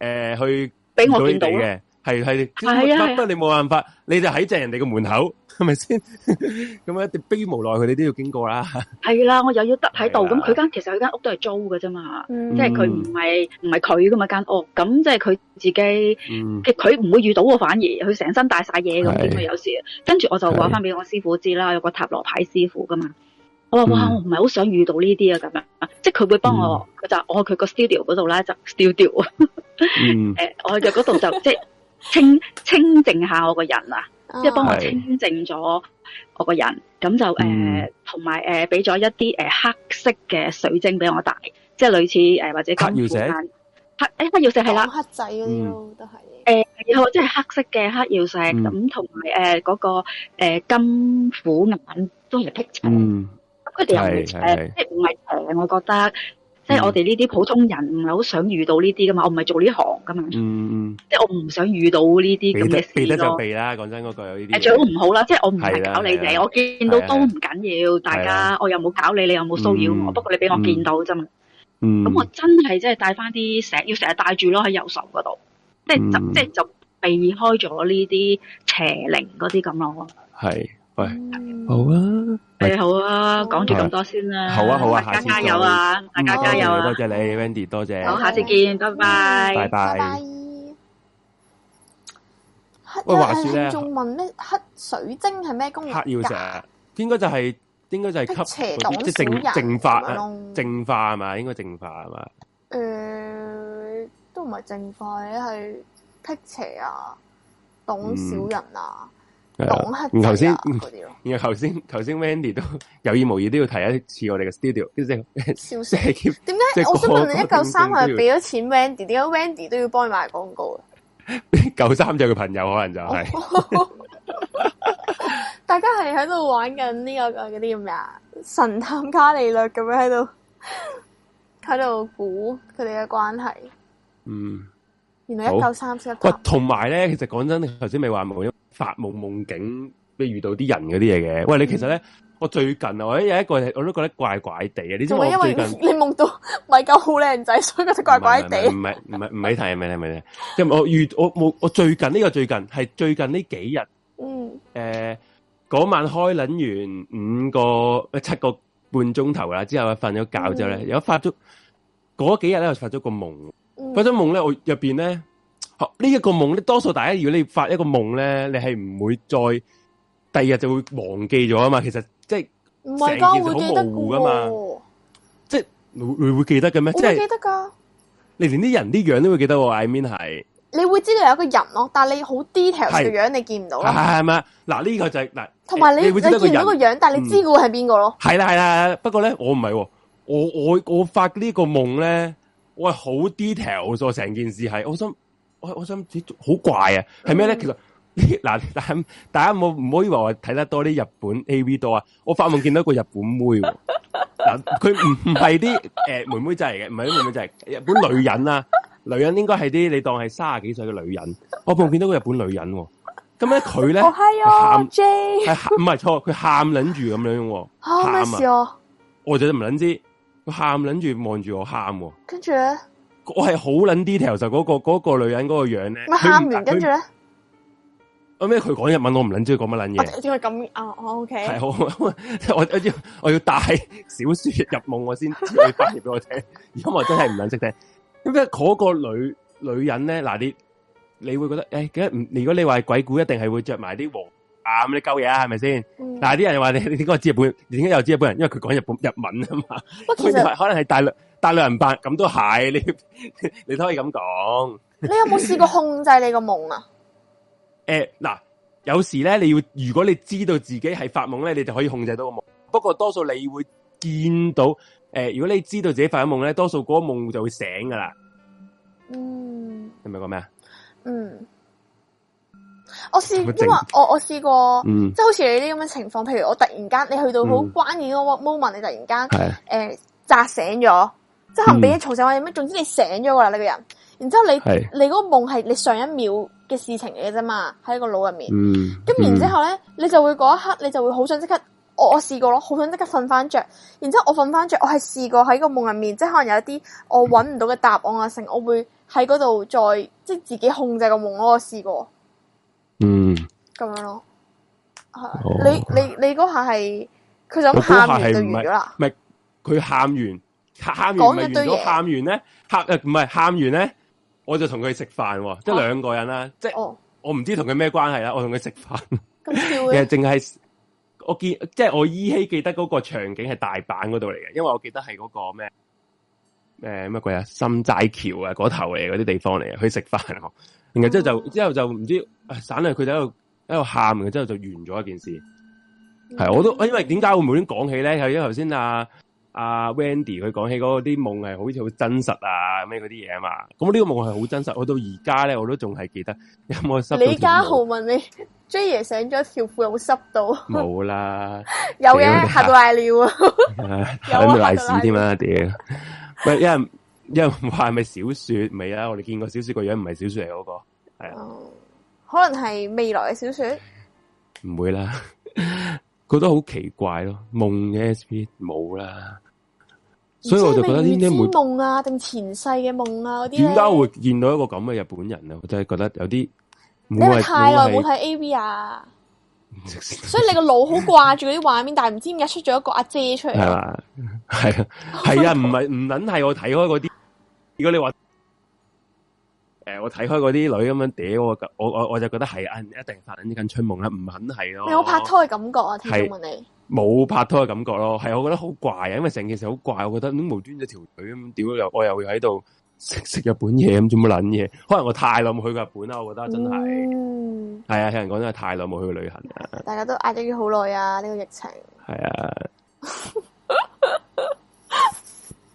誒去俾我見到嘅。係係，乜得你冇辦法，你就喺正人哋個門口，係咪先？咁樣迫於無奈，佢哋都要經過啦。係啦，我又要得喺度。咁佢間其實佢間屋都係租嘅啫嘛，即係佢唔係唔係佢噶嘛間屋。咁即係佢自己，佢唔會遇到我反而，佢成身帶晒嘢咁。點會有事啊，跟住我就話翻俾我師傅知啦，有個塔羅牌師傅噶嘛。我話哇，我唔係好想遇到呢啲啊，咁樣，即係佢會幫我，就我去佢個 studio 嗰度咧，就 studio。誒，我去就嗰度就即係。清清淨下我個人啊，即係幫我清淨咗我個人，咁就誒同埋誒俾咗一啲誒黑色嘅水晶俾我戴，即係類似誒或者金虎眼黑誒黑曜石係啦，黑仔嗰啲都都係誒，然後即係黑色嘅黑曜石，咁同埋誒嗰個金虎眼都係辟邪，咁佢哋又誒即係唔係邪，我覺得。即係我哋呢啲普通人唔係好想遇到呢啲噶嘛，我唔係做呢行噶嘛，即係、嗯、我唔想遇到呢啲咁嘅事咯。避得就避啦，講真嗰句有呢啲。最好唔好啦，即、就、係、是、我唔係搞你哋，啊啊啊啊、我見到都唔緊要，大家、啊啊、我又冇搞你，你又冇騷擾我，嗯、不過你俾我見到啫嘛。咁、嗯嗯、我真係即係帶翻啲石，要成日帶住咯喺右手嗰度，即係就即、是、係就、嗯、就避開咗呢啲邪靈嗰啲咁咯。係，喂，是好啊。誒，好啊，講住咁多先啦。好啊，好啊，大家加油啊，大家加油啊！多謝你，Wendy，多謝。好，下次見，拜拜。拜拜。黑，喂，話說仲問咩黑水晶係咩功能？黑曜石應該就係，應該就係吸邪懂小人。即係淨化係嘛？應該淨化係嘛？誒，都唔係淨化，係辟邪啊，懂小人啊。咁係啲啊嗰頭先頭先 Wendy 都有意無意都要提一次我哋嘅 studio，即點解？我想問你，一九三係俾咗錢 Wendy，點解 Wendy 都要幫你賣廣告啊？嚿三就佢朋友可能就係，大家係喺度玩緊、這、呢個嗰啲咁咩啊？神探伽利略咁樣喺度，喺度估佢哋嘅關係。嗯。原來好。喂，同埋咧，其實講真，頭先咪話夢，發夢夢境，咪遇到啲人嗰啲嘢嘅。喂，你其實咧，嗯、我最近啊，我有一個我都覺得怪怪地嘅。你因為近，近你夢到米狗好靚仔，所以覺得怪怪地。唔係唔係唔係，唔係咧唔係即係我遇我冇我最近呢、這個最近係最近呢幾日，嗯、呃，誒，嗰晚開捻完五個七個半鐘頭啦，之後瞓咗覺之後咧，嗯、有發咗嗰幾日咧，我發咗個夢。嗰個夢咧，我入邊咧，呢一個夢咧，多數大家如果你發一個夢咧，你係唔會再第二日就會忘記咗啊嘛。其實即係唔係會模糊噶嘛，哦，即係你會記得嘅咩？我會記得噶。你連啲人啲樣都會記得喎 I mean 係？你會知道有一個人咯，但係你好 detail 嘅樣你見唔到。係係係咪？嗱呢個就係嗱，同埋你你見到個樣，但係你知佢係邊個咯？係啦係啦，不過咧我唔係喎，我我，我發呢個夢咧。我好 detail 做成件事係，我想我我想好怪啊，係咩咧？嗯、其實嗱，但大家唔好以為我睇得多啲日本 A V 多啊。我發夢見到一個日本妹，嗱佢唔係係啲誒妹妹仔嚟嘅，唔係妹妹仔，日本女，女人呀、啊，女人應該係啲你當係三十幾歲嘅女人。我夢見到一個日本女人，咁咧佢咧喊係唔係錯，佢喊撚住咁樣，喊啊，我就唔撚知。佢喊，捻住望住我喊，啊，跟住咧，我係好捻 detail 就嗰個、嗰個女人嗰個樣咧。我喊完跟住咧，我咩佢講日文我，我唔捻知佢講乜捻嘢。只係咁啊，我、啊、OK。係好， 我要我要帶小說入夢，我先可以翻譯俾我聽。而家 我真係唔捻識聽。點解嗰個女女人咧，嗱你你會覺得誒、哎，如果唔如果你話鬼故，一定係會着埋啲黃。啱，你夠嘢啊，係咪先？但係啲人話你，你點解知日本？點解又知日本人？因為佢講日本日文啊嘛。不其實可能係大量大量人班咁都係。你你，你都可以咁講。你有冇試過控制你個夢啊？誒、 呃，嗱、呃，有時咧，你要如果你知道自己係發夢咧，你就可以控制到個夢。不過多數你會見到，誒、呃，如果你知道自己發咗夢咧，多數嗰個夢就會醒噶啦。嗯。係咪講咩啊？嗯。我試，因為我我試過，嗯、即係好似你啲咁嘅情況，譬如我突然間你去到好關鍵嗰個 moment，你突然間誒，扎是、呃、醒咗，即係可能俾嘢嘈醒我，有咩？總之你醒咗噶啦，你個人。然之後你是你嗰個夢係你上一秒嘅事情嚟嘅啫嘛，喺個腦入面。咁、嗯、然之後咧，你就會嗰一刻，你就會好想即刻，我我試過咯，好想即刻瞓翻着。然之後我瞓翻着，我係試過喺個夢入面，即係可能有一啲我搵唔到嘅答案啊，成我會喺嗰度再即係自己控制個夢咯，我試過。嗯，咁樣咯，uh, 哦、你你你嗰下係佢想喊完就完咗啦，唔係佢喊完喊完咪如果喊完咧，喊誒唔係喊完咧話，我就同佢食飯，即係兩個人啦，即係、哦、我唔知同佢咩關係啦，我同佢食飯，咁笑啊！其實淨係我見，即係我依稀記得嗰個場景係大阪嗰度嚟嘅，因為我記得係嗰個咩誒乜鬼啊心齋橋啊嗰頭嚟嗰啲地方嚟嘅，去食飯。 然後就之後就唔知散啦，佢就喺度喺度喊，然之後就完咗一件事。係，我都因為點解會唔會講起咧？係因為頭先啊啊 Wendy 佢講起嗰啲夢係好似好真實啊咩嗰啲嘢啊嘛。咁呢個夢係好真實，我到而家咧我都仲係記得。有冇濕？李嘉豪問你，J 爺醒咗條褲有濕到？冇啦，有嘅吓到瀨尿啊！有冇瀨屎添啊？屌，喂，因為。因為話係咪小說未啊？我哋見過小說個樣，唔係小說嚟嗰個，係啊、哦，可能係未來嘅小說，唔會啦，覺得好奇怪咯，夢嘅 S P 冇啦，所以我就覺得呢啲夢啊，定前世嘅夢啊嗰啲，點解會見到一個咁嘅日本人啊？我真係覺得有啲，因為太耐冇睇 A V 啊， 所以你個腦好掛住嗰啲畫面，但係唔知點解出咗一個阿姐出嚟。係啊，係 啊，唔係唔撚係我睇開嗰啲。如果你話誒、呃，我睇開嗰啲女咁樣嗲我，我我，我就覺得係啊，一定發緊啲春夢啦，唔肯係咯。係我拍拖嘅感覺啊，聽到問你，冇拍拖嘅感覺咯。係我覺得好怪啊，因為成件事好怪，我覺得咁無端咗條女咁屌又我又喺度食食日本嘢咁做乜撚嘢，可能我太耐冇去過日本啦，我覺得真係。係、嗯、啊，聽人講真係太耐冇去過旅行啊。大家都挨咗好耐啊，呢、這個疫情係啊。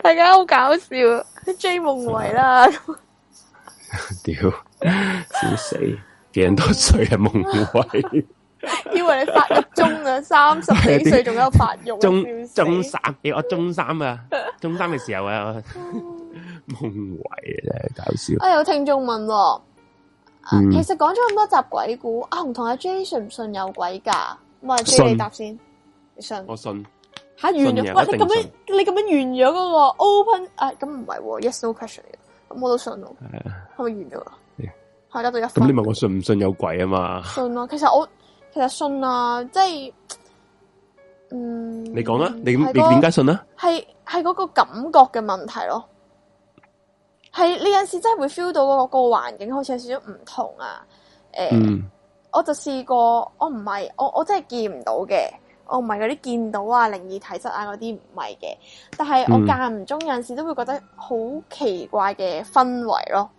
大家好搞笑，追夢維啦！屌， 小死，幾多歲啊夢維？夢為 以為你發育中啊，三十幾歲仲有發育？中死中三，我中三啊， 中三嘅時候啊，夢維啊真係搞笑。啊有、哎、聽眾問，嗯、其實講咗咁多集鬼故，啊，唔同阿 Jason 唔信，信有鬼噶？咁啊 j a s 答先，你信我信。吓、啊、完咗，喂，你咁樣你咁樣完咗嗰個 open，誒，咁唔係，yes no question 嚟，咁我都信咯，係咪完咗啊？大家對啦，咁你問我信唔信有鬼啊嘛？信咯，啊，其實我其實信啊，即係，嗯，你講啦，你點點解信啊？係係嗰個感覺嘅問題咯，係呢陣時真係會 feel 到嗰個環境好似有少少唔同啊，誒、呃，嗯，我就試過，我唔係我我真係見唔到嘅。我唔係嗰啲見到啊，靈異體質啊嗰啲，唔係嘅，但係我間唔中有陣時都會覺得好奇怪嘅氛圍咯。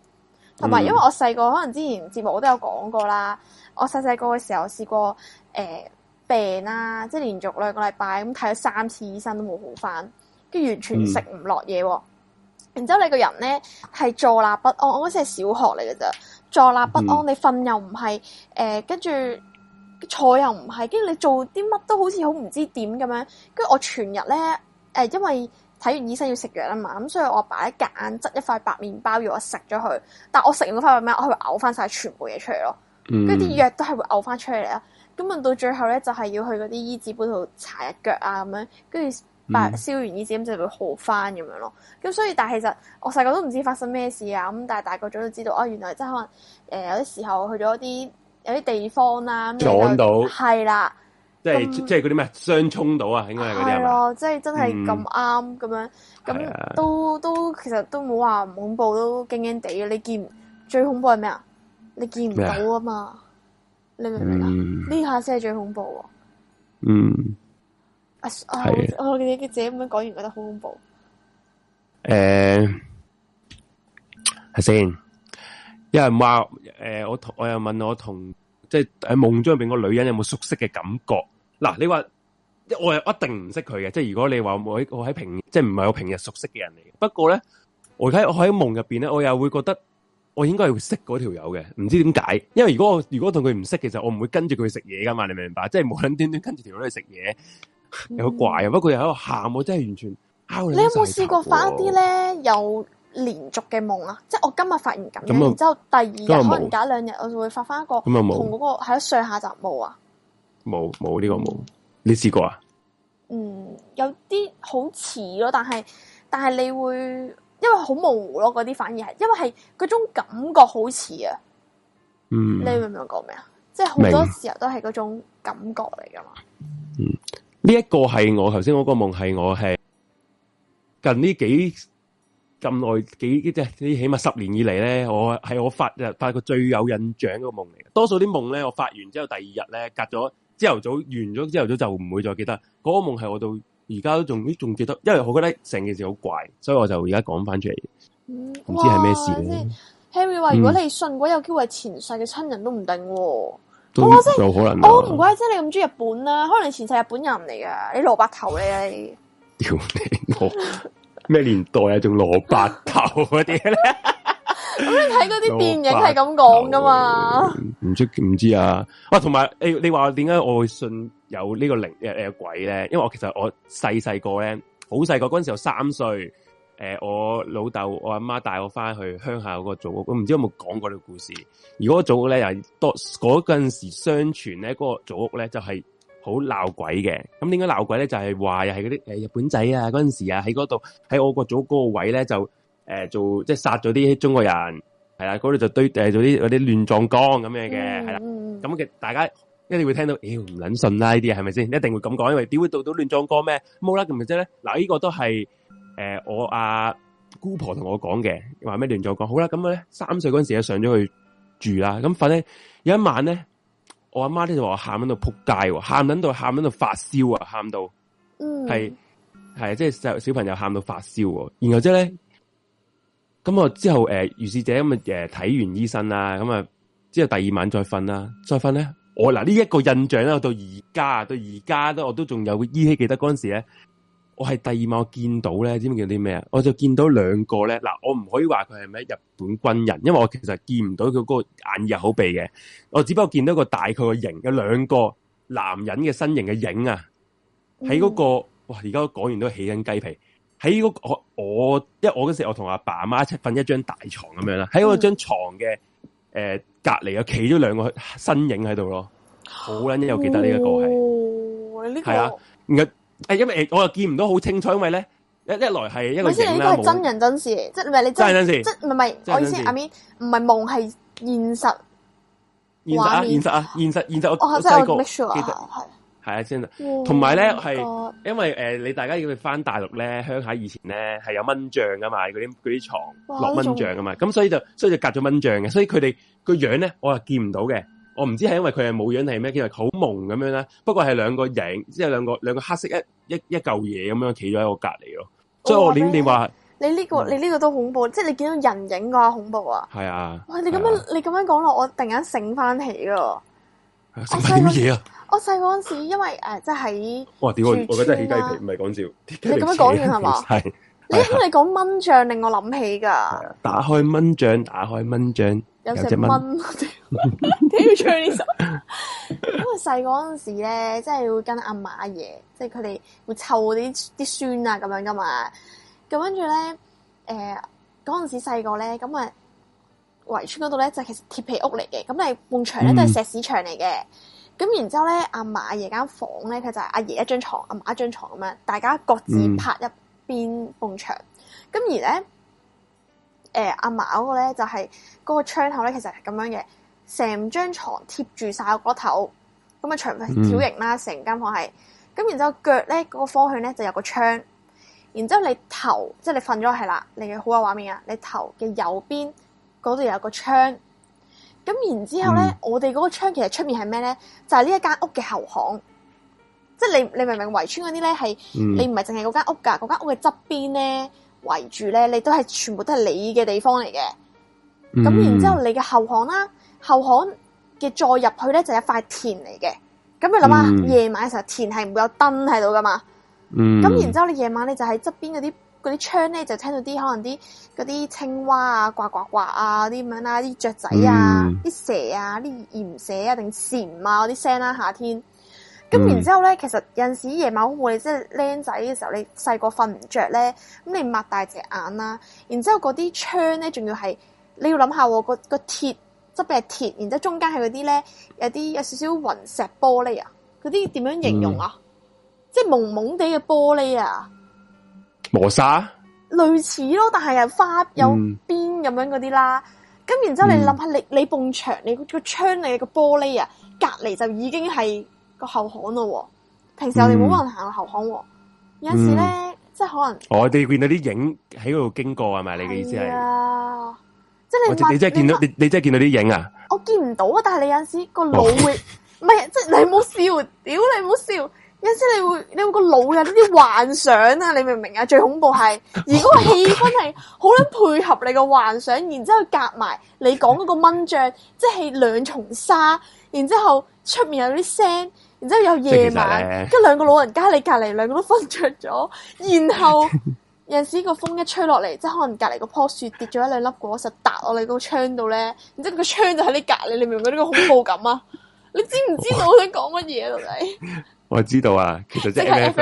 同埋因為我細個可能之前節目我都有講過啦，我細細個嘅時候試過誒、呃、病啦、啊，即係連續兩個禮拜咁睇咗三次醫生都冇好返，跟住完全食唔落嘢喎。然之後你個人咧係坐立不安，我嗰時係小學嚟嘅咋。坐立不安，你瞓又唔係誒、跟、呃、住。錯又唔係，跟住你做啲乜都好似好唔知點咁樣。跟住我全日咧，誒、呃，因為睇完醫生要食藥啊嘛，咁、嗯、所以我阿爸一夾硬執一塊白麵包要我食咗佢。但係我食完嗰塊白麵包，我係會嘔翻晒全部嘢出嚟咯。跟住啲藥都係會嘔翻出嚟啦。咁啊，到最後咧就係、是、要去嗰啲衣紙鋪度搽一腳啊咁樣。跟住白燒完衣紙咁就會好翻咁樣咯。咁、嗯、所以但係其實我細個都唔知發生咩事啊。咁但係大個咗就知道，哦、啊，原來即係可能誒、呃、有啲時候去咗啲。有啲地方啦，撞到係啦，即係即係嗰啲咩相沖到啊，應該係嗰啲咯，即係真係咁啱咁樣，咁都都其實都冇話唔恐怖，都驚驚地。你見最恐怖係咩啊？你見唔到啊嘛，你明唔明啊？呢下先係最恐怖。嗯，係我我哋自己咁樣講完，覺得好恐怖。誒，係先。有人話，誒、呃，我同我又問我同即係喺夢中入邊個女人有冇熟悉嘅感覺？嗱，你話我又一定唔識佢嘅，即係如果你話我喺我喺平即係唔係我平日熟悉嘅人嚟。不過咧，我喺我喺夢入邊咧，我又會覺得我應該係會識嗰條友嘅，唔知點解。因為如果我如果同佢唔識，其實我唔會跟住佢食嘢噶嘛你明唔明白？即係無端端端跟住條友去食嘢，嗯、有好怪啊！不過又喺度喊，我真係完全。哎、你有冇試過翻啲咧？有。連續嘅夢啊，即係我今日發現咁，樣然之後第二日可能隔兩日，我就會發翻一個同嗰個係咯上下集冇啊，冇冇呢個夢，你試過啊？嗯，有啲好似咯，但係但係你會因為好模糊咯，嗰啲反而係，因為係嗰、啊、種感覺好似啊，嗯，你明唔明我講咩啊？白即係好多時候都係嗰種感覺嚟噶嘛。嗯，呢、這、一個係我頭先嗰個夢係我係近呢幾。咁耐幾即係啲起碼十年以嚟咧，我係我發誒發過最有印象嗰個夢嚟嘅。多數啲夢咧，我發完之後第二日咧，隔咗朝頭早完咗，朝頭早就唔會再記得。嗰、那個夢係我到而家都仲仲記得，因為我覺得成件事好怪，所以我就而家講翻出嚟，唔、嗯、知係咩事、啊。Harry 話：如果你信鬼，有機會係前世嘅親人都唔定，好啊，真、嗯，我唔、就是啊哦、怪得你咁中意日本啦、啊，可能你前世日本人嚟㗎，你蘿卜頭呢、啊，屌你我！咩年代啊？仲蘿蔔頭嗰啲咧？咁 你睇嗰啲電影係咁講噶嘛？唔唔知啊！哇、啊，同埋你你話點解我會信有個呢個靈誒誒鬼咧？因為我其實我細細個咧，好細個嗰陣時候三歲，誒，我老豆我阿媽帶我翻去鄉下嗰個祖屋，我唔知有冇講過呢個故事。如果個祖屋咧又多嗰陣時相傳咧，嗰個祖屋咧就係、是。好鬧鬼嘅，咁點解鬧鬼咧？就係話又係嗰啲誒日本仔啊，嗰陣時啊喺嗰度喺我國祖哥位咧就誒做即係殺咗啲中國人係啦，嗰度就堆誒咗啲嗰啲亂葬崗咁樣嘅係啦，咁嘅大家一定會聽到，妖唔捻信啦呢啲係咪先？你一定會咁講，因為點會到到亂葬崗咩？冇啦咁嘅啫咧。嗱，呢個都係誒我阿姑婆同我講嘅，話咩亂葬崗。好啦，咁咧三歲嗰陣時咧上咗去住啦，咁反正有一晚咧。我阿媽咧就話我喊喺度扑街，喊喺度，喊喺度發燒啊，喊到係係即係細小朋友喊到發燒，啊，然後即係咧，咁、嗯、我之後誒、呃，如是者咁啊，誒、呃、睇完醫生啦，啊，咁啊之後第二晚再瞓啦，啊，再瞓咧，我嗱呢一個印象咧，我到而家到而家都我都仲有依稀記得嗰陣時咧。我係第二晚我見到咧，知唔知叫啲咩啊？我就見到兩個咧，嗱，我唔可以話佢係咩日本軍人，因為我其實見唔到佢嗰個眼耳口鼻嘅，我只不過見到個大概個形，有兩個男人嘅身形嘅影啊，喺嗰、嗰個，嗯、哇！而家講完都起緊雞皮，喺嗰我我，因為我嗰時我同阿爸阿媽一齊瞓一張大床咁樣啦，喺、嗯呃、我張床嘅誒隔籬啊，企咗兩個身影喺度咯，好一有記得呢一個係，係啊，誒，因為我又見唔到好清楚，因為咧一一來係一個，我先，你呢啲係真人真事，即係唔係你真真事，即係唔係我意思我先下邊唔係夢係現實，現實啊，現實啊，現實，現實，我真係個，係係啊，真同埋咧係因為誒，你大家要去翻大陸咧，鄉下以前咧係有蚊帳噶嘛，嗰啲啲床落蚊帳噶嘛，咁所以就所以就隔咗蚊帳嘅，所以佢哋個樣咧，我又見唔到嘅。我唔知係因為佢係冇樣定係咩，其實好朦咁樣咧。不過係兩個影，即係兩個兩個黑色一一一嚿嘢，咁樣企咗喺我隔籬咯。所以我諗你話，你呢個你呢個都恐怖，即係你見到人影嗰下恐怖啊。係啊。喂，你咁樣你咁樣講落，我突然間醒翻起咯。醒乜嘢啊！我細嗰陣時，因為誒，即係喺我我，覺得起雞皮，唔係講笑。你咁樣講完係嘛？係。你因你講蚊帳令我諗起噶。打開蚊帳，打開蚊帳。有成蚊，蚊子，我屌，點要唱呢首？因為細個嗰陣時咧，即係會跟阿嫲阿爺，即係佢哋會湊啲啲孫啊咁樣噶嘛。咁跟住咧，誒、呃，嗰陣時細個咧，咁啊，圍村嗰度咧就其實鐵皮屋嚟嘅，咁你埲牆咧都係石屎牆嚟嘅。咁、嗯、然後之後咧，馬爺房是阿嫲阿爺間房咧，佢就阿爺一張床，阿嫲一張床咁樣，大家各自拍一邊埲牆。咁、嗯、而咧。誒、呃、阿嫲嗰個呢，就係、是、嗰個窗口呢，其實係咁樣嘅，成張床貼住曬我個頭，咁啊長條形啦，成間、嗯、房係。咁然之後腳呢，嗰、那個方向呢就有個窗，然之後你頭即係、就是、你瞓咗係啦，你嘅好有畫面呀。你頭嘅右邊嗰度有個窗，咁然之後呢，嗯、我哋嗰個窗其實出面係咩呢？就係呢一間屋嘅後巷，即係你，你明唔明圍村嗰啲呢係？你唔係淨係嗰間屋㗎，嗰間屋嘅側邊呢。圍住咧，你都係全部都係你嘅地方嚟嘅。咁、嗯、然之後，你嘅後巷啦，後巷嘅再入去咧就係、一塊田嚟嘅。咁你諗下，夜、嗯、晚嘅時候田係唔會有燈喺度噶嘛？咁、嗯、然之後你夜晚你就喺側邊嗰啲嗰啲窗咧，就聽到啲可能啲嗰啲青蛙啊呱呱呱啊啲咁樣啦，啲雀仔啊，啲、嗯、蛇啊，啲鹽蛇啊，定蟬啊嗰啲聲啦、啊，夏天。咁、嗯、然之後咧，其實有陣時夜晚我哋即係僆仔嘅時候，你細個瞓唔著咧，咁你擘大隻眼啦。然之後嗰啲窗咧，仲要係你要諗下個個鐵側邊係鐵，然之後中間係嗰啲咧有啲有少少雲石玻璃啊，嗰啲點樣形容啊？嗯、即係濛濛地嘅玻璃啊，磨砂類似咯，但係又花有邊咁樣嗰啲啦。咁、嗯、然之後你諗下，嗯、你你墻你個窗你個玻璃啊，隔離就已經係。個後巷咯，啊，平時我哋冇人行後巷，啊，嗯、有陣時咧，嗯、即係可能，我哋，啊、見到啲影喺嗰度經過係咪？你嘅意思係啊？你你即係你你真係見到你你真係見到啲影啊？我見唔到啊，但係你有陣時個腦會，唔係， 即係你唔好笑，屌你唔好笑，有陣時你會你會個腦有啲幻想啊？你明唔明啊？最恐怖係，而果個氣氛係好撚配合你個幻想，然之後夾埋你講嗰個蚊帳， 即係兩重紗，然之後出面有啲聲。然之後有夜晚，跟兩個老人家，你隔籬兩個都瞓着咗，然後有陣時個風一吹落嚟，即係可能隔籬個棵樹跌咗一兩粒果實，搭落你個窗度咧。然之後個窗就喺你隔籬，你明唔明呢個恐怖感啊？你知唔知道我想講乜嘢啊？老細，我知道啊，其實即係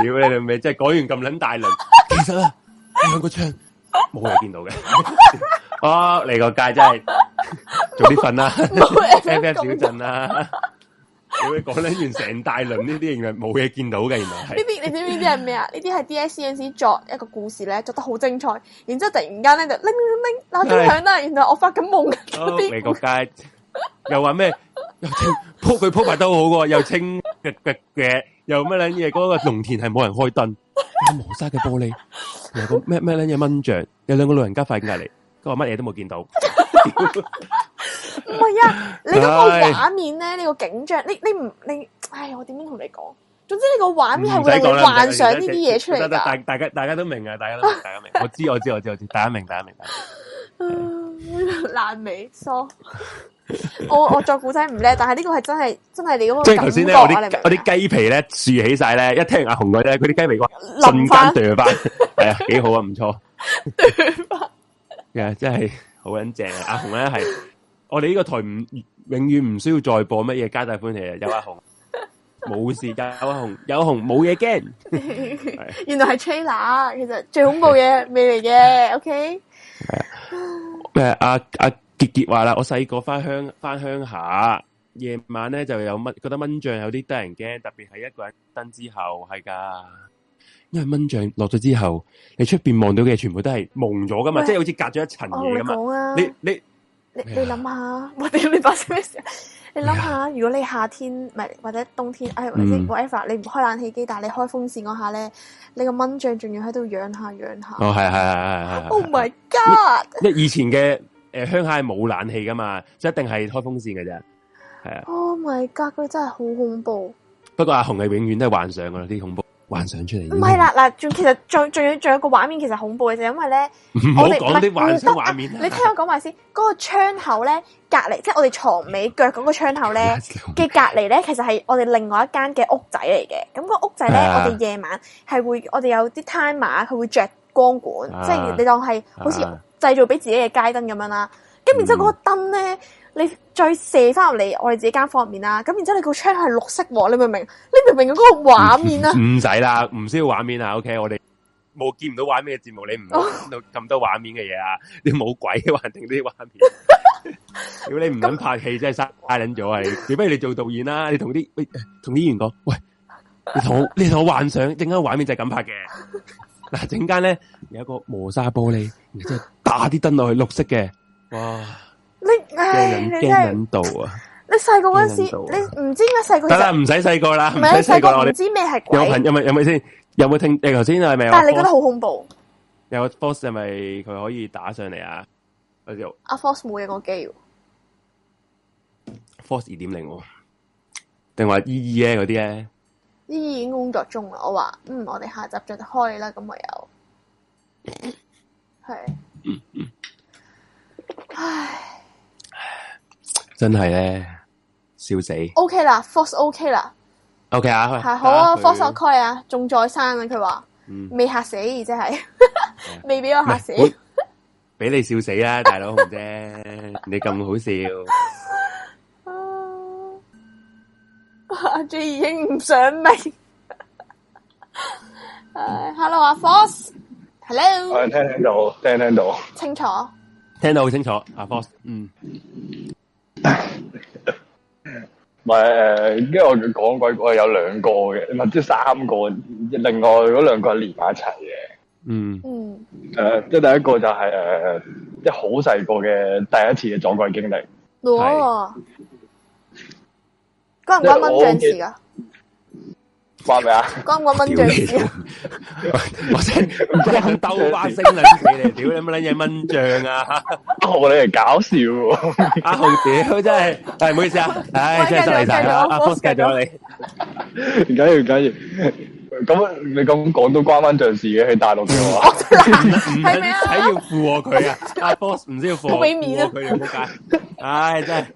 屌你咪，即係講完咁捻大輪，其實啊，兩個窗冇人見到嘅。哦，你個街真係早啲瞓啦！M V S 小鎮啦，我哋講呢完成大輪呢啲，原來冇嘢見到嘅，原來係呢啲，你知唔知呢啲係咩啊？呢啲係 D S C S 作一個故事咧，作得好精彩。然之後突然間咧就鈴鈴鈴鬧鐘響啦，原來我發緊夢。哦，你個街又話咩？鋪佢鋪埋都好嘅，又清嘅嘅嘅，又乜卵嘢？嗰個農田係冇人開燈，有磨砂嘅玻璃，有個咩咩卵嘢蚊帳，有兩個老人家快隔離。都話乜嘢都冇見到，唔係啊！你嗰個畫面咧，對 你個景象，你你唔你，唉，我點樣同你講？總之你個畫面係會令你幻想呢啲嘢出嚟。大大家大家都明啊！大家大家明，我知我知我知我知，大家明，大家明。啊， 對 爛尾，我我作古仔唔叻，但係呢個係真係真係你嗰個感覺。即係頭先我啲雞皮咧豎起晒咧，一聽阿紅嗰啲，佢啲雞皮話瞬間啄翻， 係啊，幾好啊，唔錯。 Yeah, 真係好緊正啊！阿紅咧係我哋呢個台唔永遠唔需要再播乜嘢，皆大歡喜啊！有阿紅，冇事，有阿紅，有阿紅，冇嘢驚。 原來係 trailer，其實最恐怖嘅未嚟嘅。O K，阿阿杰杰話啦，我細個翻鄉翻鄉下，夜晚咧就有蚊，覺得蚊帳有啲得人驚，特別係一個人瞓之後，係噶。因為蚊帳落咗之後，你出邊望到嘅全部都係蒙咗噶嘛，喂即係好似隔咗一層嘢噶嘛你、啊、你你你諗下，哎、呀我哋你發生咩事？你諗下，哎、呀如果你夏天唔係或者冬天，哎，嗯、whatever, 你唔開冷氣機，但係你開風扇嗰下咧，你個蚊帳仲要喺度養下養下。哦，係係係係 Oh my god！即以前嘅誒鄉下冇冷氣噶嘛，一定係開風扇噶咋。係啊。Oh my god！佢真係好恐怖。不過阿紅係永遠都係幻想噶啦，啲恐怖。幻想出嚟唔係啦嗱，仲其實仲仲要仲有個畫面，其實，其實恐怖嘅就因為咧，我講啲幻先畫面、啊、你聽我講埋先，嗰 個窗口咧隔籬，即係我哋床尾腳嗰個窗口咧嘅隔籬咧，其實係我哋另外一間嘅屋仔嚟嘅。咁、那個屋仔咧、啊，我哋夜晚係會我哋有啲 timer，佢會着光管，啊、即係你當係好似製造俾自己嘅街燈咁樣啦。咁、嗯、然之後嗰個燈咧，你。再射翻入嚟我哋自己間房入面啦，咁然之後你個窗係綠色喎，你明唔明？你明唔明嗰個畫面啊？唔使啦，唔需要畫面啦。OK，我哋冇見唔到畫面咩節目，你唔到咁多畫面嘅嘢啊？哦、你冇鬼嘅幻定啲畫面， 如果你唔肯拍戲， 真係嘥撚咗。係，不如你做導演啦。你同啲喂，同啲演員講，喂，你同你同我幻想陣間畫面就係咁拍嘅。嗱，陣間咧有一個磨砂玻璃，然之後打啲燈落去，綠色嘅，哇！你唉，你真係引導啊！你細個嗰陣時，你唔知咩細個。得啦，唔使細個啦，唔使細個。我哋有朋有咪有咪先，有冇聽你頭先係咪？但係你覺得好恐怖。有個 force 係咪佢可以打上嚟啊？阿 force 冇嘢個機，force 二點零定話 E E 咧嗰啲咧？E E 已經工作中啦。我話嗯，我哋下集再開啦。咁我又係嗯嗯，唉。真係咧，笑死！OK 啦，Force OK 啦，OK 啊，係好啊，Force OK 啊，仲在生啊，佢話未嚇死，真係未俾我嚇死，俾你笑死啦，大佬紅姐，你咁好笑啊！J 已經唔想名，唉，Hello 啊，Force，Hello，聽聽到，聽聽到，清楚，聽到好清楚啊，Force，嗯。唔係誒，因為 我講鬼過有兩個嘅，唔係即係三個，另外嗰兩個係連埋一齊嘅。嗯嗯，誒、呃，即係第一個就係、是、誒、呃，即係好細個嘅第一次嘅撞鬼經歷。我關唔關蚊帳事噶？ 關咩啊？關個蚊帳事。我真係斗瓜聲啊！啲你，屌你媽閪嘢蚊帳啊！阿豪你嚟搞笑喎！阿豪，屌真係，誒，唔好意思啊，唉，真係失禮晒啦，阿 boss 繼續你。唔緊要，唔緊要。咁你咁講都關返蚊帳事嘅，喺大陸嘅話。係咪啊？係要附和佢啊！阿 boss 唔需要附和，俾面啊佢，唔好介。唉，真。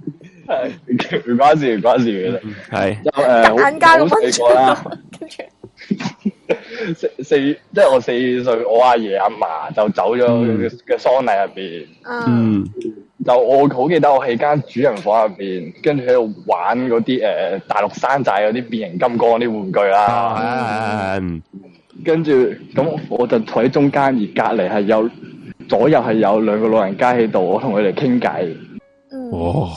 係唔 關事，唔關事嘅。係就誒，老人家咁樣啦。跟住四即係我四歲，我阿爺阿嫲就走咗嘅嘅喪禮入邊。嗯，嗯就我好記得，我喺間主人房入邊，跟住喺度玩嗰啲誒大陸山寨嗰啲變形金剛啲玩具啦。係、嗯、跟住咁我就坐喺中間，而隔籬係有左右係有兩個老人家喺度，我同佢哋傾偈。嗯、哦。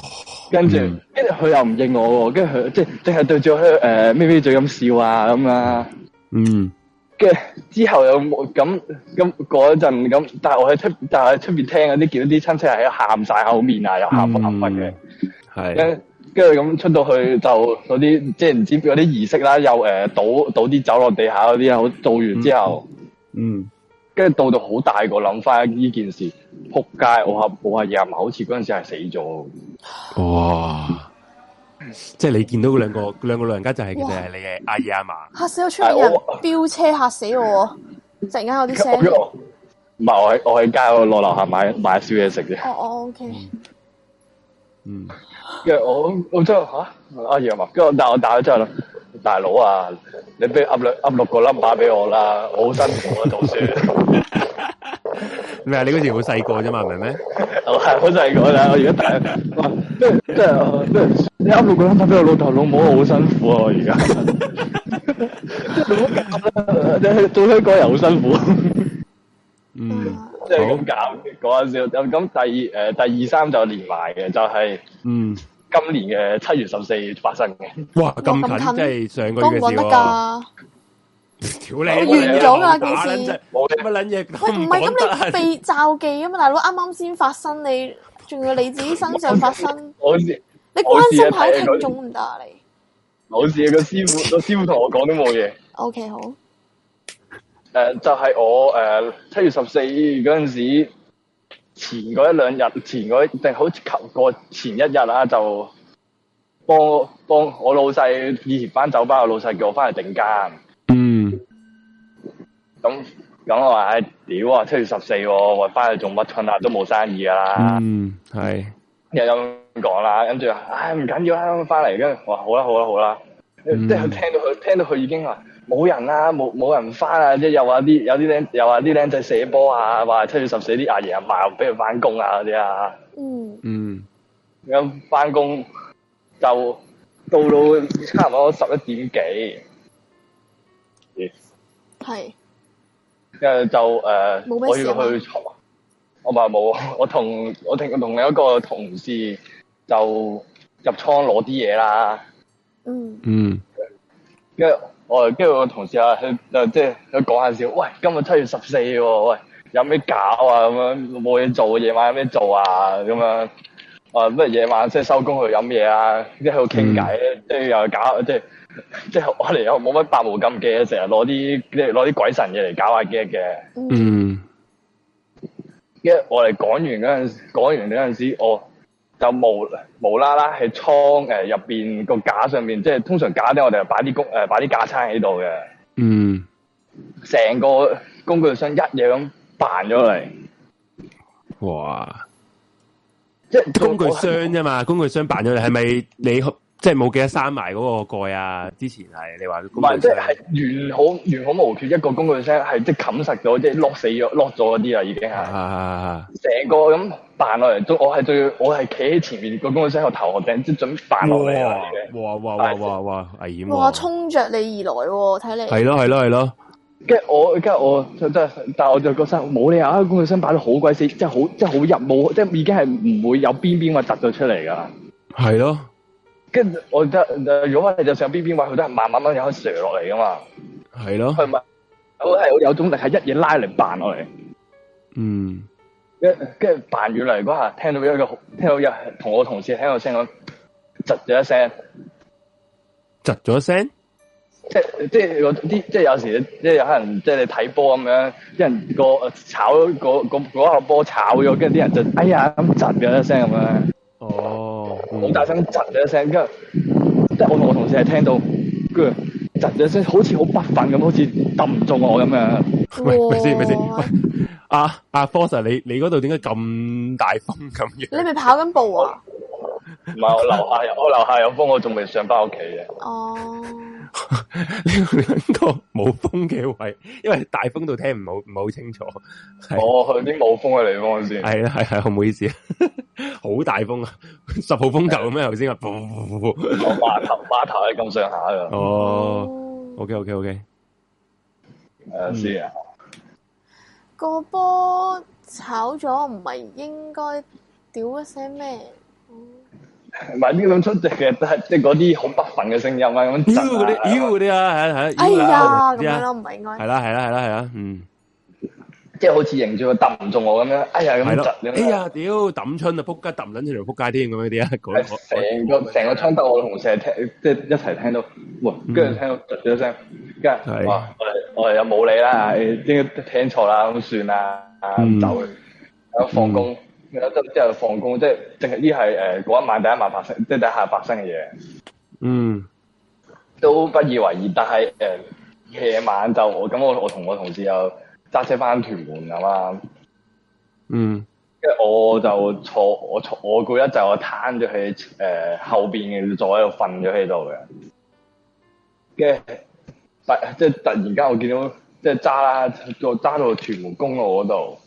跟住，跟住佢又唔認我，跟住佢即係淨係對住佢誒眯眯嘴咁笑啊咁啊，嗯。跟住之後又咁咁過一陣咁，但係我喺出但係喺出邊聽嗰啲，見到啲親戚係喺度喊晒口面啊，嗯、又喊哭喊哭嘅。係、嗯。跟跟住咁出到去就嗰啲，即係唔知嗰啲儀式啦，又誒、呃、倒倒啲酒落地下嗰啲啊，做完之後，嗯。跟、嗯、住到到好大個諗翻呢件事。扑街！我阿我阿爺阿嫲好似嗰陣時係死咗。哇！即係你見到嗰兩個兩個老人家就係、是、哇就係你嘅阿爺阿嫲吓死我！出嚟， 人飆車吓死我！陣間有啲聲。唔係我喺我喺街落樓下買買少嘢食啫哦，我 OK。嗯、啊，因、啊、為我我真吓阿爺阿嫲，跟住我打我打咗出去啦，大佬啊，你俾啱兩啱六個 number 俾我啦，我好辛苦啊讀書。 士 咩啊？你嗰時好細個啫嘛，係咪咩？係好細個咋？我而家大，即係即係，你啱錄嗰一刻俾我老豆老母好辛苦啊！我而家即係做香港人好辛苦，嗯，即係咁搞講笑。咁、那、咁、個，第二誒，第二三就連埋嘅，就係、是、嗯今年嘅七月十四發生嘅。哇、嗯、咁、嗯、近即係上個月嘅事喎。能完咗噶件事，冇乜撚嘢？喂，唔係咁，你被罩忌啊嘛？大佬啱啱先發生，你仲要你自己身上發生，我事，你關心下聽眾唔得啊！你我事啊，個師傅，個師傅同我講都冇嘢。O K，好。誒，就係我誒七月十四嗰陣時前嗰一兩日，前嗰定好似求過前一日啊，就幫幫我老細以前翻酒吧我老細叫我翻嚟頂監。咁咁我話哎屌啊！七月十四喎，我翻去做乜春啊？都冇生意噶啦。嗯，係又咁講啦，跟住唉唔緊要啦，翻嚟跟住話好啦好啦好啦，即係、嗯、聽到佢聽到佢已經話冇人啦，冇冇人翻啊！即係又話啲有啲又話啲僆仔寫波啊，話七月十四啲阿爺阿嫲俾佢翻工啊嗰啲啊。嗯嗯，咁翻工就到到差唔多十一點幾。係 Yes.。誒，就誒，呃、我要去，我話冇，我同我同我同另一個同事就入倉攞啲嘢啦。嗯。嗯。跟住我，跟住同事啊，佢即係佢講下笑，喂，今日七月十四喎，啊，喂，有咩搞啊？咁樣冇嘢做，夜晚有咩做啊？咁樣，啊，咩夜晚即係收工去飲嘢啊？即係喺度傾偈，即係又搞。」即係。即係我哋有冇乜百無禁忌啊？成日攞啲攞啲鬼神嘢嚟搞下嘅嘅。嗯，因為我哋講完嗰陣，講完嗰陣時，我就無無啦啦喺倉誒入邊個架上面，即係通常架咧，我哋就擺啲工誒擺啲架撐喺度嘅。嗯，成個工具箱一樣咁扮咗嚟。哇！即係工具箱啫嘛，工具箱扮咗嚟，係咪你？即係冇記得閂埋嗰個蓋啊！之前係你話唔係，即係完好完好無缺一個工具箱，係即係冚實咗，即係落死咗落咗啲啦，已經係。成、啊啊啊、個咁扮落嚟都，我係最我係企喺前面個工具箱個頭殼頂，即係準備扮落嚟哇哇哇哇哇！危險！哇衝着你而來，睇你係咯係咯係咯，跟住、啊啊、我跟住我真係，但係我就覺得冇理由啊！工具箱擺得好鬼死，即係好即係好入，冇即係已經係唔會有邊邊話突咗出嚟噶係咯。跟住我得，如果我哋就上邊邊位，佢都係慢慢慢有可以射落嚟噶嘛。係咯。係咪？我係有種力係一嘢拉嚟扮落嚟。嗯。一跟住扮遠嚟嗰下，聽到有一個，聽到有同我同事聽個聲，我窒咗一聲。窒咗一聲？即即嗰啲，即有時即有可能，即你睇波咁樣，啲人個炒個個下波炒咗，跟住啲人就哎呀咁窒咗一聲咁樣。好大聲窒咗一聲，跟住即係我同我同事係聽到，跟住窒咗聲，好似好不忿咁，好似揼唔中我咁樣。喂，咪先咪先，阿阿 f o e 你你嗰度點解咁大風咁樣？你咪跑緊步啊？唔係我樓下有，我樓下有風，我仲未上翻屋企嘅。哦。兩 個冇風嘅位，因為大風度聽唔好唔好清楚。我去啲冇風嘅地方先。係啊係係，好唔好意思。 好大風啊，十號風球咁樣，欸、頭先啊，我碼 頭碼頭係咁上下噶。哦、oh，OK OK OK。唔知啊。個波、嗯、炒咗唔係應該屌一聲咩？唔係呢種出席嘅，都係即係嗰啲好不忿嘅聲音啊，咁窒嗰啲，屌嗰啲啊，係係，哎呀，咁樣咯，唔係應該，係啦係啦係啦係啦，嗯，即係好似迎住佢揼唔中我咁樣，哎呀咁樣窒，哎呀，屌，抌春啊，扑街，抌捻出嚟扑街添咁嗰啲啊，成個成個窗得我同日聽，即係一齊聽到，哇，跟住聽到，突咗聲，跟住哇，我哋我哋又冇理啦，應該聽錯啦，咁算啦，咁走，喺度放工。即係放工，即係正係呢係誒，嗰一晚第一晚發生，即係第一下發生嘅嘢。嗯，都不以為意，但係誒、呃、夜晚就我咁，我我同我同事又揸車翻屯門啊嘛。嗯。跟住我就坐我坐我一陣，我攤咗喺誒後邊嘅坐喺度瞓咗喺度嘅。跟住突即係突然間，我見到即係揸啦，揸到屯門公路嗰度。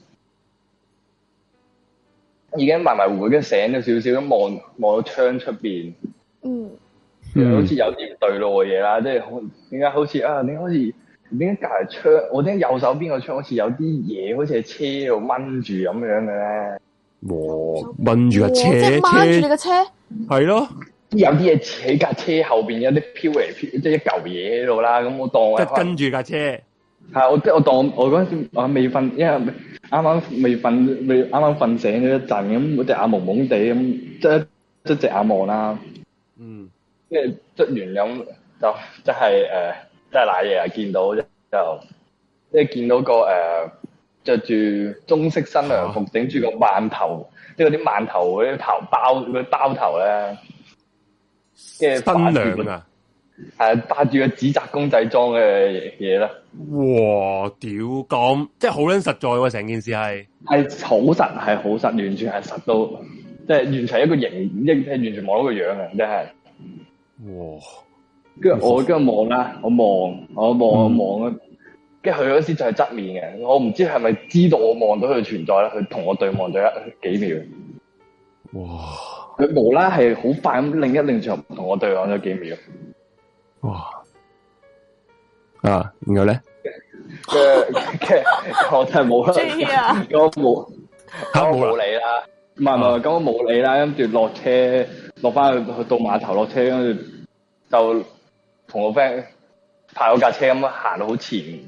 已經迷迷糊糊，跟醒咗少少，咁望望到窗出邊，嗯，好似有啲對路嘅嘢啦，即係點解好似啊，點解好似點解隔離窗，我聽右手邊個窗好似有啲嘢，好似係車度掹住咁樣嘅咧。哇，掹住架車，即係掹住你嘅車。係咯，有啲嘢喺架車後邊有啲飄嚟飄，即係一嚿嘢喺度啦。咁我當跟跟住架車。係，我即我當我陣時我未瞓，因為啱啱未瞓，未啱啱瞓醒一陣，咁我隻眼蒙蒙地咁，即即隻眼望啦。嗯，即捽完咁就即係誒，即係瀨嘢啊，見到就即係見到個誒，著住中式新娘服，頂住個饅頭，即係啲饅頭嗰啲頭包嗰啲包頭咧，即係新娘啊！誒，帶住、呃、個紙紮公仔裝嘅嘢咧。哇，屌，咁即係好捻實在喎、啊！成件事係係好實，係好實，完全係實到即係完全係一個形，即係完全冇一個樣嘅，真係。哇！跟住我跟住望啦，我望我望、嗯、我望啊，跟住佢嗰時就係側面嘅，我唔知係咪知道我望到佢嘅存在咧，佢同我對望咗幾秒。哇！佢無啦，係好快咁擰一擰，就同我對望咗幾秒。哇、哦！啊，然後咧？嘅嘅，我真係冇啦， 我冇，我冇理啦，唔係唔係，咁我冇理啦。跟住落車，落翻去去到碼頭落車，跟住就同我 friend 排咗架車咁行到好前面，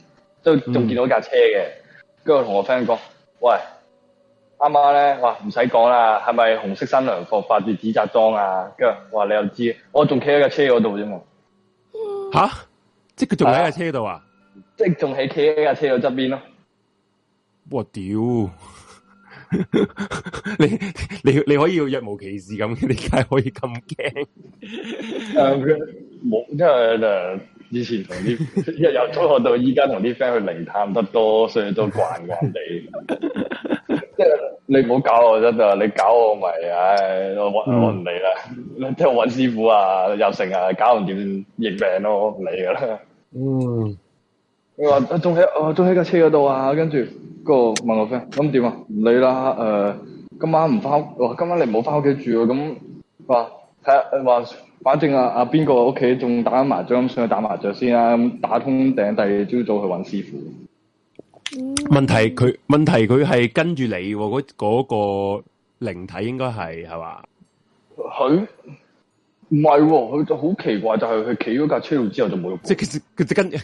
都仲見到架車嘅。嗯、我跟住我同我 friend 講：，喂，啱啱咧，哇，唔使講啦，係咪紅色新娘服發住紫扎妝啊？跟住我話你又知，我仲企喺架車嗰度啫嘛。吓！即係佢仲喺架車度啊！即係仲係企喺架車度側邊咯。我屌、啊！你你你可以要若無其事咁，你梗係可以咁驚。冇、嗯，因為誒，以前同啲因為由中學到依家同啲 friend 去靈探得多，所以都慣慣地。 即係你唔好搞我啫，你搞我咪唉，我我唔理啦！即係搵師傅啊，又成日搞唔掂認命咯，唔理噶啦。嗯，你話仲喺，哦，仲喺架車嗰度啊，跟住個問我 friend，咁點啊？唔理啦，誒、呃，今晚唔翻屋，今晚你唔好翻屋企住啊，咁話睇下，話、呃呃、反正啊，阿邊個屋企仲打緊麻雀，咁上去打麻雀先啦，啊，咁打通頂，第二朝早去搵師傅。問題佢問題佢係跟住你嗰嗰、嗰個靈體應該係係嘛？佢唔係，佢就好奇怪，就係佢企咗架車度之後就冇。即係其實佢跟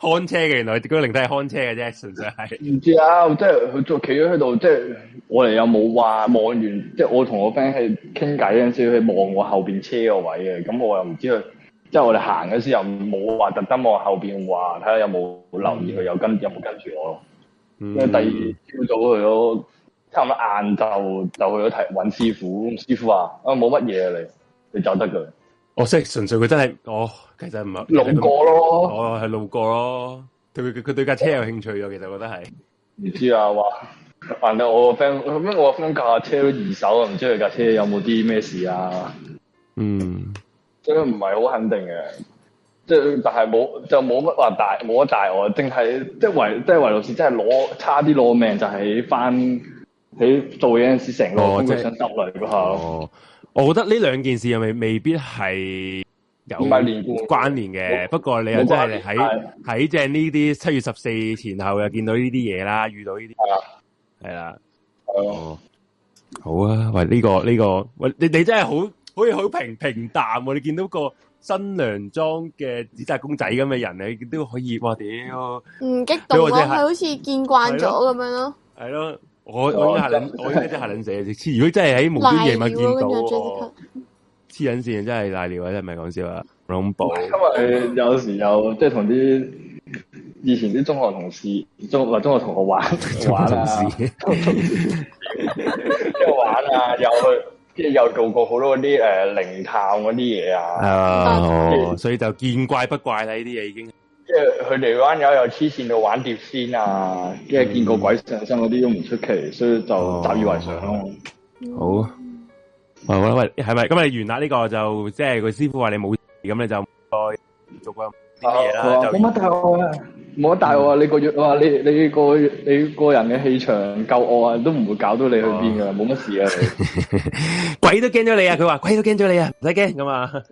看車嘅，原來嗰個靈體係看車嘅啫，純粹係唔知啊。即係佢就企咗喺度，即係我哋又冇話望完，即係我同我 friend 係傾偈嗰陣時，佢望我後邊車個位嘅，咁我又唔知佢。即係我哋行嗰時候又冇話特登望後邊，話睇下有冇留意佢，嗯、有，有跟有冇跟住我咯。因為，嗯、第二朝早去咗，差唔多晏晝就去咗睇揾師傅。師傅話：啊，冇乜嘢嚟，你走得噶。我識，哦、純粹佢真係，我其實唔係路過咯。哦，係路過咯，佢佢佢對架車有興趣啊。其實我覺得係唔知啊，話反正我個 friend，咁樣我 friend 架車二手啊，唔知佢架車有冇啲咩事啊？嗯。即係唔係好肯定嘅，即係但係冇就冇乜話大，冇乜大鑊，淨係即係維即係維老師，真係攞，差啲攞命就是在在、哦，就係翻喺做嘢嗰陣時，成個即係想耷落去個。我覺得呢兩件事又未未必係有關聯嘅，不，的不過你又真係喺喺正呢啲七月十四前後又見到呢啲嘢啦，遇到呢啲係啦，係啦，哦，好啊，喂，呢、呢個呢、呢個喂，你，你真係好。好似好平平淡喎，你見到個新娘裝嘅紙紮公仔咁嘅人，你都可以哇屌！唔激動啊，係好似見慣咗咁樣咯。係咯，我我吓諗，我真係吓諗死，如果真係喺無端夜晚見到，黐緊線真係瀨尿啊！真係唔係講笑啊！long ball，因為有時有即係同啲以前啲中學同事、中或中學同學玩玩啊，一玩啊又去。即係又做過好多啲誒靈探嗰啲嘢啊，所以就見怪不怪啦呢啲嘢已經。即係佢哋班友又黐線到玩碟仙啊，即係、嗯、見過鬼上身嗰啲都唔出奇，所以就習以為常咯。Oh, oh, oh, oh. 好，喂喂喂，係咪咁你完啦呢，這個就即係佢師傅話你冇咁你就再做過啲咩啦？Uh, uh, 就冇乜頭啊。冇得大你個月哇，你你個你個人嘅氣場夠惡啊，都唔會搞到你去邊噶，冇乜、oh. 事啊！你 鬼都驚咗你啊！佢話鬼都驚咗你啊！唔使驚噶嘛。啊、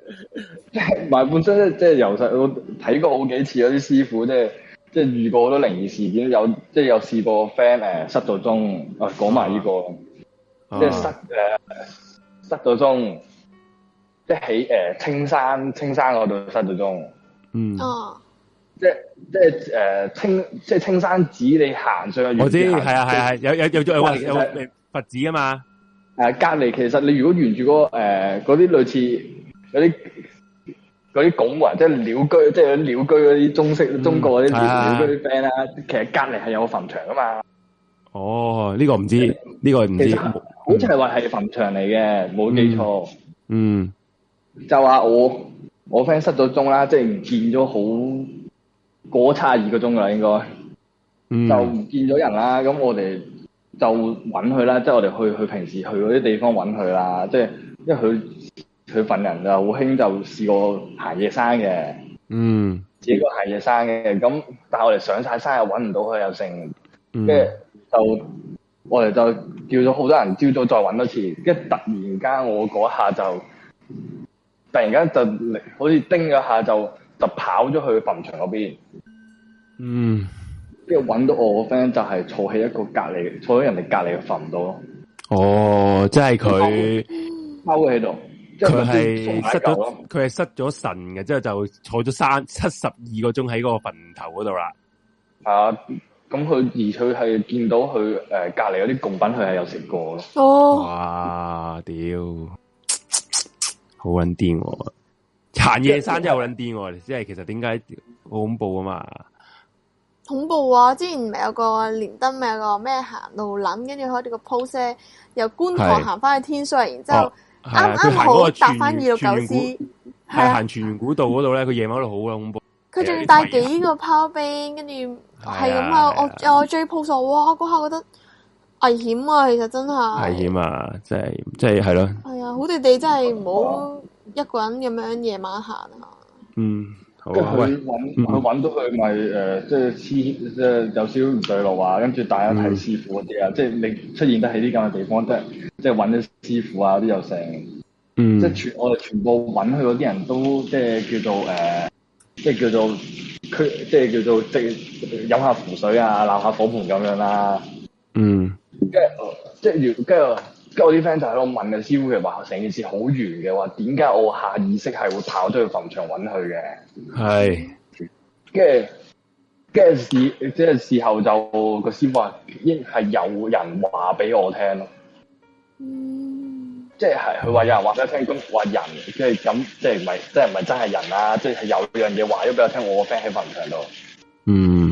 即係，唔係本身咧、就是，即係由細我睇過好幾次嗰啲師傅，即係即係遇過好多靈異事件，有即係、就是、有試過 friend 誒、呃、失咗蹤。哦，講埋呢個，即係、oh. 失誒、呃、失咗蹤，即係喺誒青山青山嗰度失咗蹤。嗯。哦。即即誒青、呃、即青山寺，你行上去，上我知係啊，係係、啊就是、有有有其實有話有，有，有佛寺啊嘛。係隔離，其實你如果沿住嗰個啲類似嗰啲啲拱環，即鳥居，即鳥居嗰啲中式、嗯、中國嗰啲鳥居 friend 啊，band, 其實隔離係有個墳場噶嘛。哦，呢、呢個唔知呢、呃、個唔知道，其實嗯、好似係話係墳場嚟嘅冇記錯、嗯。嗯，就話我我 friend 失咗蹤啦，即、就、唔、是、見咗好。過差二個鐘噶啦，應該、嗯、就唔見咗人啦。咁我哋就揾佢啦，即、就、係、是、我哋去去平時去嗰啲地方揾佢啦。即、就、係、是、因為佢佢份人就好興就試過行夜山嘅，嗯，試過行夜山嘅。咁但係我哋上晒山又揾唔到佢，又成。跟住、嗯、就我哋就叫咗好多人朝早再揾多次。一突然間我嗰下就突然間就好似叮咗下就。就跑咗去墳場嗰、嗯、邊，嗯，即係搵到我個 friend 就係坐喺一個隔籬，坐喺人哋隔籬嘅墳度咯。哦，即係佢踎喺度，佢係失咗，佢係失咗神嘅，即係就坐咗三七十二個鐘喺嗰個墳頭嗰度啦。啊，咁佢而佢係見到佢誒、呃、隔籬嗰啲貢品，佢係有食過咯。哦，哇，屌、 啊，好搵喎。行夜山真係好撚癲，即係其實點解好恐怖啊嘛？恐怖啊！之前唔係有個連登，咪有個咩行路撚，跟住喺呢個 post 由觀塘行翻去天水圍，的哦、然之後啱啱好搭翻二六九 C，係行元荃古道嗰度咧，佢夜晚嗰度好恐怖！佢仲帶幾個炮兵，跟住係咁啊！我我最 post 哇，嗰下覺得危險啊！其實真係危險啊！即係即係係咯，係、就、啊、是哎！好的地地真係唔好。一個人咁樣夜晚行、嗯、啊，嗯，跟佢揾，到佢咪誒，即係黐，即係有少少唔對路話，跟住大家睇師傅嗰啲啊，嗯、即係你出現得喺呢咁嘅地方，即係即係揾啲師傅啊嗰啲又成，有嗯，即係全我哋全部揾佢嗰啲人都即係叫做誒、呃，即係叫做佢，即係叫做即係飲下符水啊，鬧下火盆咁樣啦、啊，嗯，即係即係我啲 friend 就喺度問個師傅，佢話成件事好完嘅，話點解我下意識係會跑出去墳場揾佢嘅？係是，跟住跟住事，即係事候事後就個師傅話應係有人話俾我聽咯，即係係佢話有人話俾我聽咁話人，即係咁即係唔係即係唔係真係人啊？即係有樣嘢話咗俾我聽，我個 friend 喺墳場度。嗯。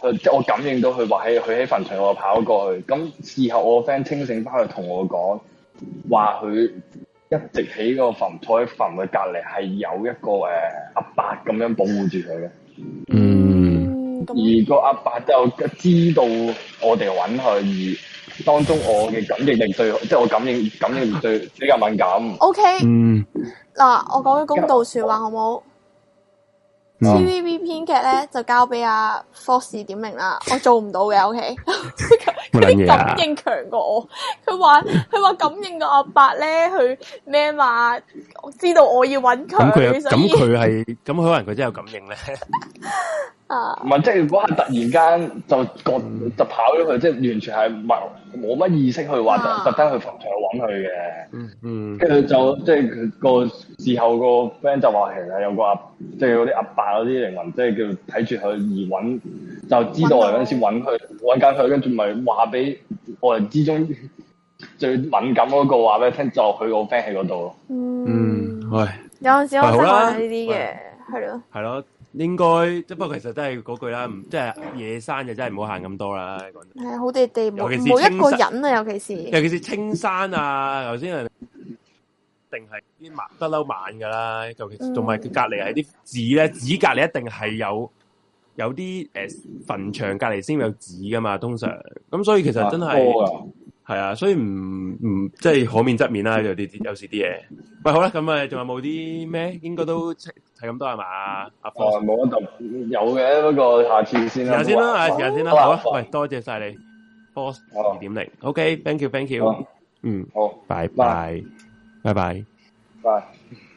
誒，即係我感應到佢話喺佢喺墳場，我跑過去。咁事後我 friend 清醒翻去同我講，話佢一直喺個墳坐喺墳嘅隔籬，係有一個誒阿、啊、伯咁樣保護住佢嘅。嗯，而個阿伯就知道我哋揾佢，而當中我嘅感應力最， 即係我感應感應力最比較敏感。O Okay . K、嗯。嗱，我講句公道說話在好唔好？TVB 編劇咧就交俾阿 Fox 點名啦，我做唔到嘅，O K。佢、okay? 啲 感應強過我，佢話佢話感應個阿伯咧去咩嘛，知道我要揾佢，他所以咁佢係咁可能佢真係有感應咧。 唔係，即係嗰下突然間就覺、嗯、就跑咗佢，即、就、係、是、完全係冇冇乜意識去話、啊、特登去墳場揾佢嘅。嗯，跟住就即係、就是、個事後個 friend 就話其實有個阿即係嗰啲阿伯嗰啲靈魂，即、就、係、是、叫睇住佢而揾，就知道嗰陣時揾佢揾緊佢，跟住咪話俾我哋之中最敏感嗰個話俾佢聽，就佢個 friend 喺嗰度咯。嗯，喂，有陣時我真係呢啲嘅，係咯喂，係咯的。應該，即不過其實都係嗰句啦，即、就、係、是、野山就真係唔好行咁多啦。係啊，好地地冇一個人啊，尤其是尤其是青山啊，頭先 定係啲蠻不嬲蠻㗎啦，尤其仲係佢隔離係啲紙咧，紙隔離一定係有有啲誒墳場隔離先有紙㗎嘛，通常咁，所以其實真係。啊。係啊，所以唔唔即係可免則免啦，有啲有時啲嘢。喂，好啦，咁啊，仲有冇啲咩？應該都係咁多係嘛。阿 f o 冇有嘅，不過下次先啦，時先啦，時間先啦，好啊。喂，多謝晒你 Boss 二點零。OK，thank you，thank you。嗯，好，拜拜，拜拜，拜拜，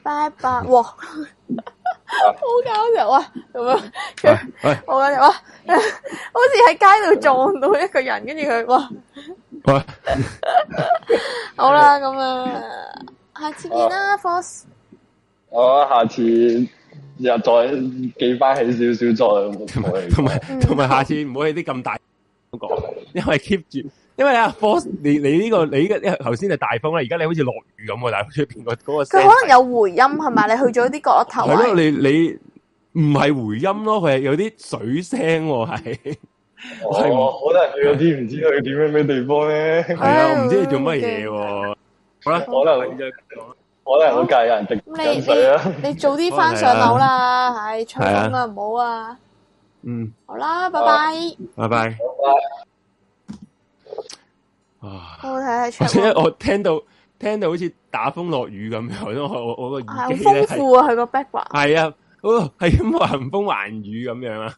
拜拜。哇，好搞笑啊！咁樣，好搞笑，好似喺街度撞到一個人，跟住佢話。 好啦，咁啊，下次見啦我，Force。我下次又再記翻起少少，再同埋，同埋，下次唔好去啲咁大個， 因為 keep 住。因為啊，Force，你你呢個你嘅頭先係大風啦，而家你好似落雨咁，但係出邊個嗰個，佢可能有回音係咪？你去咗啲角落頭。係咯， 你你唔係回音咯，佢係有啲水聲係。係我我多人去嗰啲唔知去點樣咩地方咧，係啊，唔知你做乜嘢喎。好啦，我嚟就我嚟好介人。定你你你早啲翻上樓啦，係吹風啊唔好啊。嗯，好啦，拜拜，拜拜。我睇睇我聽到聽到好似打風落雨咁樣，我我個係好豐富啊，佢個 background 係啊，哦，係咁橫風橫雨咁樣啊。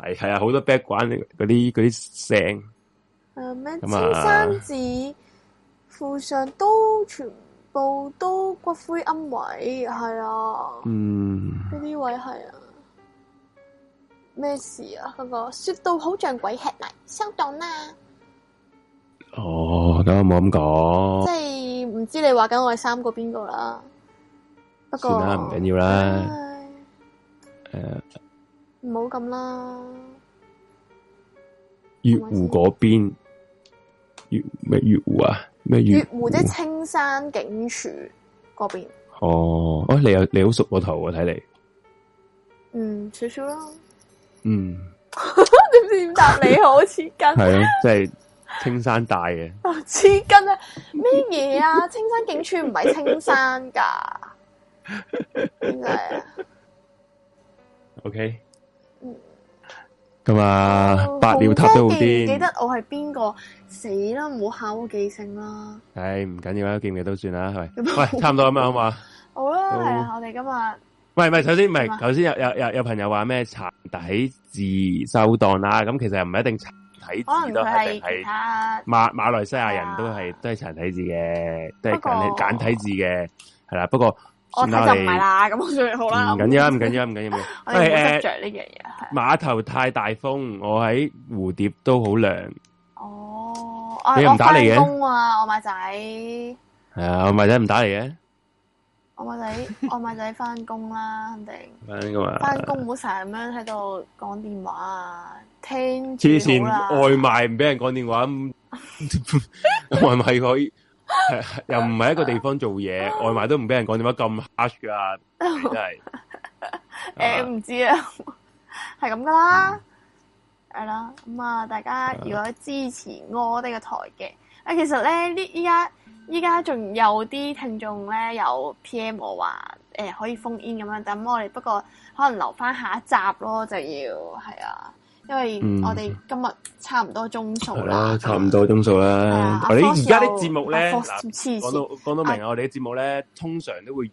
係係啊，好多 bad 館嗰啲嗰啲聲。咁啊，青山寺附上都、嗯、全部都骨灰龕位，係啊，嗯，呢啲位係啊，咩事啊？不、那、過、個、說都好像鬼食泥，收檔啦。哦，咁唔冇咁講。即係唔知你話緊我哋三個邊個啦。不過唔緊要啦。誒、啊。Uh, 唔好咁啦，月湖嗰邊，月咩月湖啊？咩月湖？月湖即係青山警署嗰邊。邊哦，啊、你又你好熟過頭啊？睇嚟。嗯，少少啦。嗯。點知 答你？ 好黐筋係啊，即係青山大嘅。 哦、巾啊，黐筋啊！咩嘢啊？青山警署唔係青山噶，點解啊？O K。咁啊，白鳥塔都好啲。記，記得我係邊個？死啦，唔好考我記性啦。唉、哎，唔緊要啦，記唔記都算啦，係咪？ 喂，差唔多咁樣好嘛？好啦，係好啊，我哋今日喂，喂，首先唔係，頭先麼有有有有朋友話咩殘體字收檔啦，咁其實又唔一定殘體字，可能佢係馬馬來西亞人都係都係殘體字嘅，都係簡過簡體字嘅，係啦，不過。我就唔係啦，咁我最好啦。唔緊要，唔緊要，唔緊要。我哋冇得着呢樣嘢。碼頭太大風，我喺蝴蝶都好涼。哦，你唔打嚟嘅？我翻工啊，外賣仔。係啊，外賣仔唔打嚟嘅。外賣仔，外賣仔翻工啦，肯定。翻工啊！翻工唔好成日咁樣喺度講電話啊，聽之前外賣唔俾人講電話，咁係咪可以？ 又唔係一個地方做嘢，外賣都唔俾人講，點解咁 hush 噶，真係。誒唔、 欸、知啊，係咁噶啦，係啦、嗯。咁啊，大家如果支持我呢個台嘅，其實咧呢依家依家仲有啲聽眾咧，有 PM 我話誒、欸、可以 phone in 咁樣，咁我哋不過可能留翻下一集咯，就要係啊。是因為我哋今日差唔多鐘數啦，差唔多鐘數啦。我哋而家啲節目咧，講到講到明啊，我哋啲節目咧通常都會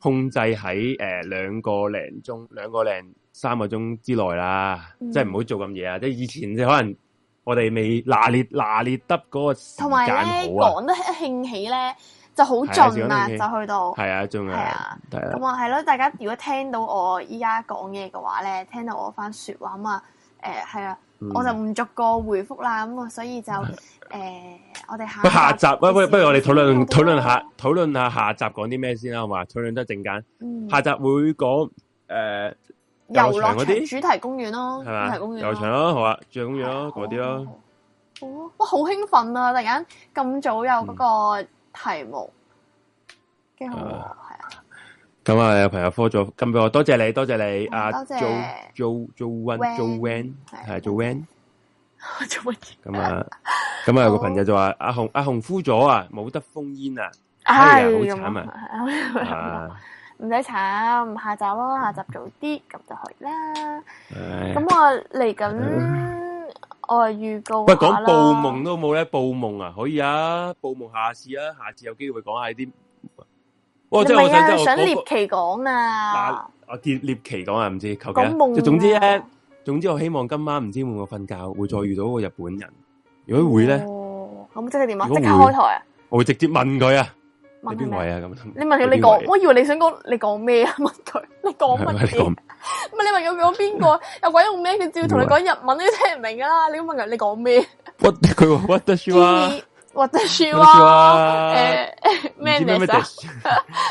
控制喺誒兩個零鐘、兩個零三個鐘之內啦，即係唔好做咁嘢啊！即係以前即可能我哋未拿捏拿捏得嗰個時間好啊。同埋咧講得興起咧就好盡啊，就去到係啊，壯啊，係啊，咁啊係咯。大家如果聽到我依家講嘢嘅話咧，聽到我番說話啊嘛。誒，係、嗯、啊，我就唔逐個回覆啦，咁啊，所以就誒、呃，我哋下下集不不不如我哋討論討論下討論下下集講啲咩先啦，好嘛？討論得陣間，嗯、下集會講誒遊樂場嗰啲主題公園咯，係吧主題公園遊樂場咯，係、啊、主題公園嗰啲囉。好哇，好興奮啊！突然間咁早有嗰個題目，幾、嗯、好咁啊，有朋友敷咗，咁俾我多謝你，多謝你，阿 Jo Jo Jo Wen Jo Wen 係 Jo Wen，Jo Wen。咁啊，咁啊，有個朋友就話阿紅阿紅敷咗啊，冇得封煙啊，係啊，好慘啊，唔使慘，下集咯，下集早啲咁就可以啦。咁我嚟緊，我預告，喂，講報夢都冇咧，報夢啊，可以啊，報夢下次啊，下次有機會會講下啲。唔係啊！想獵奇講啊！但啊，獵獵奇講啊，唔知求其。講夢。總之咧，總之我希望今晚唔知會唔會瞓覺，會再遇到個日本人。如果會咧，咁即係點啊？即刻開台啊！我會直接問佢啊。你邊位啊？咁你問佢你講，我以為你想講你講咩啊？問佢你講乜嘢？唔係你問佢講邊個？又鬼用咩？佢照同你講日文，你都聽唔明噶啦！你問人你講咩？我對佢話，我對佢話。或者說，蛙，誒咩嘢？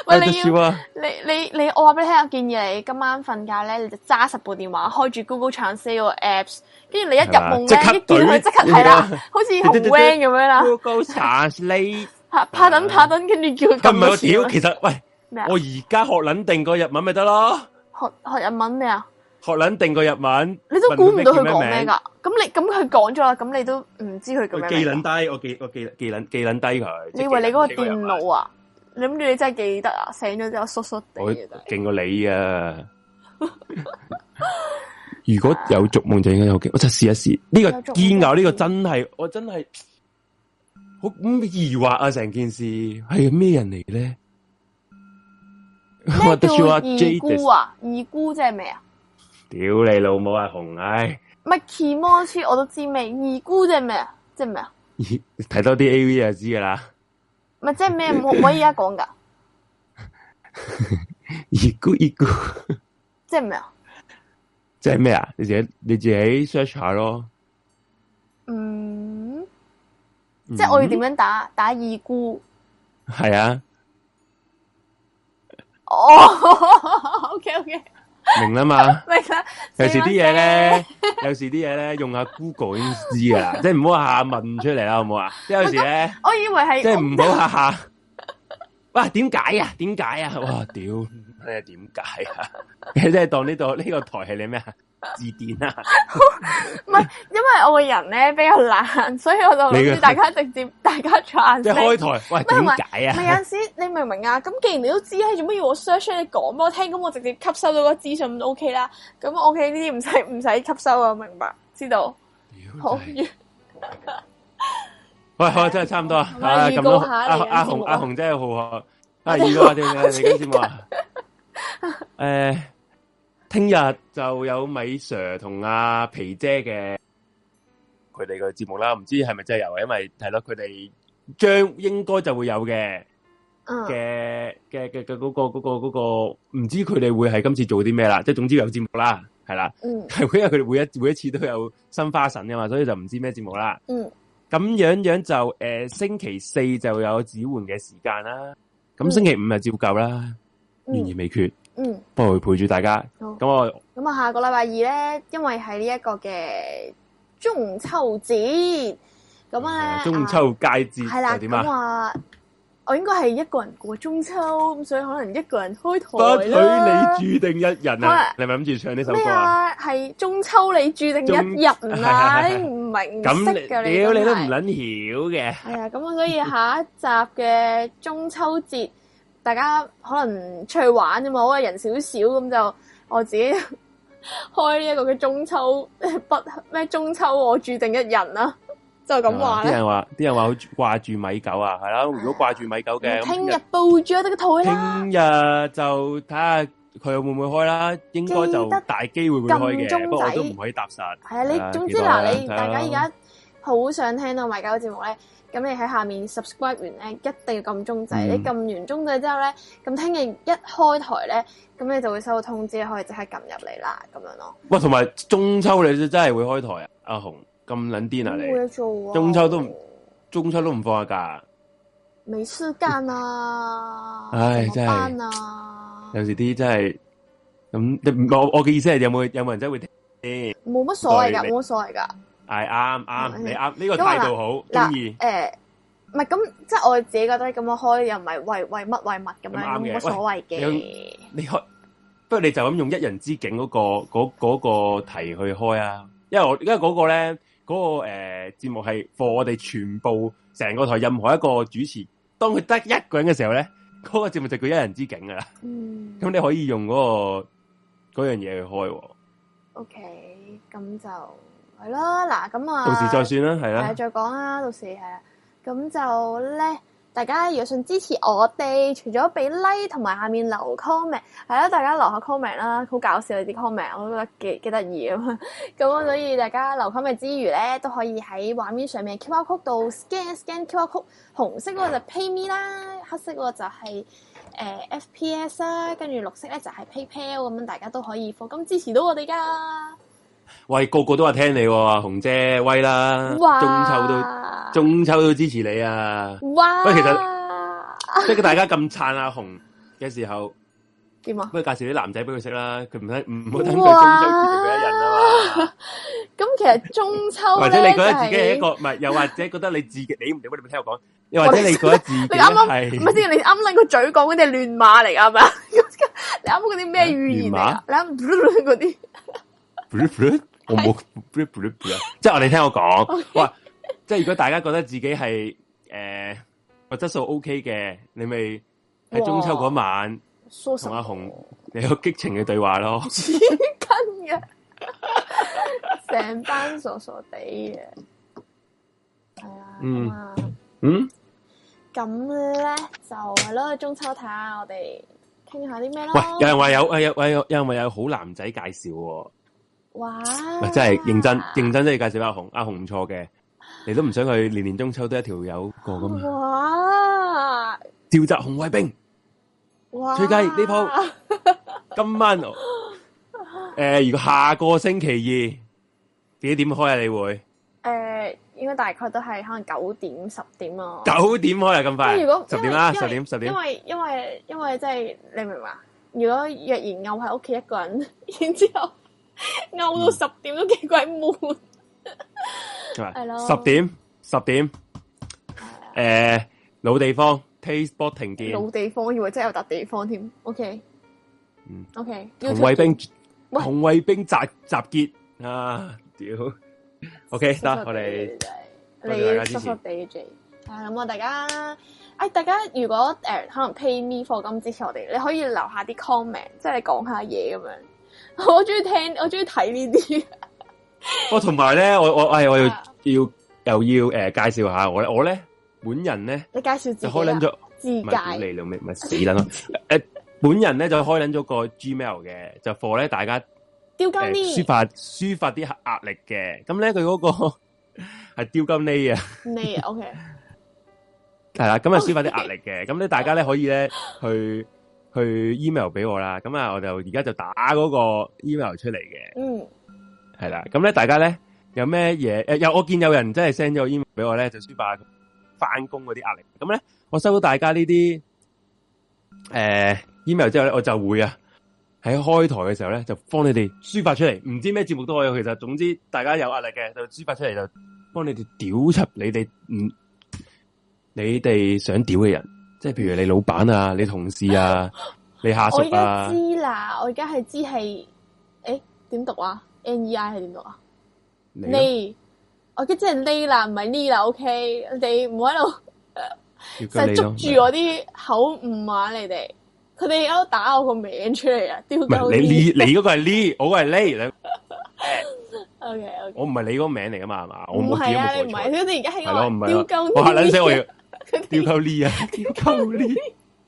喂，你要你你你，我話俾你聽，我建議你今晚瞓覺咧，你就揸十部電話開住 Google Translate 個 apps，跟住你一入夢咧，一見佢即刻係啦，好似 when 咁樣啦。Google Translate，趴趴等趴等，跟住叫佢。咁唔屌，其實喂，我而家學撚定個日文咪得咯。學學日文咩啊？學捻定個日文，你都估唔到佢講咩噶？咁你咁佢講咗啦，咁你都唔知佢講咩。記捻低，我記我記記捻記捻低佢。你話你嗰個電腦啊？你諗住你真係記得啊？醒咗之後叔叔哋。我勁過你啊！ 如果有俗夢就應該有勁，我就試試一試呢個煎熬，呢個真係我真係好疑惑啊！成件事係咩人嚟嘅咧？咩叫二姑啊？二姑即係咩啊？屌你老母啊，紅、哎、奶！Mickey Mouse 我都知咩，二姑即係咩啊？即係咩啊？睇多啲 A V 就知噶啦。咪 即係咩？我我而家講噶。二姑二姑， 即係咩啊？即係咩啊？你自己你自己 search 下咯。嗯，即係我要點樣打打二姑？係啊。哦 ，OK OK。明啦嘛， 明啦，有時啲嘢咧，有時啲嘢咧用下 Google 已經知噶啦， 即係唔好下問出嚟啦，好唔好啊？ 即係有時咧，我以為係即係唔好下下。 哇，點解啊？點解啊？哇，屌！你係點解啊？你真係當呢度呢個台係你咩啊？字典啊？唔係，因為我個人咧比較懶，所以我就唔知大家直接大家坐即係開台？咩點解啊？咪有陣時你明唔明啊？咁既然你都知，做乜要我 search 你講俾我聽？咁我直接吸收到嗰資訊 OK 啦。咁 OK，呢啲唔使唔使吸收啊？明白，知道。好。喂，好啊，真係差唔多啊。咁阿阿紅阿紅真係好學。阿二哥點啊？你先話。誒，聽日、 uh，就有米 Sir 同阿、啊、皮姐嘅佢哋嘅節目啦，唔知係咪真係有？因為係咯，佢哋將應該就會有嘅，嘅嘅嘅嘅嗰個嗰個個，唔、那個那個、知佢哋會係今次做啲咩啦？即係總之有節目啦，係啦，係、mm. 因為佢哋每一每一次都有新花神噶嘛，所以就唔知咩節目啦。嗯，咁樣樣就誒、呃，星期四就有指換嘅時間啦。咁星期五啊，照舊啦，懸、mm. 疑未決。嗯，不過會陪住大家，咁我咁啊下個禮拜二咧，因為係呢一個嘅中秋節，咁啊中秋佳節係啦，點啊？我應該係一個人過中秋，咁所以可能一個人開台啦。不許你注定一人啊！你係咪諗住唱呢首歌啊？係中秋你注定一人啊？唔明？咁屌你都唔捻曉嘅。係啊，咁啊，所以下一集嘅中秋節。大家可能出去玩啫嘛，我人少少咁就我自己開呢一個叫中秋不咩中秋我注定一人啊，就咁話啦。啲人話，啲人話好掛住米狗啊，係啦，如果掛住米狗嘅，聽日報住啊，得個套啦。聽日就睇下佢會唔會開啦，應該就大機會會開嘅，不過我都唔可以踏實。係啊，你總之嗱，你大家而家好想聽到米狗嘅節目咧。咁你喺下面 subscribe 完咧，一定要撳鐘掣。嗯、你撳完鐘掣之後咧，咁聽日一開台咧，咁你就會收到通知，可以即刻撳入嚟啦，咁樣咯。喂，同埋中秋你真係會開台啊？阿紅咁撚癲啊你！你中秋都中秋都唔放下假。冇事幹啊！唉，啊、真係。有時啲真係咁，唔，我我嘅意思係有冇有冇人真係會聽，冇乜所謂噶，冇乜對所謂噶。係啱啱，你啱呢個態度好，中意誒，唔係咁，即係歡、呃呃就是、我自己覺得咁樣開又唔係為為乜為乜咁樣，冇乜所謂嘅。你開，不如你就咁用一人之境、嗰個」嗰個嗰個題去開啊！因為我因為嗰個咧，嗰、嗰個誒節、呃、目係課我哋全部成個台任何一個主持，當佢得一個人嘅時候咧，嗰、嗰個節目就叫一人之境」噶啦。嗯，咁你可以用嗰、嗰個樣嘢去開、啊。O K，咁就。係咯，嗱咁啊，到時再算啦，係啊，再講啊，到時係啊，咁就咧，大家如果想支持我哋，除咗俾 like 同埋下面留 comment，係咯，大家留下 comment 啦，好搞笑啲 comment，我都覺得幾幾得意啊，咁 所以大家留 comment 之餘咧，都可以喺畫面上面 Q R code 度 scan scan Q R code，紅色嗰個就係 pay me 啦，黑色嗰個就係誒 F P S 啦，跟、呃、住綠色咧就係 paypal 咁樣，大家都可以放心支持到我哋噶。喂，個個都話聽你，紅姐威啦！中秋都中秋都支持你啊！喂，其實即係大家咁撐阿紅嘅時候點啊？不如介紹啲男仔俾佢識啦！佢唔使唔好等佢中秋自己嗰一人啊嘛！咁其實中秋或者你覺得自己係一個唔係？又或者覺得你自己你你會唔會聽我講？又或者你覺得自己你啱啱唔係先？你啱啱個嘴講嗰啲係亂碼嚟㗎係嘛？你啱啱嗰啲咩語言嚟？你啱啱嗰啲。l l 我冇 l l 即係我哋聽我講，Okay. 哇！即係如果大家覺得自己係誒個質素 OK 嘅，你咪喺中秋嗰晚，同阿紅，你有激情嘅對話咯，紙嘅，成 班傻傻地嘅，係啊，咁啊，嗯，咁咧、 嗯、就係咯，中秋睇下我哋傾下啲咩咯。喂，有人話有誒有誒有，有人話有好男仔介紹，啊。哇！唔係真係認真，認真真係介紹阿紅，阿紅唔錯嘅，你都唔想佢年年中秋都一條友過噶嘛？哇！召集紅衛兵，哇！崔雞呢鋪今晚，誒，如果下個星期二幾點開啊？你會？誒，應該大概都係可能九點十點咯。九點開啊，咁快？如果十點啦，十點十點，因為因為因為即係你明唔明？如果若然漚喺屋企一個人，然之後。漚到十點都幾鬼悶。係咯，十點十點，誒，老地方，Taste Bottle 停電，老地方，以為真係有笪地方添，OK，嗯，OK，紅衛兵，紅衛兵集集結啊，屌，OK，得，我哋，你叔叔 DJ，係咁啊，大家，誒，大家如果誒可能 pay me for 咁支持我哋，你可以留下啲 comment，即係你講下嘢咁樣。我中意聽，我中意睇呢啲。我同埋咧，我我誒、哎，我要要又要又要誒，介紹下我呢我咧本人咧。你介紹開撚咗自介嚟咪死捻咯。誒，本人咧、啊、就開捻咗個 Gmail 嘅，就俾咧大家丟金抒發抒發啲壓力嘅。咁咧佢嗰個係丟金呢啊，呢 OK 係啦，咁啊抒發啲壓力嘅，咁咧大家咧可以咧去。去 email 俾我啦，咁啊，我就而家就打嗰個 email 出嚟嘅，嗯，係啦，咁咧大家咧有咩嘢誒，有，有我見有人真係 send 咗 email 俾我咧，就抒發翻工嗰啲壓力，咁咧我收到大家呢啲誒、呃、email 之後咧，我就會啊喺開台嘅時候咧，就幫你哋抒發出嚟，唔知咩節目都可以，其實總之大家有壓力嘅就抒發出嚟，就幫你哋屌出你哋唔你哋想屌嘅人。即係譬如你老闆啊，你同事啊，你下屬啊，我而家知啦，我而家係知係，誒，點讀啊？N E I 係點讀啊？你？我嘅即係呢啦，唔係呢啦，OK，你唔好喺度，就捉住我啲口誤啊，你哋，佢哋而家打我個名出嚟啊，丟你呢？你嗰個係呢？我個係呢？OK，我唔係你嗰個名嚟㗎嘛，係咪？我唔係啊，唔係，你而家係我丟狗屎！我吓卵聲我要。屌鳩你啊！屌鳩你，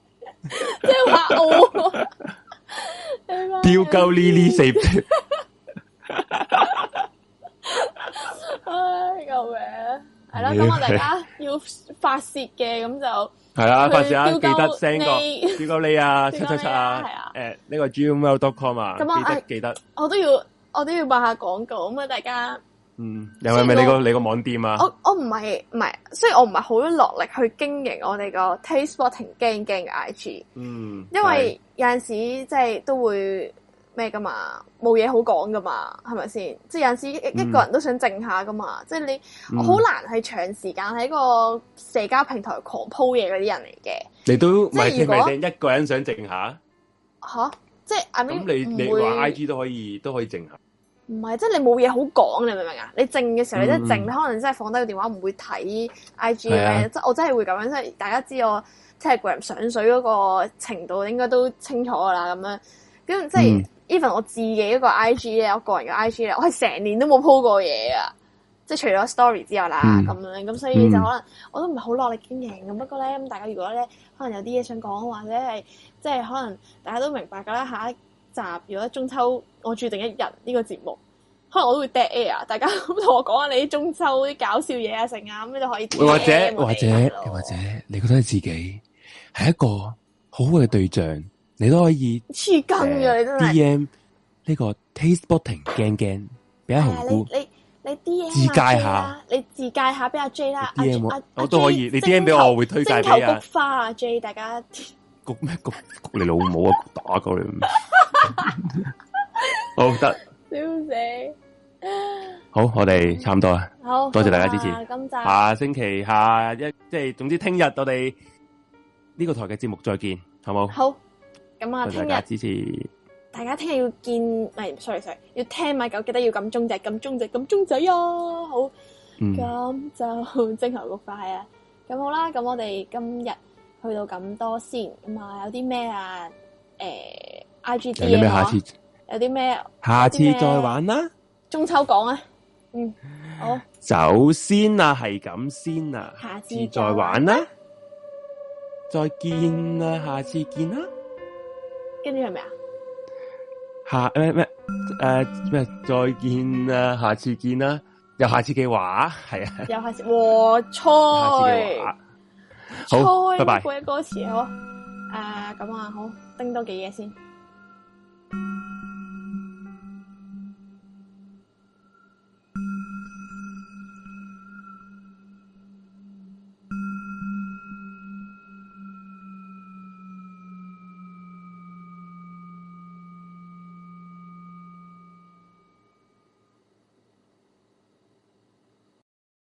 即係話嚇我，屌鳩你呢四撇，唉 哎，救命！係啦，咁我大家要發泄嘅，咁就係啦，發泄啊，記得 send 個屌鳩你啊，七七七啊，誒，呢個 gmail.com 啊，記得記得，啊、記得我都要，我都要賣下廣告啊，大家。嗯，你係咪你個你個網店啊？我我唔係唔係，所以我唔係好落力去經營我哋個 Taste Spotting 驚驚嘅 IG。嗯，因為有陣時即係都會咩噶嘛，冇嘢好講噶嘛，係咪先？即係有陣時一一個人都想靜下噶嘛，即係你好難去長時間喺個社交平台狂鋪嘢嗰啲人嚟嘅。你都即係如果一個人想靜下，吓，即係 i 咁你你話 IG 都可以都可以靜下。唔係，即係你冇嘢好講，你明唔明啊？你靜嘅時候，你真係靜，嗯、可能真係放低個電話 IG，啊，唔會睇 IG 嘅即我真係會咁樣，即係大家知我 Telegram 上水嗰個程度應該都清楚噶啦。咁樣咁即係 even、嗯、我自己嗰個 IG 咧，我個人嘅 IG 咧，我係成年都冇 po 過嘢啊。即係除咗 story 之外啦，咁、嗯、樣咁所以就可能我都唔係好落力經營咁、嗯、不過咧，咁大家如果咧可能有啲嘢想講，或者係即係可能大家都明白噶啦。下一集如果中秋。我注定一日呢個節目，可能我都會 dead air。大家咁同我講下你啲中秋啲搞笑嘢啊，成啊，咁咩都可以。或者或者或者，你覺得你自己係一個好好嘅對象，你都可以黐筋嘅。你真 D M 呢個 taste bottling game game 俾你你 D M 下，你自介下俾阿 J 啦。D M 我我都可以，你 D M 俾我，我會推介下。焗咩焗？焗你老母啊！焗打過你。好得，笑死！好，我哋差唔多啦。好，多謝大家支持。咁就下星期下一，即係總之聽日我哋呢個台嘅節目再見，好冇？好，咁啊，聽日支持。大家聽日要見，唔係，sorry，sorry，要聽咪狗記得要咁鐘仔，咁鐘仔，咁鐘仔啊！好，咁就蒸牛骨塊啊！咁好啦，咁我哋今日去到咁多先，咁啊，有啲咩啊？誒，I G D 有啲咩下次？有啲咩？下次再玩啦。中秋講啊，嗯，好，走先啊，係咁先啊，下次再玩啦，再玩啦再見、嗯、見啦，下次見啦。跟住係咩啊？下咩咩誒咩？再見啊，下次見啦，又下次嘅話係啊，又下次和菜，好，菜拜拜。歌詞好誒，咁、呃、啊，好，叮多幾嘢先。